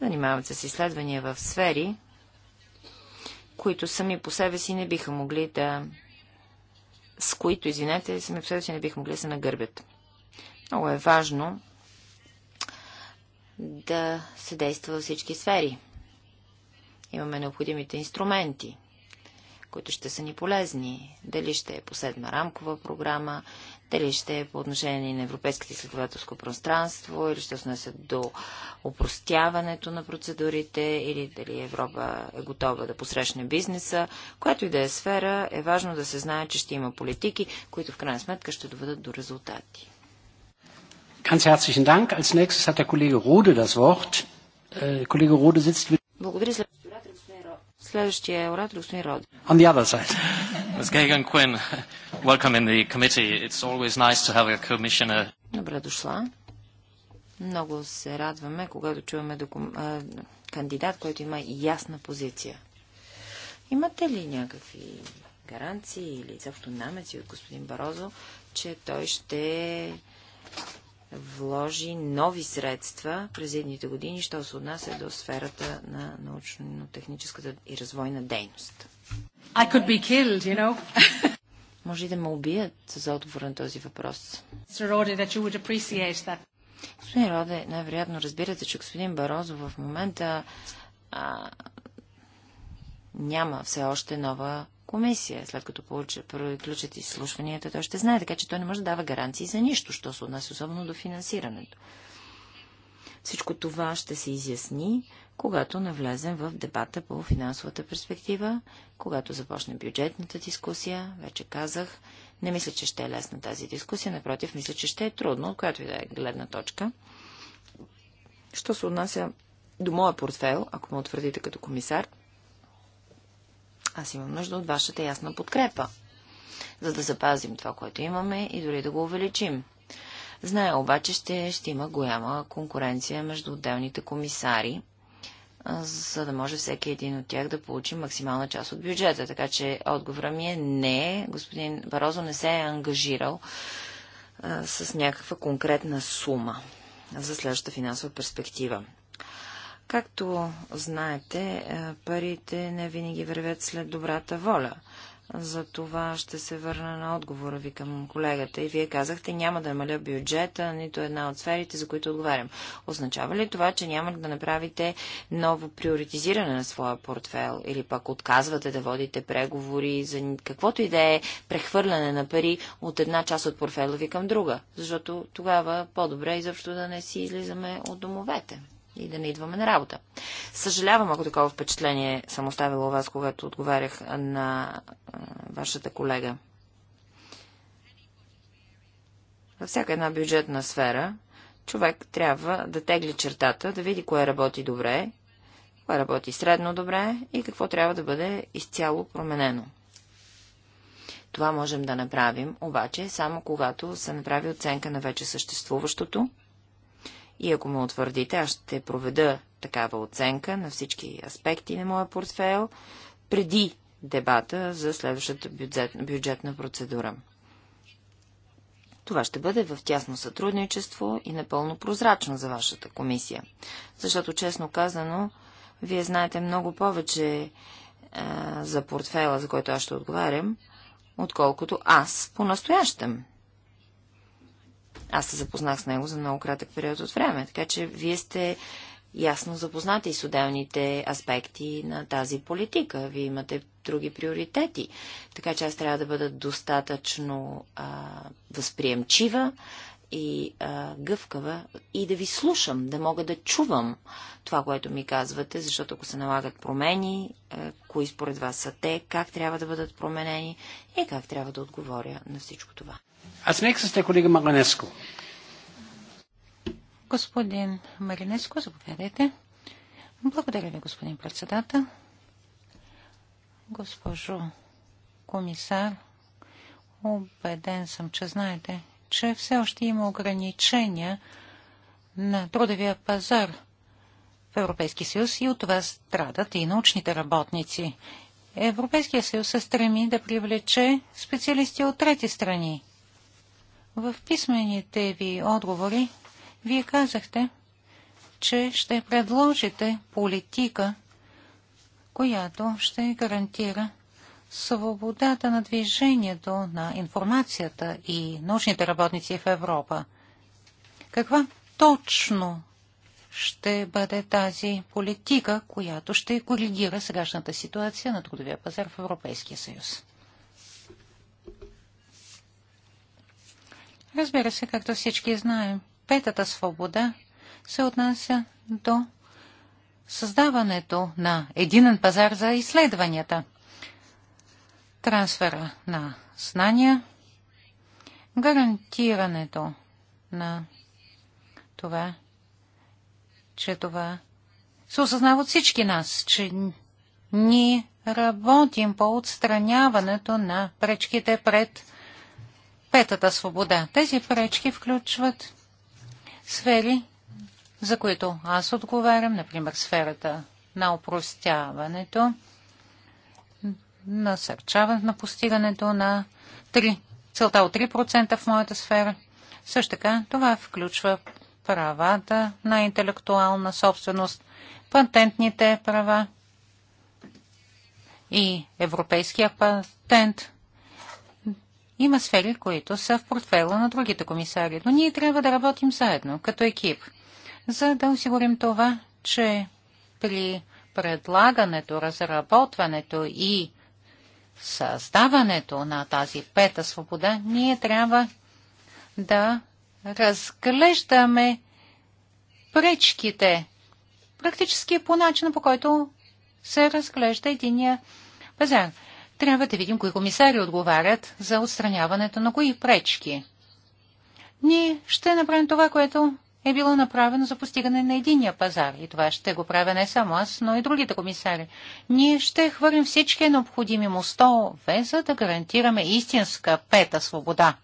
занимават се с изследвания в сфери, които сами по себе си не биха могли да... с които, извинете, сами по себе си не биха могли да се нагърбят. Много е важно да се действа във всички сфери. Имаме необходимите инструменти, които ще са ни полезни. Дали ще е по седма рамкова програма, дали ще е по отношение на Европейските следователско пространство, или ще се до упростяването на процедурите, или дали Европа е готова да посрещне бизнеса. Което и да е сфера, е важно да се знае, че ще има политики, които в крайна сметка ще доведат до резултати. Ganz herzlichen Dank. Als nächstes hat der Kollege Rode das Wort. Äh, Kollege Rode sitzt mit. Благодаря. Следващия е оратор, господин Род. On the other side. Ms. Gagan Quinn, welcome in the committee. It's always nice to have a commissioner. Добре дошла. Много се радваме, когато чуваме докум... кандидат, който има ясна позиция. Имате ли някакви гаранции или изобщо намеци от господин Барозо, че той ще вложи нови средства през едните години, що се отнася до сферата на научно-техническата и развойна дейност. I could be killed, you know? Може да ме убият за отговор на този въпрос. Господин Роде, най-вероятно разбирате, че господин Барозов в момента а, няма все още нова комисия. След като приключат изслушванията, той ще знае, така че той не може да дава гаранции за нищо, що се отнася особено до финансирането. Всичко това ще се изясни, когато навлезем в дебата по финансовата перспектива, когато започне бюджетната дискусия, вече казах, не мисля, че ще е лесна тази дискусия, напротив, мисля, че ще е трудно, от която и да е гледна точка. Що се отнася до моя портфел, ако ме утвърдите като комисар – аз имам нужда от вашата ясна подкрепа, за да запазим това, което имаме и дори да го увеличим. Зная обаче, ще, ще има голяма конкуренция между отделните комисари, за да може всеки един от тях да получи максимална част от бюджета. Така че отговора ми е не. Господин Барозо не се е ангажирал а, с някаква конкретна сума за следващата финансова перспектива. Както знаете, е, парите не винаги вървят след добрата воля. За това ще се върна на отговора ви към колегата. И вие казахте, няма да намаля бюджета, нито една от сферите, за които отговарям. Означава ли това, че няма да направите ново приоритизиране на своя портфел? Или пък отказвате да водите преговори за каквото и да е прехвърляне на пари от една част от портфела ви към друга? Защото тогава по-добре изобщо да не си излизаме от домовете и да не идваме на работа. Съжалявам, ако такова впечатление съм оставила вас, когато отговарях на вашата колега. Във всяка една бюджетна сфера, човек трябва да тегли чертата, да види кое работи добре, кое работи средно добре и какво трябва да бъде изцяло променено. Това можем да направим, обаче, само когато се направи оценка на вече съществуващото и ако му утвърдите, аз ще проведа такава оценка на всички аспекти на моя портфейл преди дебата за следващата бюджет, бюджетна процедура. Това ще бъде в тясно сътрудничество и напълно прозрачно за вашата комисия. Защото, честно казано, вие знаете много повече е, за портфела, за който аз ще отговарям, отколкото аз по-настоящем. Аз се запознах с него за много кратък период от време, така че вие сте ясно запознати с отделните аспекти на тази политика. Вие имате други приоритети, така че аз трябва да бъда достатъчно а, възприемчива и а, гъвкава и да ви слушам, да мога да чувам това, което ми казвате, защото ако се налагат промени, а, кои според вас са те, как трябва да бъдат променени и как трябва да отговоря на всичко това. Als nächstes der Kollege Marinescu. Господин Маринеско, заповядайте. Благодаря ви, господин председател. Госпожо комисар, убеден съм, че знаете, че все още има ограничения на трудовия пазар в Европейския съюз и от това страдат и научните работници. Европейския съюз се стреми да привлече специалисти от трети страни. В писмените ви отговори вие казахте, че ще предложите политика, която ще гарантира свободата на движението на информацията и научните работници в Европа. Каква точно ще бъде тази политика, която ще коригира сегашната ситуация на трудовия пазар в Европейския съюз? Разбира се, както всички знаем, петата свобода се отнася до създаването на единен пазар за изследванията, трансфера на знания, гарантирането на това, че това се осъзнава от всички нас, че ние работим по отстраняването на пречките пред петата свобода. Тези пречки включват сфери, за които аз отговарям, например сферата на упростяването, насърчаването на постигането на 3, целта от 3% в моята сфера. Също така това включва правата на интелектуална собственост, патентните права и европейския патент, има сфери, които са в портфела на другите комисари, но ние трябва да работим заедно, като екип, за да осигурим това, че при предлагането, разработването и създаването на тази пета свобода, ние трябва да разглеждаме пречките, практически по начина, по който се разглежда единия пазар. Трябва да видим кои комисари отговарят за отстраняването на кои пречки. Ние ще направим това, което е било направено за постигане на единия пазар. И това ще го правя не само аз, но и другите комисари. Ние ще хвърлим всички необходими мостове, за да гарантираме истинска пета свобода.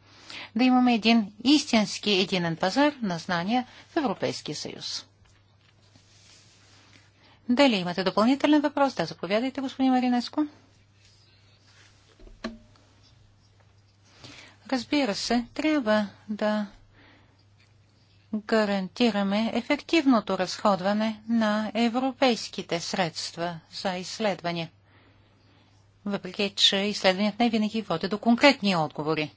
Да имаме един истински единен пазар на знания в Европейския съюз. Дали имате допълнителен въпрос? Да, заповядайте, господин Маринеско. Разбира се, трябва да гарантираме ефективното разходване на европейските средства за изследвания. Въпреки, че изследванията не винаги води до конкретни отговори.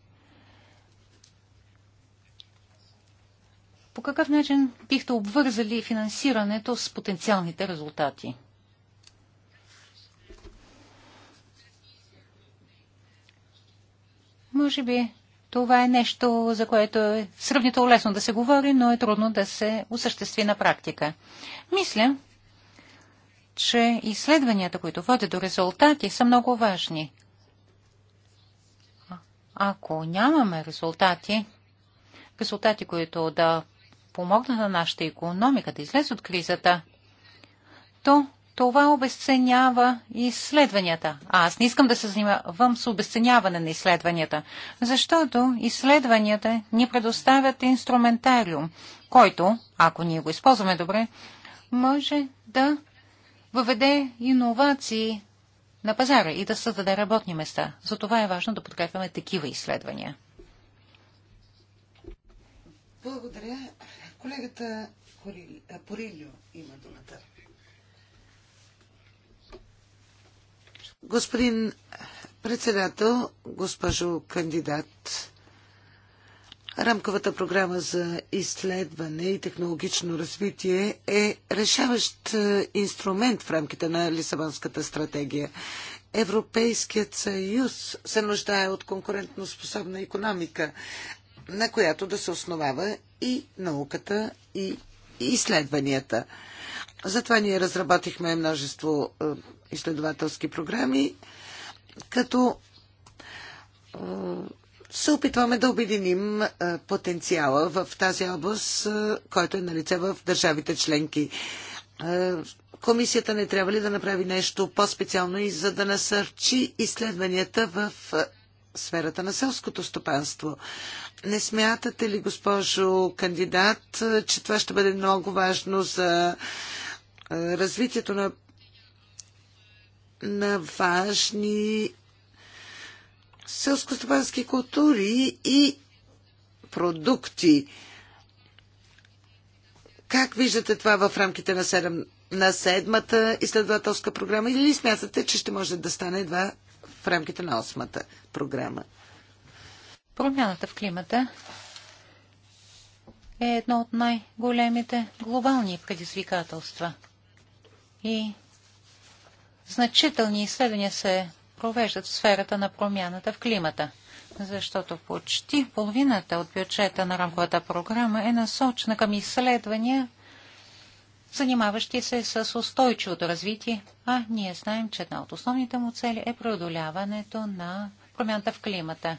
По какъв начин бихте обвързали финансирането с потенциалните резултати? Може би това е нещо, за което е сравнително лесно да се говори, но е трудно да се осъществи на практика. Мисля, че изследванията, които водят до резултати, са много важни. Ако нямаме резултати, резултати, които да помогнат на нашата економика да излезе от кризата, то това обесценява изследванията. А аз не искам да се занимавам с обесценяване на изследванията, защото изследванията ни предоставят инструментариум, който, ако ние го използваме добре, може да въведе иновации на пазара и да създаде работни места. За това е важно да подкрепяме такива изследвания. Благодаря. Колегата Порилио има думата. Господин председател, госпожо кандидат, Рамковата програма за изследване и технологично развитие е решаващ е, инструмент в рамките на Лисабонската стратегия. Европейският съюз се нуждае от конкурентноспособна економика, на която да се основава и науката, и изследванията. Затова ние разработихме множество е, изследователски програми, като се опитваме да обединим потенциала в тази област, който е налице в държавите членки. Комисията не трябва ли да направи нещо по-специално и за да насърчи изследванията в сферата на селското стопанство. Не смятате ли, госпожо кандидат, че това ще бъде много важно за развитието на на важни селскостопански култури и продукти. Как виждате това в рамките на, 7, на седмата изследователска програма или смятате, че ще може да стане едва в рамките на осмата програма? Промяната в климата е едно от най-големите глобални предизвикателства. И Значителни изследвания се провеждат в сферата на промяната в климата, защото почти половината от бюджета на рамковата програма е насочена към изследвания, занимаващи се с устойчивото развитие, а ние знаем, че една от основните му цели е преодоляването на промяната в климата.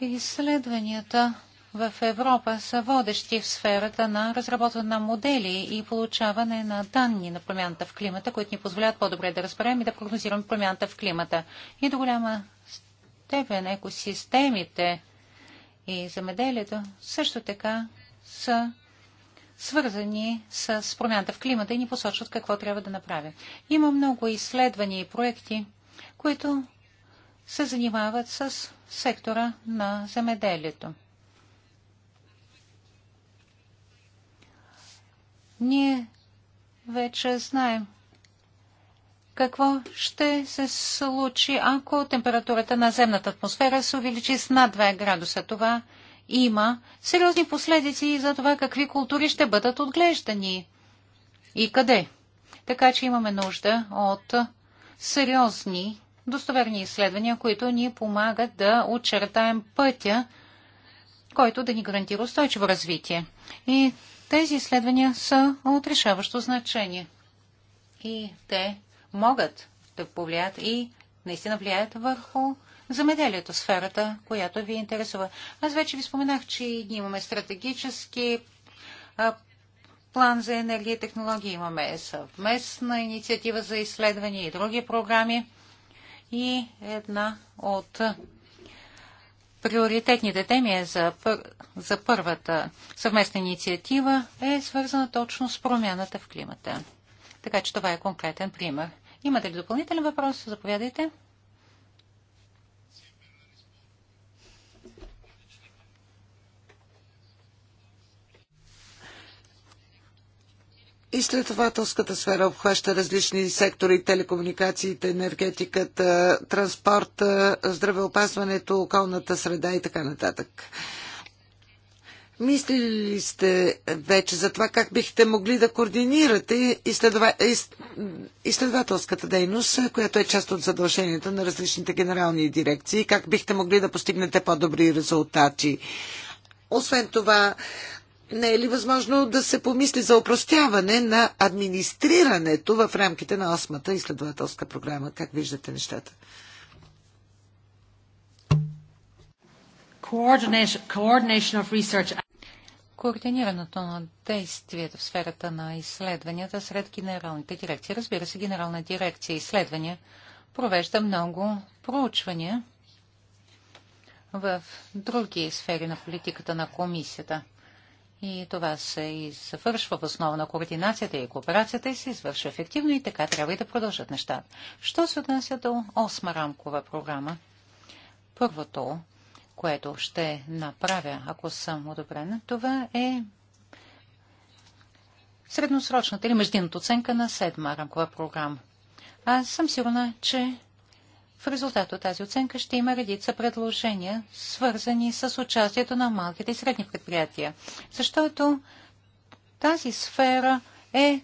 Изследванията в Европа са водещи в сферата на разработване на модели и получаване на данни на промяната в климата, които ни позволят по-добре да разберем и да прогнозираме промяната в климата. И до голяма степен екосистемите и замеделието също така са свързани с промяната в климата и ни посочват какво трябва да направим. Има много изследвания и проекти, които се занимават с сектора на земеделието. Ние вече знаем какво ще се случи, ако температурата на земната атмосфера се увеличи с над 2 градуса. Това има сериозни последици и за това какви култури ще бъдат отглеждани и къде. Така че имаме нужда от сериозни, достоверни изследвания, които ни помагат да очертаем пътя, който да ни гарантира устойчиво развитие. И тези изследвания са от решаващо значение и те могат да повлият и наистина влияят върху замеделието, сферата, която ви интересува. Аз вече ви споменах, че ние имаме стратегически план за енергия и технологии, имаме съвместна инициатива за изследвания и други програми. И една от приоритетните теми е за, пър... за първата съвместна инициатива е свързана точно с промяната в климата. Така че това е конкретен пример. Имате ли допълнителен въпрос? Заповядайте. Изследователската сфера обхваща различни сектори телекомуникациите, енергетиката, транспорта, здравеопазването, околната среда и така нататък. Мислили ли сте вече за това как бихте могли да координирате изследва... из... изследователската дейност, която е част от задълженията на различните генерални дирекции, как бихте могли да постигнете по-добри резултати? Освен това, не е ли възможно да се помисли за опростяване на администрирането в рамките на осмата изследователска програма? Как виждате нещата? Координирането на действията в сферата на изследванията сред генералните дирекции. Разбира се, генерална дирекция изследвания провежда много проучвания в други сфери на политиката на комисията. И това се и завършва в основа на координацията и кооперацията и се извършва ефективно и така трябва и да продължат нещата. Що се отнася до осма рамкова програма? Първото, което ще направя, ако съм одобрена, това е средносрочната или междинната оценка на седма рамкова програма. Аз съм сигурна, че в резултат от тази оценка ще има редица предложения, свързани с участието на малките и средни предприятия, защото тази сфера е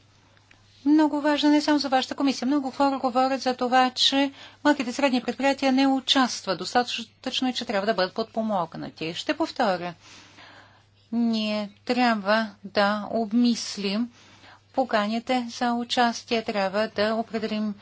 много важна не само за вашата комисия. Много хора говорят за това, че малките и средни предприятия не участват достатъчно и че трябва да бъдат подпомогнати. Ще повторя. Ние трябва да обмислим поканите за участие, трябва да определим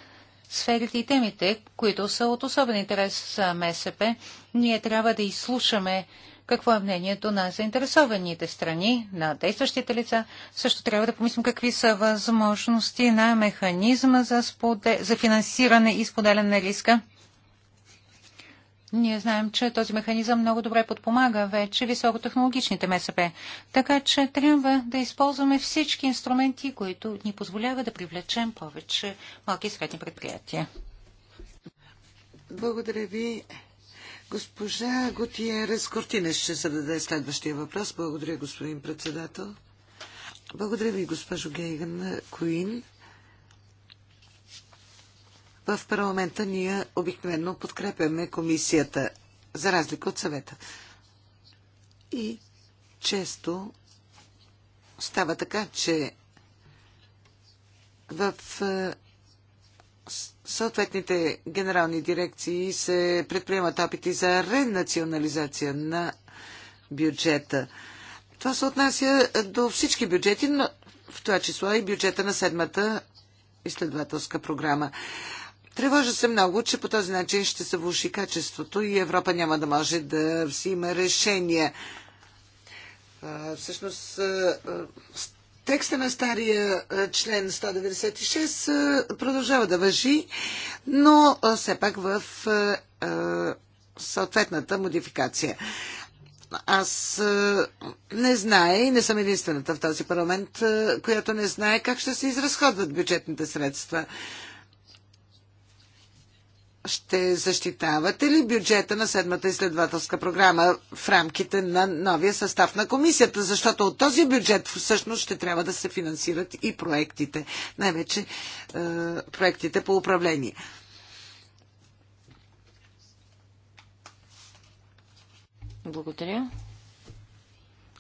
сферите и темите, които са от особен интерес за МСП, ние трябва да изслушаме какво е мнението на заинтересованите страни, на действащите лица. Също трябва да помислим какви са възможности на механизма за, споде... за финансиране и споделяне на риска. Ние знаем, че този механизъм много добре подпомага вече високотехнологичните МСП. Така че трябва да използваме всички инструменти, които ни позволяват да привлечем повече малки и средни предприятия. Благодаря ви. Госпожа Готиерес Кортинес ще зададе следващия въпрос. Благодаря, господин председател. Благодаря ви, госпожо Гейган Куин в парламента ние обикновено подкрепяме комисията, за разлика от съвета. И често става така, че в е, съответните генерални дирекции се предприемат опити за ренационализация на бюджета. Това се отнася до всички бюджети, но в това число и бюджета на седмата изследователска програма. Тревожа се много, че по този начин ще се влуши качеството и Европа няма да може да взима решение. Всъщност, текста на стария член 196 продължава да въжи, но все пак в съответната модификация. Аз не знае и не съм единствената в този парламент, която не знае как ще се изразходват бюджетните средства ще защитавате ли бюджета на седмата изследователска програма в рамките на новия състав на комисията? Защото от този бюджет всъщност ще трябва да се финансират и проектите, най-вече е, проектите по управление. Благодаря.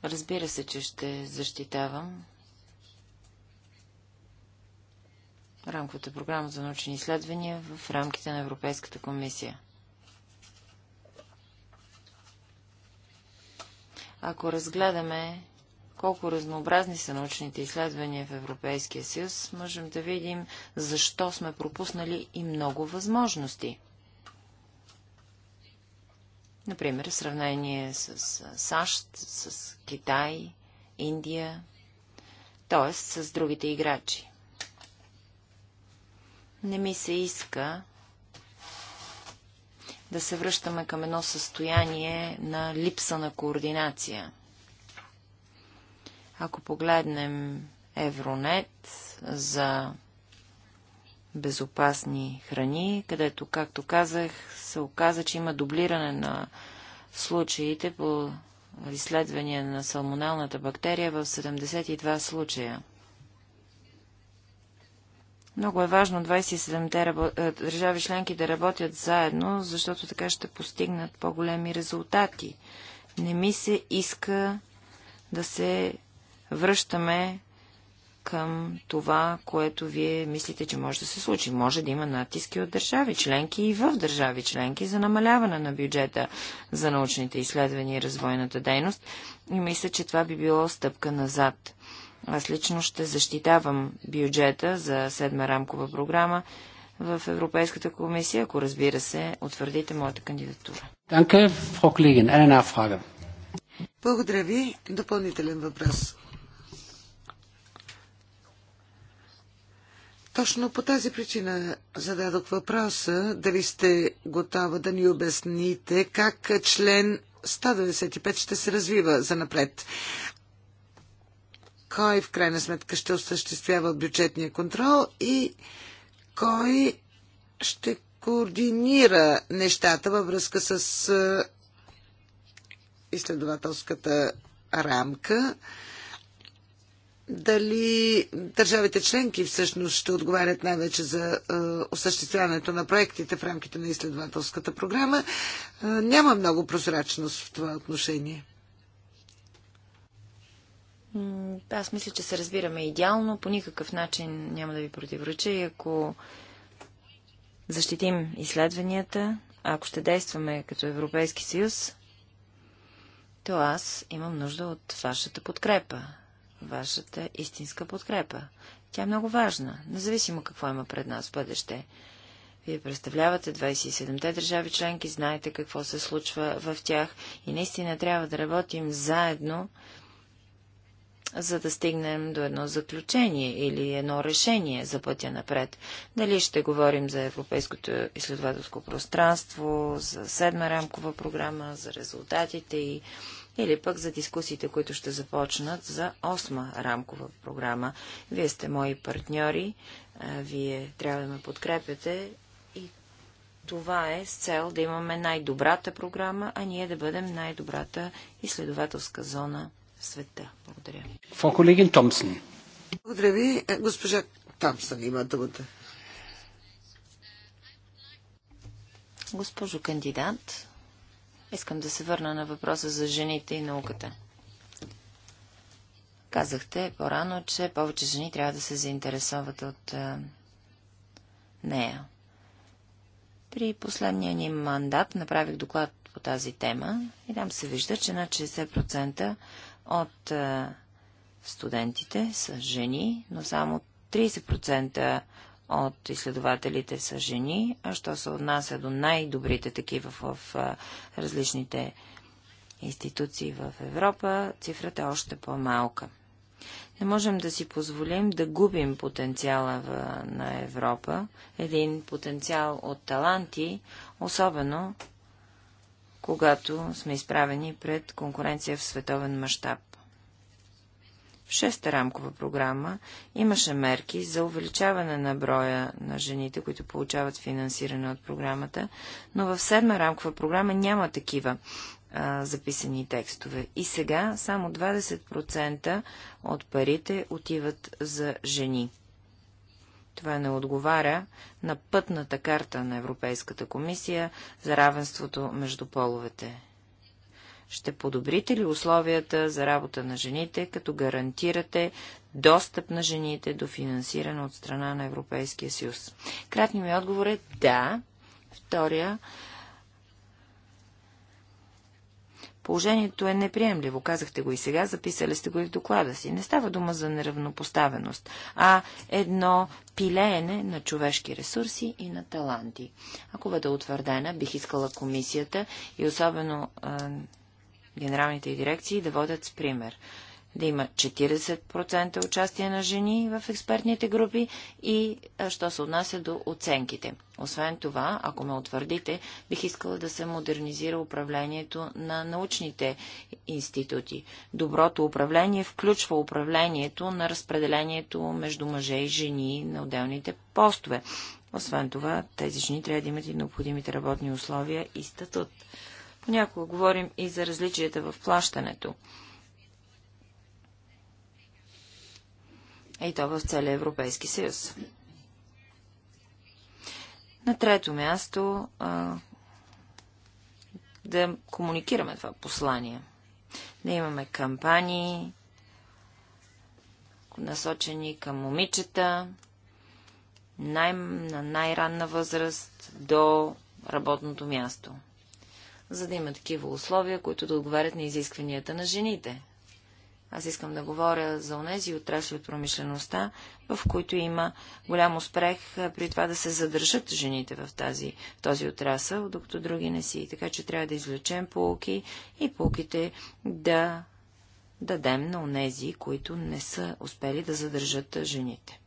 Разбира се, че ще защитавам рамковата програма за научни изследвания в рамките на Европейската комисия. Ако разгледаме колко разнообразни са научните изследвания в Европейския съюз, можем да видим защо сме пропуснали и много възможности. Например, в сравнение с САЩ, с Китай, Индия, т.е. с другите играчи. Не ми се иска да се връщаме към едно състояние на липса на координация. Ако погледнем Евронет за безопасни храни, където, както казах, се оказа, че има дублиране на случаите по изследвания на салмоналната бактерия в 72 случая – много е важно 27-те е, държави членки да работят заедно, защото така ще постигнат по-големи резултати. Не ми се иска да се връщаме към това, което вие мислите, че може да се случи. Може да има натиски от държави членки и в държави членки за намаляване на бюджета за научните изследвания и развойната дейност. И мисля, че това би било стъпка назад. Аз лично ще защитавам бюджета за седма рамкова програма в Европейската комисия, ако разбира се, утвърдите моята кандидатура. Данке, фрау Клиген. Една нафрага. Благодаря ви. Допълнителен въпрос. Точно по тази причина зададох въпроса дали сте готова да ни обясните как член 195 ще се развива за напред кой в крайна сметка ще осъществява бюджетния контрол и кой ще координира нещата във връзка с изследователската рамка. Дали държавите членки всъщност ще отговарят най-вече за е, осъществяването на проектите в рамките на изследователската програма? Е, няма много прозрачност в това отношение. Аз мисля, че се разбираме идеално. По никакъв начин няма да ви противореча и ако защитим изследванията, ако ще действаме като Европейски съюз, то аз имам нужда от вашата подкрепа. Вашата истинска подкрепа. Тя е много важна, независимо какво има пред нас в бъдеще. Вие представлявате 27-те държави членки, знаете какво се случва в тях и наистина трябва да работим заедно, за да стигнем до едно заключение или едно решение за пътя напред. Дали ще говорим за Европейското изследователско пространство, за седма рамкова програма, за резултатите и или пък за дискусиите, които ще започнат за осма рамкова програма. Вие сте мои партньори, вие трябва да ме подкрепяте и това е с цел да имаме най-добрата програма, а ние да бъдем най-добрата изследователска зона света. Благодаря. Фо колегин Томсън. Благодаря ви. Е, госпожа Томсън има думата. Госпожо кандидат, искам да се върна на въпроса за жените и науката. Казахте по-рано, че повече жени трябва да се заинтересуват от е, нея. При последния ни мандат направих доклад по тази тема и там се вижда, че над 60% от е, студентите са жени, но само 30% от изследователите са жени, а що се отнася до най-добрите такива в, е, различните институции в Европа, цифрата е още по-малка. Не можем да си позволим да губим потенциала в, на Европа, един потенциал от таланти, особено когато сме изправени пред конкуренция в световен мащаб. В шеста рамкова програма имаше мерки за увеличаване на броя на жените, които получават финансиране от програмата, но в седма рамкова програма няма такива а, записани текстове. И сега само 20% от парите отиват за жени. Това не отговаря на пътната карта на Европейската комисия за равенството между половете. Ще подобрите ли условията за работа на жените, като гарантирате достъп на жените до финансиране от страна на Европейския съюз? Кратни ми отговор е да. Втория Положението е неприемливо, казахте го и сега, записали сте го и в доклада си. Не става дума за неравнопоставеност, а едно пилеене на човешки ресурси и на таланти. Ако бъда утвърдена, бих искала комисията и особено е, генералните дирекции да водят с пример да има 40% участие на жени в експертните групи и що се отнася до оценките. Освен това, ако ме утвърдите, бих искала да се модернизира управлението на научните институти. Доброто управление включва управлението на разпределението между мъже и жени на отделните постове. Освен това, тези жени трябва да имат и необходимите работни условия и статут. Понякога говорим и за различията в плащането. и то в целия Европейски съюз. На трето място а, да комуникираме това послание. Да имаме кампании, насочени към момичета, най- на най-ранна възраст до работното място. За да има такива условия, които да отговарят на изискванията на жените. Аз искам да говоря за онези отрасли от промишлеността, в които има голям успех при това да се задържат жените в, тази, в този отрасъл, докато други не си. Така че трябва да извлечем полки и полките да дадем на онези, които не са успели да задържат жените.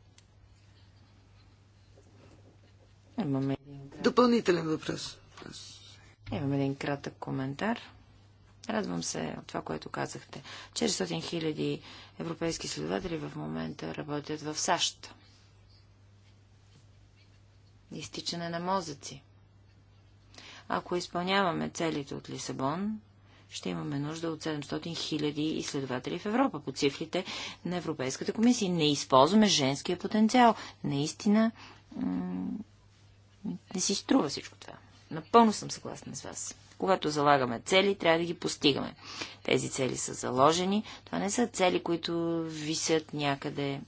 Имаме един... Допълнителен въпрос. Имам един кратък коментар. Радвам се от това, което казахте. 400 хиляди европейски следователи в момента работят в САЩ. Изтичане на мозъци. Ако изпълняваме целите от Лисабон, ще имаме нужда от 700 хиляди изследователи в Европа по цифрите на Европейската комисия. Не използваме женския потенциал. Наистина не си струва всичко това. Напълно съм съгласна с вас. Когато залагаме цели, трябва да ги постигаме. Тези цели са заложени. Това не са цели, които висят някъде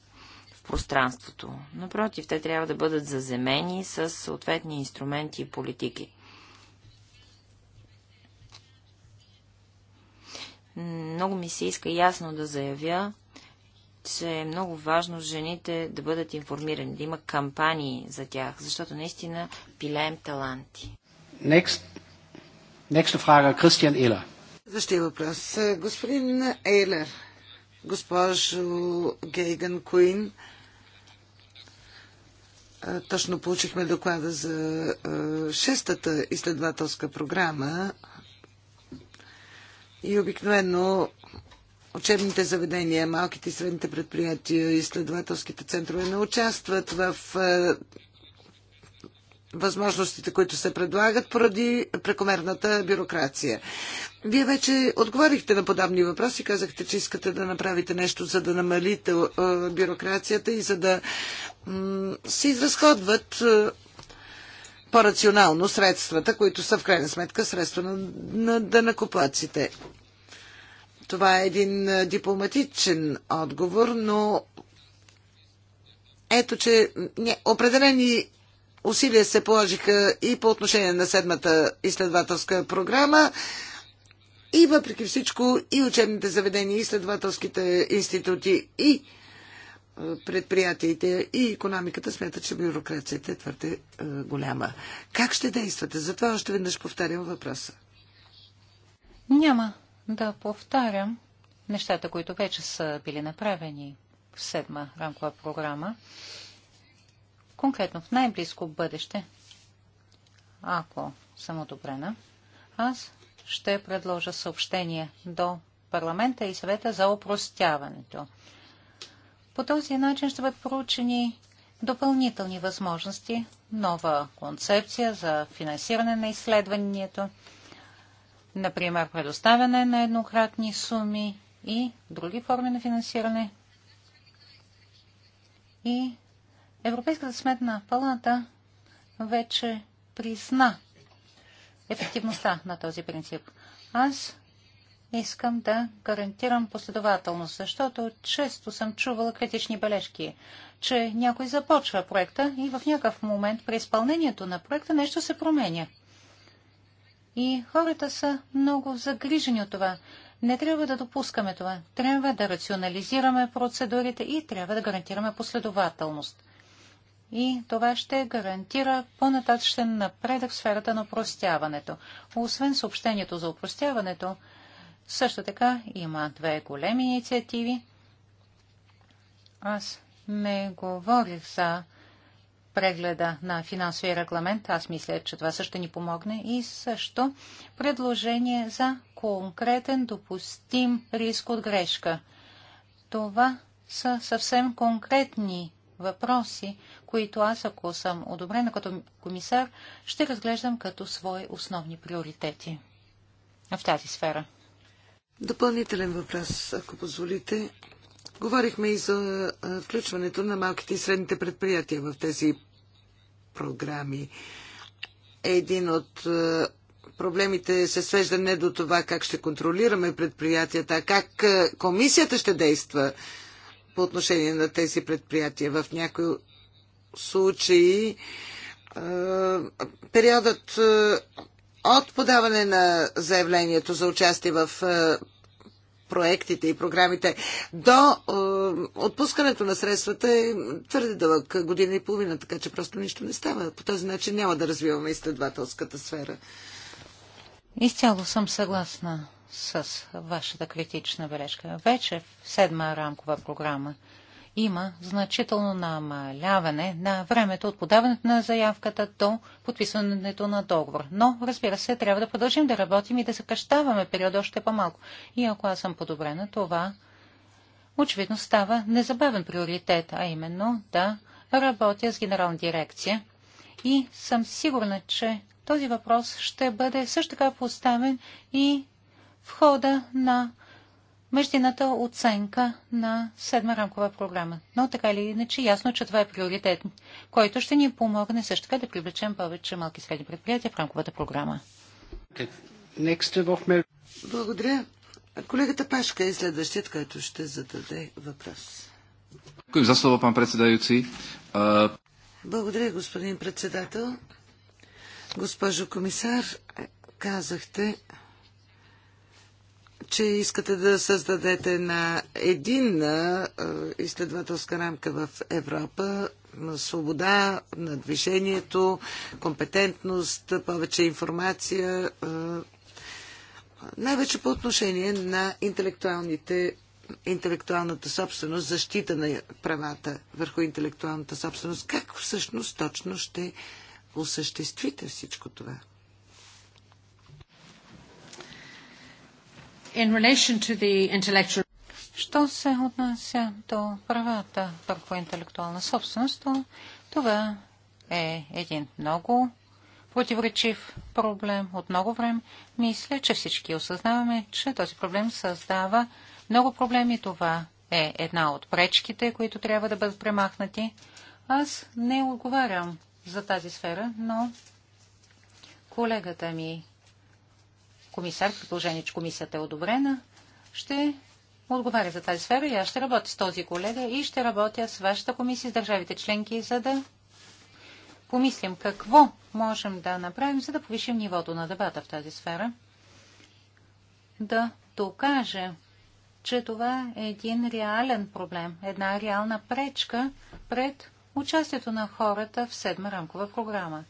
в пространството. Напротив, те трябва да бъдат заземени с съответни инструменти и политики. Много ми се иска ясно да заявя, че е много важно жените да бъдат информирани, да има кампании за тях, защото наистина пилеем таланти. Next. Nächste Frage, Christian Ehler. въпрос. Господин Ейлер, госпожо Гейган Куин, точно получихме доклада за шестата изследователска програма и обикновено учебните заведения, малките и средните предприятия, изследователските центрове не участват в възможностите, които се предлагат поради прекомерната бюрокрация. Вие вече отговорихте на подобни въпроси, казахте, че искате да направите нещо, за да намалите бюрокрацията и за да се изразходват по-рационално средствата, които са в крайна сметка средства на, на дънакоплаците. Това е един дипломатичен отговор, но ето, че не, определени усилия се положиха и по отношение на седмата изследователска програма. И въпреки всичко, и учебните заведения, и следователските институти, и е, предприятията, и економиката смятат, че бюрокрацията е твърде е, голяма. Как ще действате? Затова още веднъж повтарям въпроса. Няма да повтарям нещата, които вече са били направени в седма рамкова програма конкретно в най-близко бъдеще, ако съм одобрена, аз ще предложа съобщение до парламента и съвета за опростяването. По този начин ще бъдат проучени допълнителни възможности, нова концепция за финансиране на изследването, например предоставяне на еднократни суми и други форми на финансиране. И Европейската сметна палата вече призна ефективността на този принцип. Аз искам да гарантирам последователност, защото често съм чувала критични бележки, че някой започва проекта и в някакъв момент при изпълнението на проекта нещо се променя. И хората са много загрижени от това. Не трябва да допускаме това. Трябва да рационализираме процедурите и трябва да гарантираме последователност и това ще гарантира по-нататъчен напредък в сферата на опростяването. Освен съобщението за опростяването, също така има две големи инициативи. Аз не говорих за прегледа на финансовия регламент. Аз мисля, че това също ни помогне. И също предложение за конкретен допустим риск от грешка. Това са съвсем конкретни въпроси, които аз, ако съм одобрена като комисар, ще разглеждам като свои основни приоритети в тази сфера. Допълнителен въпрос, ако позволите. Говорихме и за включването на малките и средните предприятия в тези програми. Един от проблемите се свежда не до това как ще контролираме предприятията, а как комисията ще действа по отношение на тези предприятия. В някои случаи периодът от подаване на заявлението за участие в проектите и програмите до отпускането на средствата е твърде дълъг година и половина, така че просто нищо не става. По този начин няма да развиваме изследователската сфера. Изцяло съм съгласна с вашата критична бележка. Вече в седма рамкова програма има значително намаляване на времето от подаването на заявката до подписването на договор. Но, разбира се, трябва да продължим да работим и да съкръщаваме периода още по-малко. И ако аз съм подобрена, това очевидно става незабавен приоритет, а именно да работя с генерална дирекция. И съм сигурна, че този въпрос ще бъде също така поставен и в хода на междината оценка на седма рамкова програма. Но така или иначе, ясно, че това е приоритет, който ще ни помогне също така да привлечем повече малки и средни предприятия в рамковата програма. Е Благодаря. Колегата Пашка е следващият, който ще зададе въпрос. За слово, пан председаюци. Благодаря, господин председател. Госпожо комисар, казахте, че искате да създадете на единна е, изследователска рамка в Европа на свобода на движението, компетентност, повече информация, е, най-вече по отношение на интелектуалните интелектуалната собственост, защита на правата върху интелектуалната собственост. Как всъщност точно ще осъществите всичко това? Що се отнася до правата върху интелектуална собственост, то това е един много противоречив проблем от много време. Мисля, че всички осъзнаваме, че този проблем създава много проблеми. Това е една от пречките, които трябва да бъдат премахнати. Аз не отговарям за тази сфера, но колегата ми комисар, при положение, че комисията е одобрена, ще отговаря за тази сфера и аз ще работя с този колега и ще работя с вашата комисия, с държавите членки, за да помислим какво можем да направим, за да повишим нивото на дебата в тази сфера. Да докаже, че това е един реален проблем, една реална пречка пред участието на хората в седма рамкова програма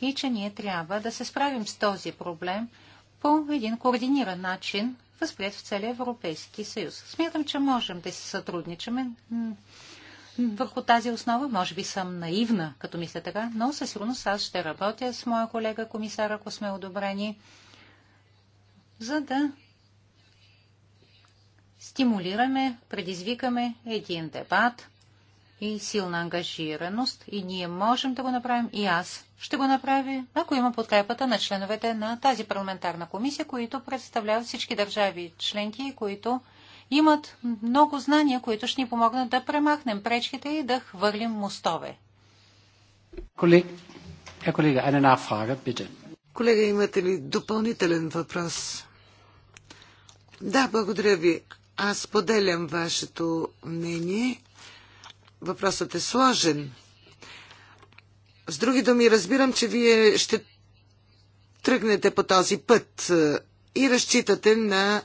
и че ние трябва да се справим с този проблем – по един координиран начин, възприят в целия Европейски съюз. Смятам, че можем да си сътрудничаме върху тази основа. Може би съм наивна, като мисля така, но със сигурност аз ще работя с моя колега комисар, ако сме одобрени, за да стимулираме, предизвикаме един дебат – и силна ангажираност и ние можем да го направим и аз ще го направя, ако има подкрепата на членовете на тази парламентарна комисия, които представляват всички държави членки, които имат много знания, които ще ни помогнат да премахнем пречките и да хвърлим мостове. Колега, е, колега, една нафрага, Колега, имате ли допълнителен въпрос? Да, благодаря ви. Аз поделям вашето мнение въпросът е сложен. С други думи, разбирам, че вие ще тръгнете по този път е, и разчитате на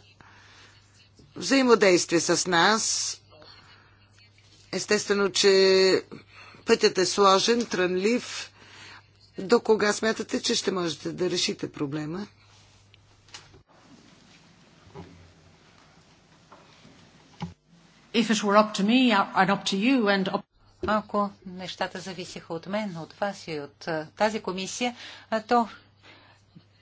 взаимодействие с нас. Естествено, че пътят е сложен, трънлив. До кога смятате, че ще можете да решите проблема? you, and... Ако нещата зависеха от мен, от вас и от тази комисия, то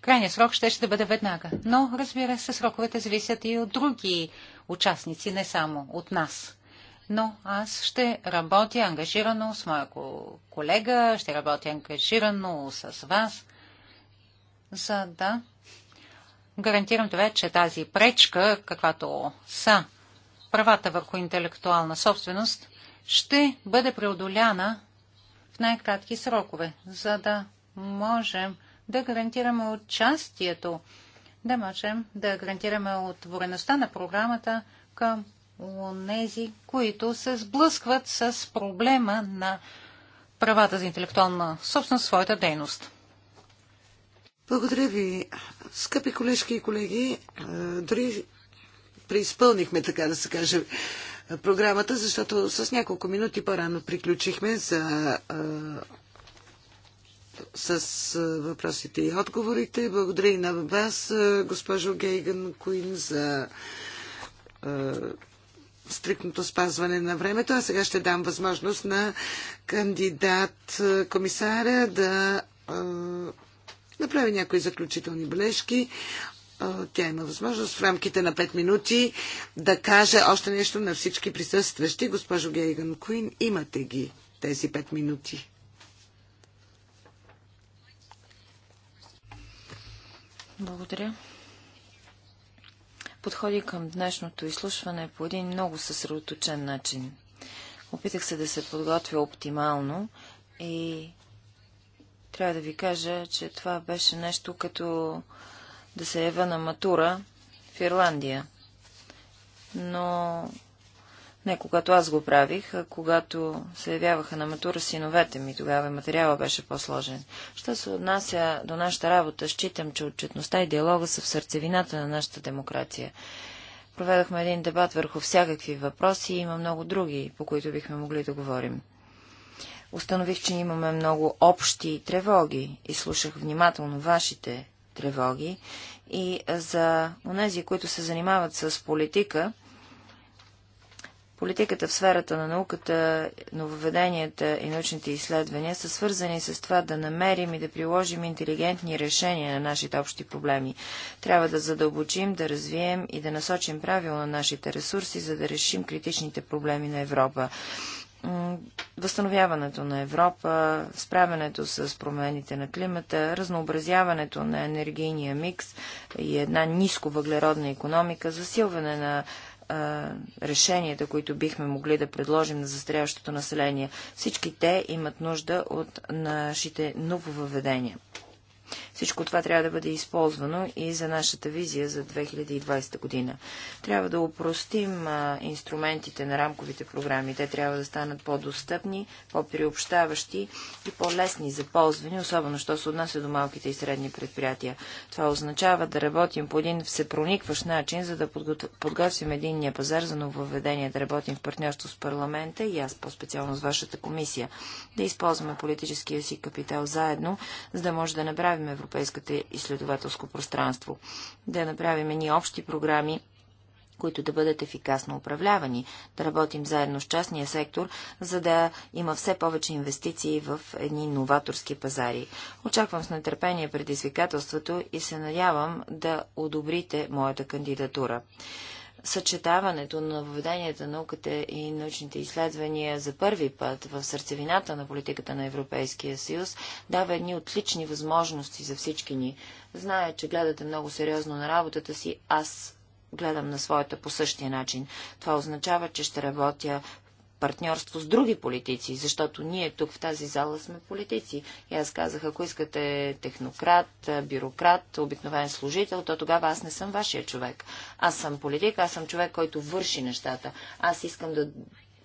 крайният срок ще ще бъде веднага. Но, разбира се, сроковете зависят и от други участници, не само от нас. Но аз ще работя ангажирано с моя колега, ще работя ангажирано с вас, за да гарантирам това, че тази пречка, каквато са правата върху интелектуална собственост ще бъде преодоляна в най-кратки срокове, за да можем да гарантираме участието, да можем да гарантираме отвореността на програмата към онези, които се сблъскват с проблема на правата за интелектуална собственост в своята дейност. Благодаря ви, скъпи колежки и колеги. Дори преизпълнихме, така да се каже, програмата, защото с няколко минути по-рано приключихме за, а, с въпросите и отговорите. Благодаря и на вас, госпожо Гейган Куин, за а, стрикното спазване на времето. А сега ще дам възможност на кандидат комисаря да а, направи някои заключителни бележки тя има възможност в рамките на 5 минути да каже още нещо на всички присъстващи. Госпожо Гейган Куин, имате ги тези 5 минути. Благодаря. Подходи към днешното изслушване по един много съсредоточен начин. Опитах се да се подготвя оптимално и трябва да ви кажа, че това беше нещо като да се ява на матура в Ирландия. Но не когато аз го правих, а когато се явяваха на матура синовете ми, тогава материала беше по-сложен. Що се отнася до нашата работа, считам, че отчетността и диалога са в сърцевината на нашата демокрация. Проведахме един дебат върху всякакви въпроси и има много други, по които бихме могли да говорим. Установих, че имаме много общи тревоги и слушах внимателно вашите тревоги и за онези, които се занимават с политика, Политиката в сферата на науката, нововведенията и научните изследвания са свързани с това да намерим и да приложим интелигентни решения на нашите общи проблеми. Трябва да задълбочим, да развием и да насочим правилно нашите ресурси, за да решим критичните проблеми на Европа възстановяването на Европа, справянето с промените на климата, разнообразяването на енергийния микс и една ниско въглеродна економика, засилване на решенията, които бихме могли да предложим на застряващото население. Всички те имат нужда от нашите нововъведения. Всичко това трябва да бъде използвано и за нашата визия за 2020 година. Трябва да упростим инструментите на рамковите програми. Те трябва да станат по-достъпни, по-приобщаващи и по-лесни за ползване, особено що се отнася до малките и средни предприятия. Това означава да работим по един всепроникващ начин, за да подготвим единния пазар за нововведение, да работим в партньорство с парламента и аз по-специално с вашата комисия, да използваме политическия си капитал заедно, за да може да направим европейски европейската изследователско пространство. Да направим ни общи програми, които да бъдат ефикасно управлявани, да работим заедно с частния сектор, за да има все повече инвестиции в едни новаторски пазари. Очаквам с нетърпение предизвикателството и се надявам да одобрите моята кандидатура съчетаването на въведенията, науката и научните изследвания за първи път в сърцевината на политиката на Европейския съюз дава едни отлични възможности за всички ни. Зная, че гледате много сериозно на работата си, аз гледам на своята по същия начин. Това означава, че ще работя партньорство с други политици, защото ние тук в тази зала сме политици. И аз казах, ако искате технократ, бюрократ, обикновен служител, то тогава аз не съм вашия човек. Аз съм политик, аз съм човек, който върши нещата. Аз искам да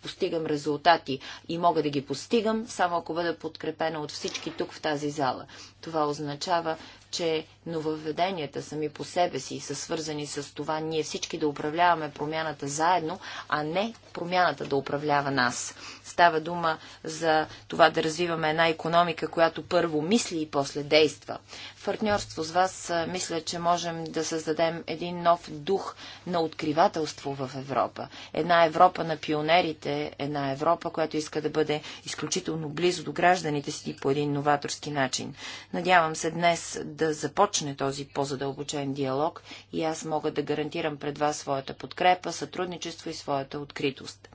постигам резултати и мога да ги постигам, само ако бъда подкрепена от всички тук в тази зала. Това означава, че нововведенията сами по себе си са свързани с това ние всички да управляваме промяната заедно, а не промяната да управлява нас. Става дума за това да развиваме една економика, която първо мисли и после действа партньорство с вас мисля, че можем да създадем един нов дух на откривателство в Европа. Една Европа на пионерите, една Европа, която иска да бъде изключително близо до гражданите си по един новаторски начин. Надявам се днес да започне този по-задълбочен диалог и аз мога да гарантирам пред вас своята подкрепа, сътрудничество и своята откритост.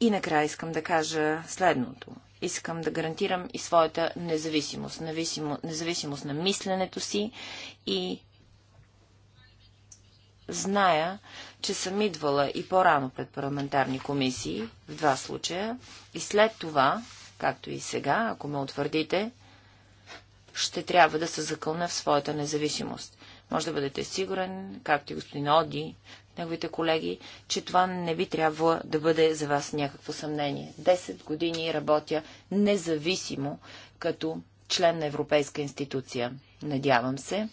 И накрая искам да кажа следното. Искам да гарантирам и своята независимост, независимо, независимост на мисленето си и зная, че съм идвала и по-рано пред парламентарни комисии, в два случая, и след това, както и сега, ако ме утвърдите, ще трябва да се закълна в своята независимост. Може да бъдете сигурен, както и господин Оди, неговите колеги, че това не би трябвало да бъде за вас някакво съмнение. Десет години работя независимо като член на Европейска институция. Надявам се,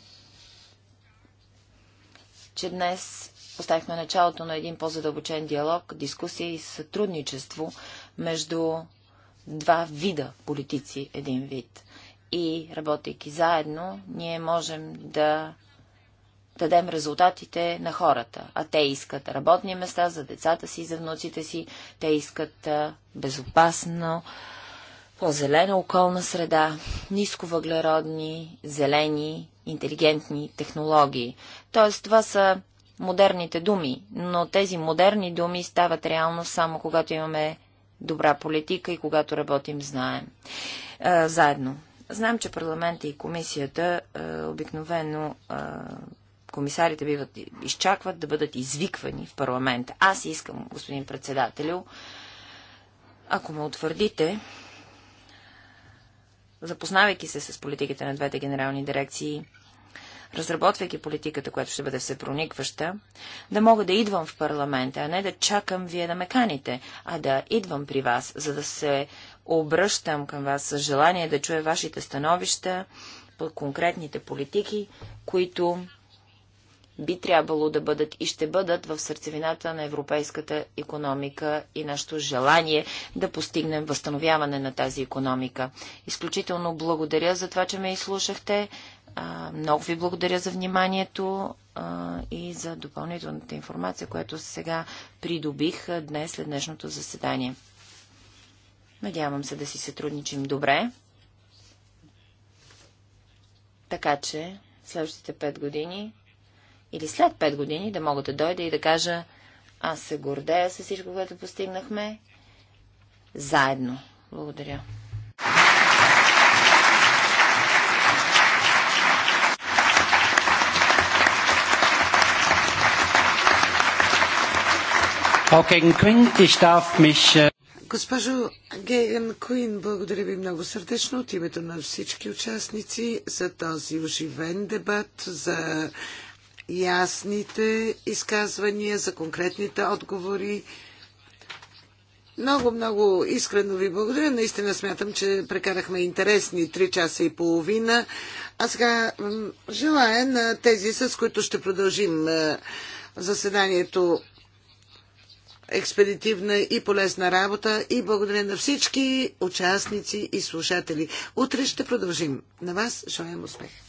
че днес поставихме началото на един по-задълбочен диалог, дискусия и сътрудничество между два вида политици, един вид. И работейки заедно, ние можем да дадем резултатите на хората. А те искат работни места за децата си, за внуците си. Те искат безопасно, по-зелена околна среда, нисковъглеродни, зелени, интелигентни технологии. Тоест, това са модерните думи, но тези модерни думи стават реално само когато имаме добра политика и когато работим знаем. Е, заедно. Знам, че парламента и комисията е, обикновено е, комисарите биват изчакват да бъдат извиквани в парламента. Аз искам, господин председателю, ако ме утвърдите, запознавайки се с политиките на двете генерални дирекции, разработвайки политиката, която ще бъде всепроникваща, да мога да идвам в парламента, а не да чакам вие да ме каните, а да идвам при вас, за да се обръщам към вас с желание да чуя вашите становища по конкретните политики, които би трябвало да бъдат и ще бъдат в сърцевината на европейската економика и нашето желание да постигнем възстановяване на тази економика. Изключително благодаря за това, че ме изслушахте. Много ви благодаря за вниманието и за допълнителната информация, която сега придобих днес след днешното заседание. Надявам се да си сътрудничим добре. Така че следващите 5 години или след 5 години да мога да дойда и да кажа, аз се гордея с всичко, което постигнахме заедно. Благодаря. Äh, Госпожо Геген Куин, благодаря ви много сърдечно от името на всички участници за този оживен дебат, за ясните изказвания, за конкретните отговори. Много, много искрено ви благодаря. Наистина смятам, че прекарахме интересни 3 часа и половина. А сега желая на тези, с които ще продължим е, заседанието експедитивна и полезна работа и благодаря на всички участници и слушатели. Утре ще продължим. На вас желаем успех!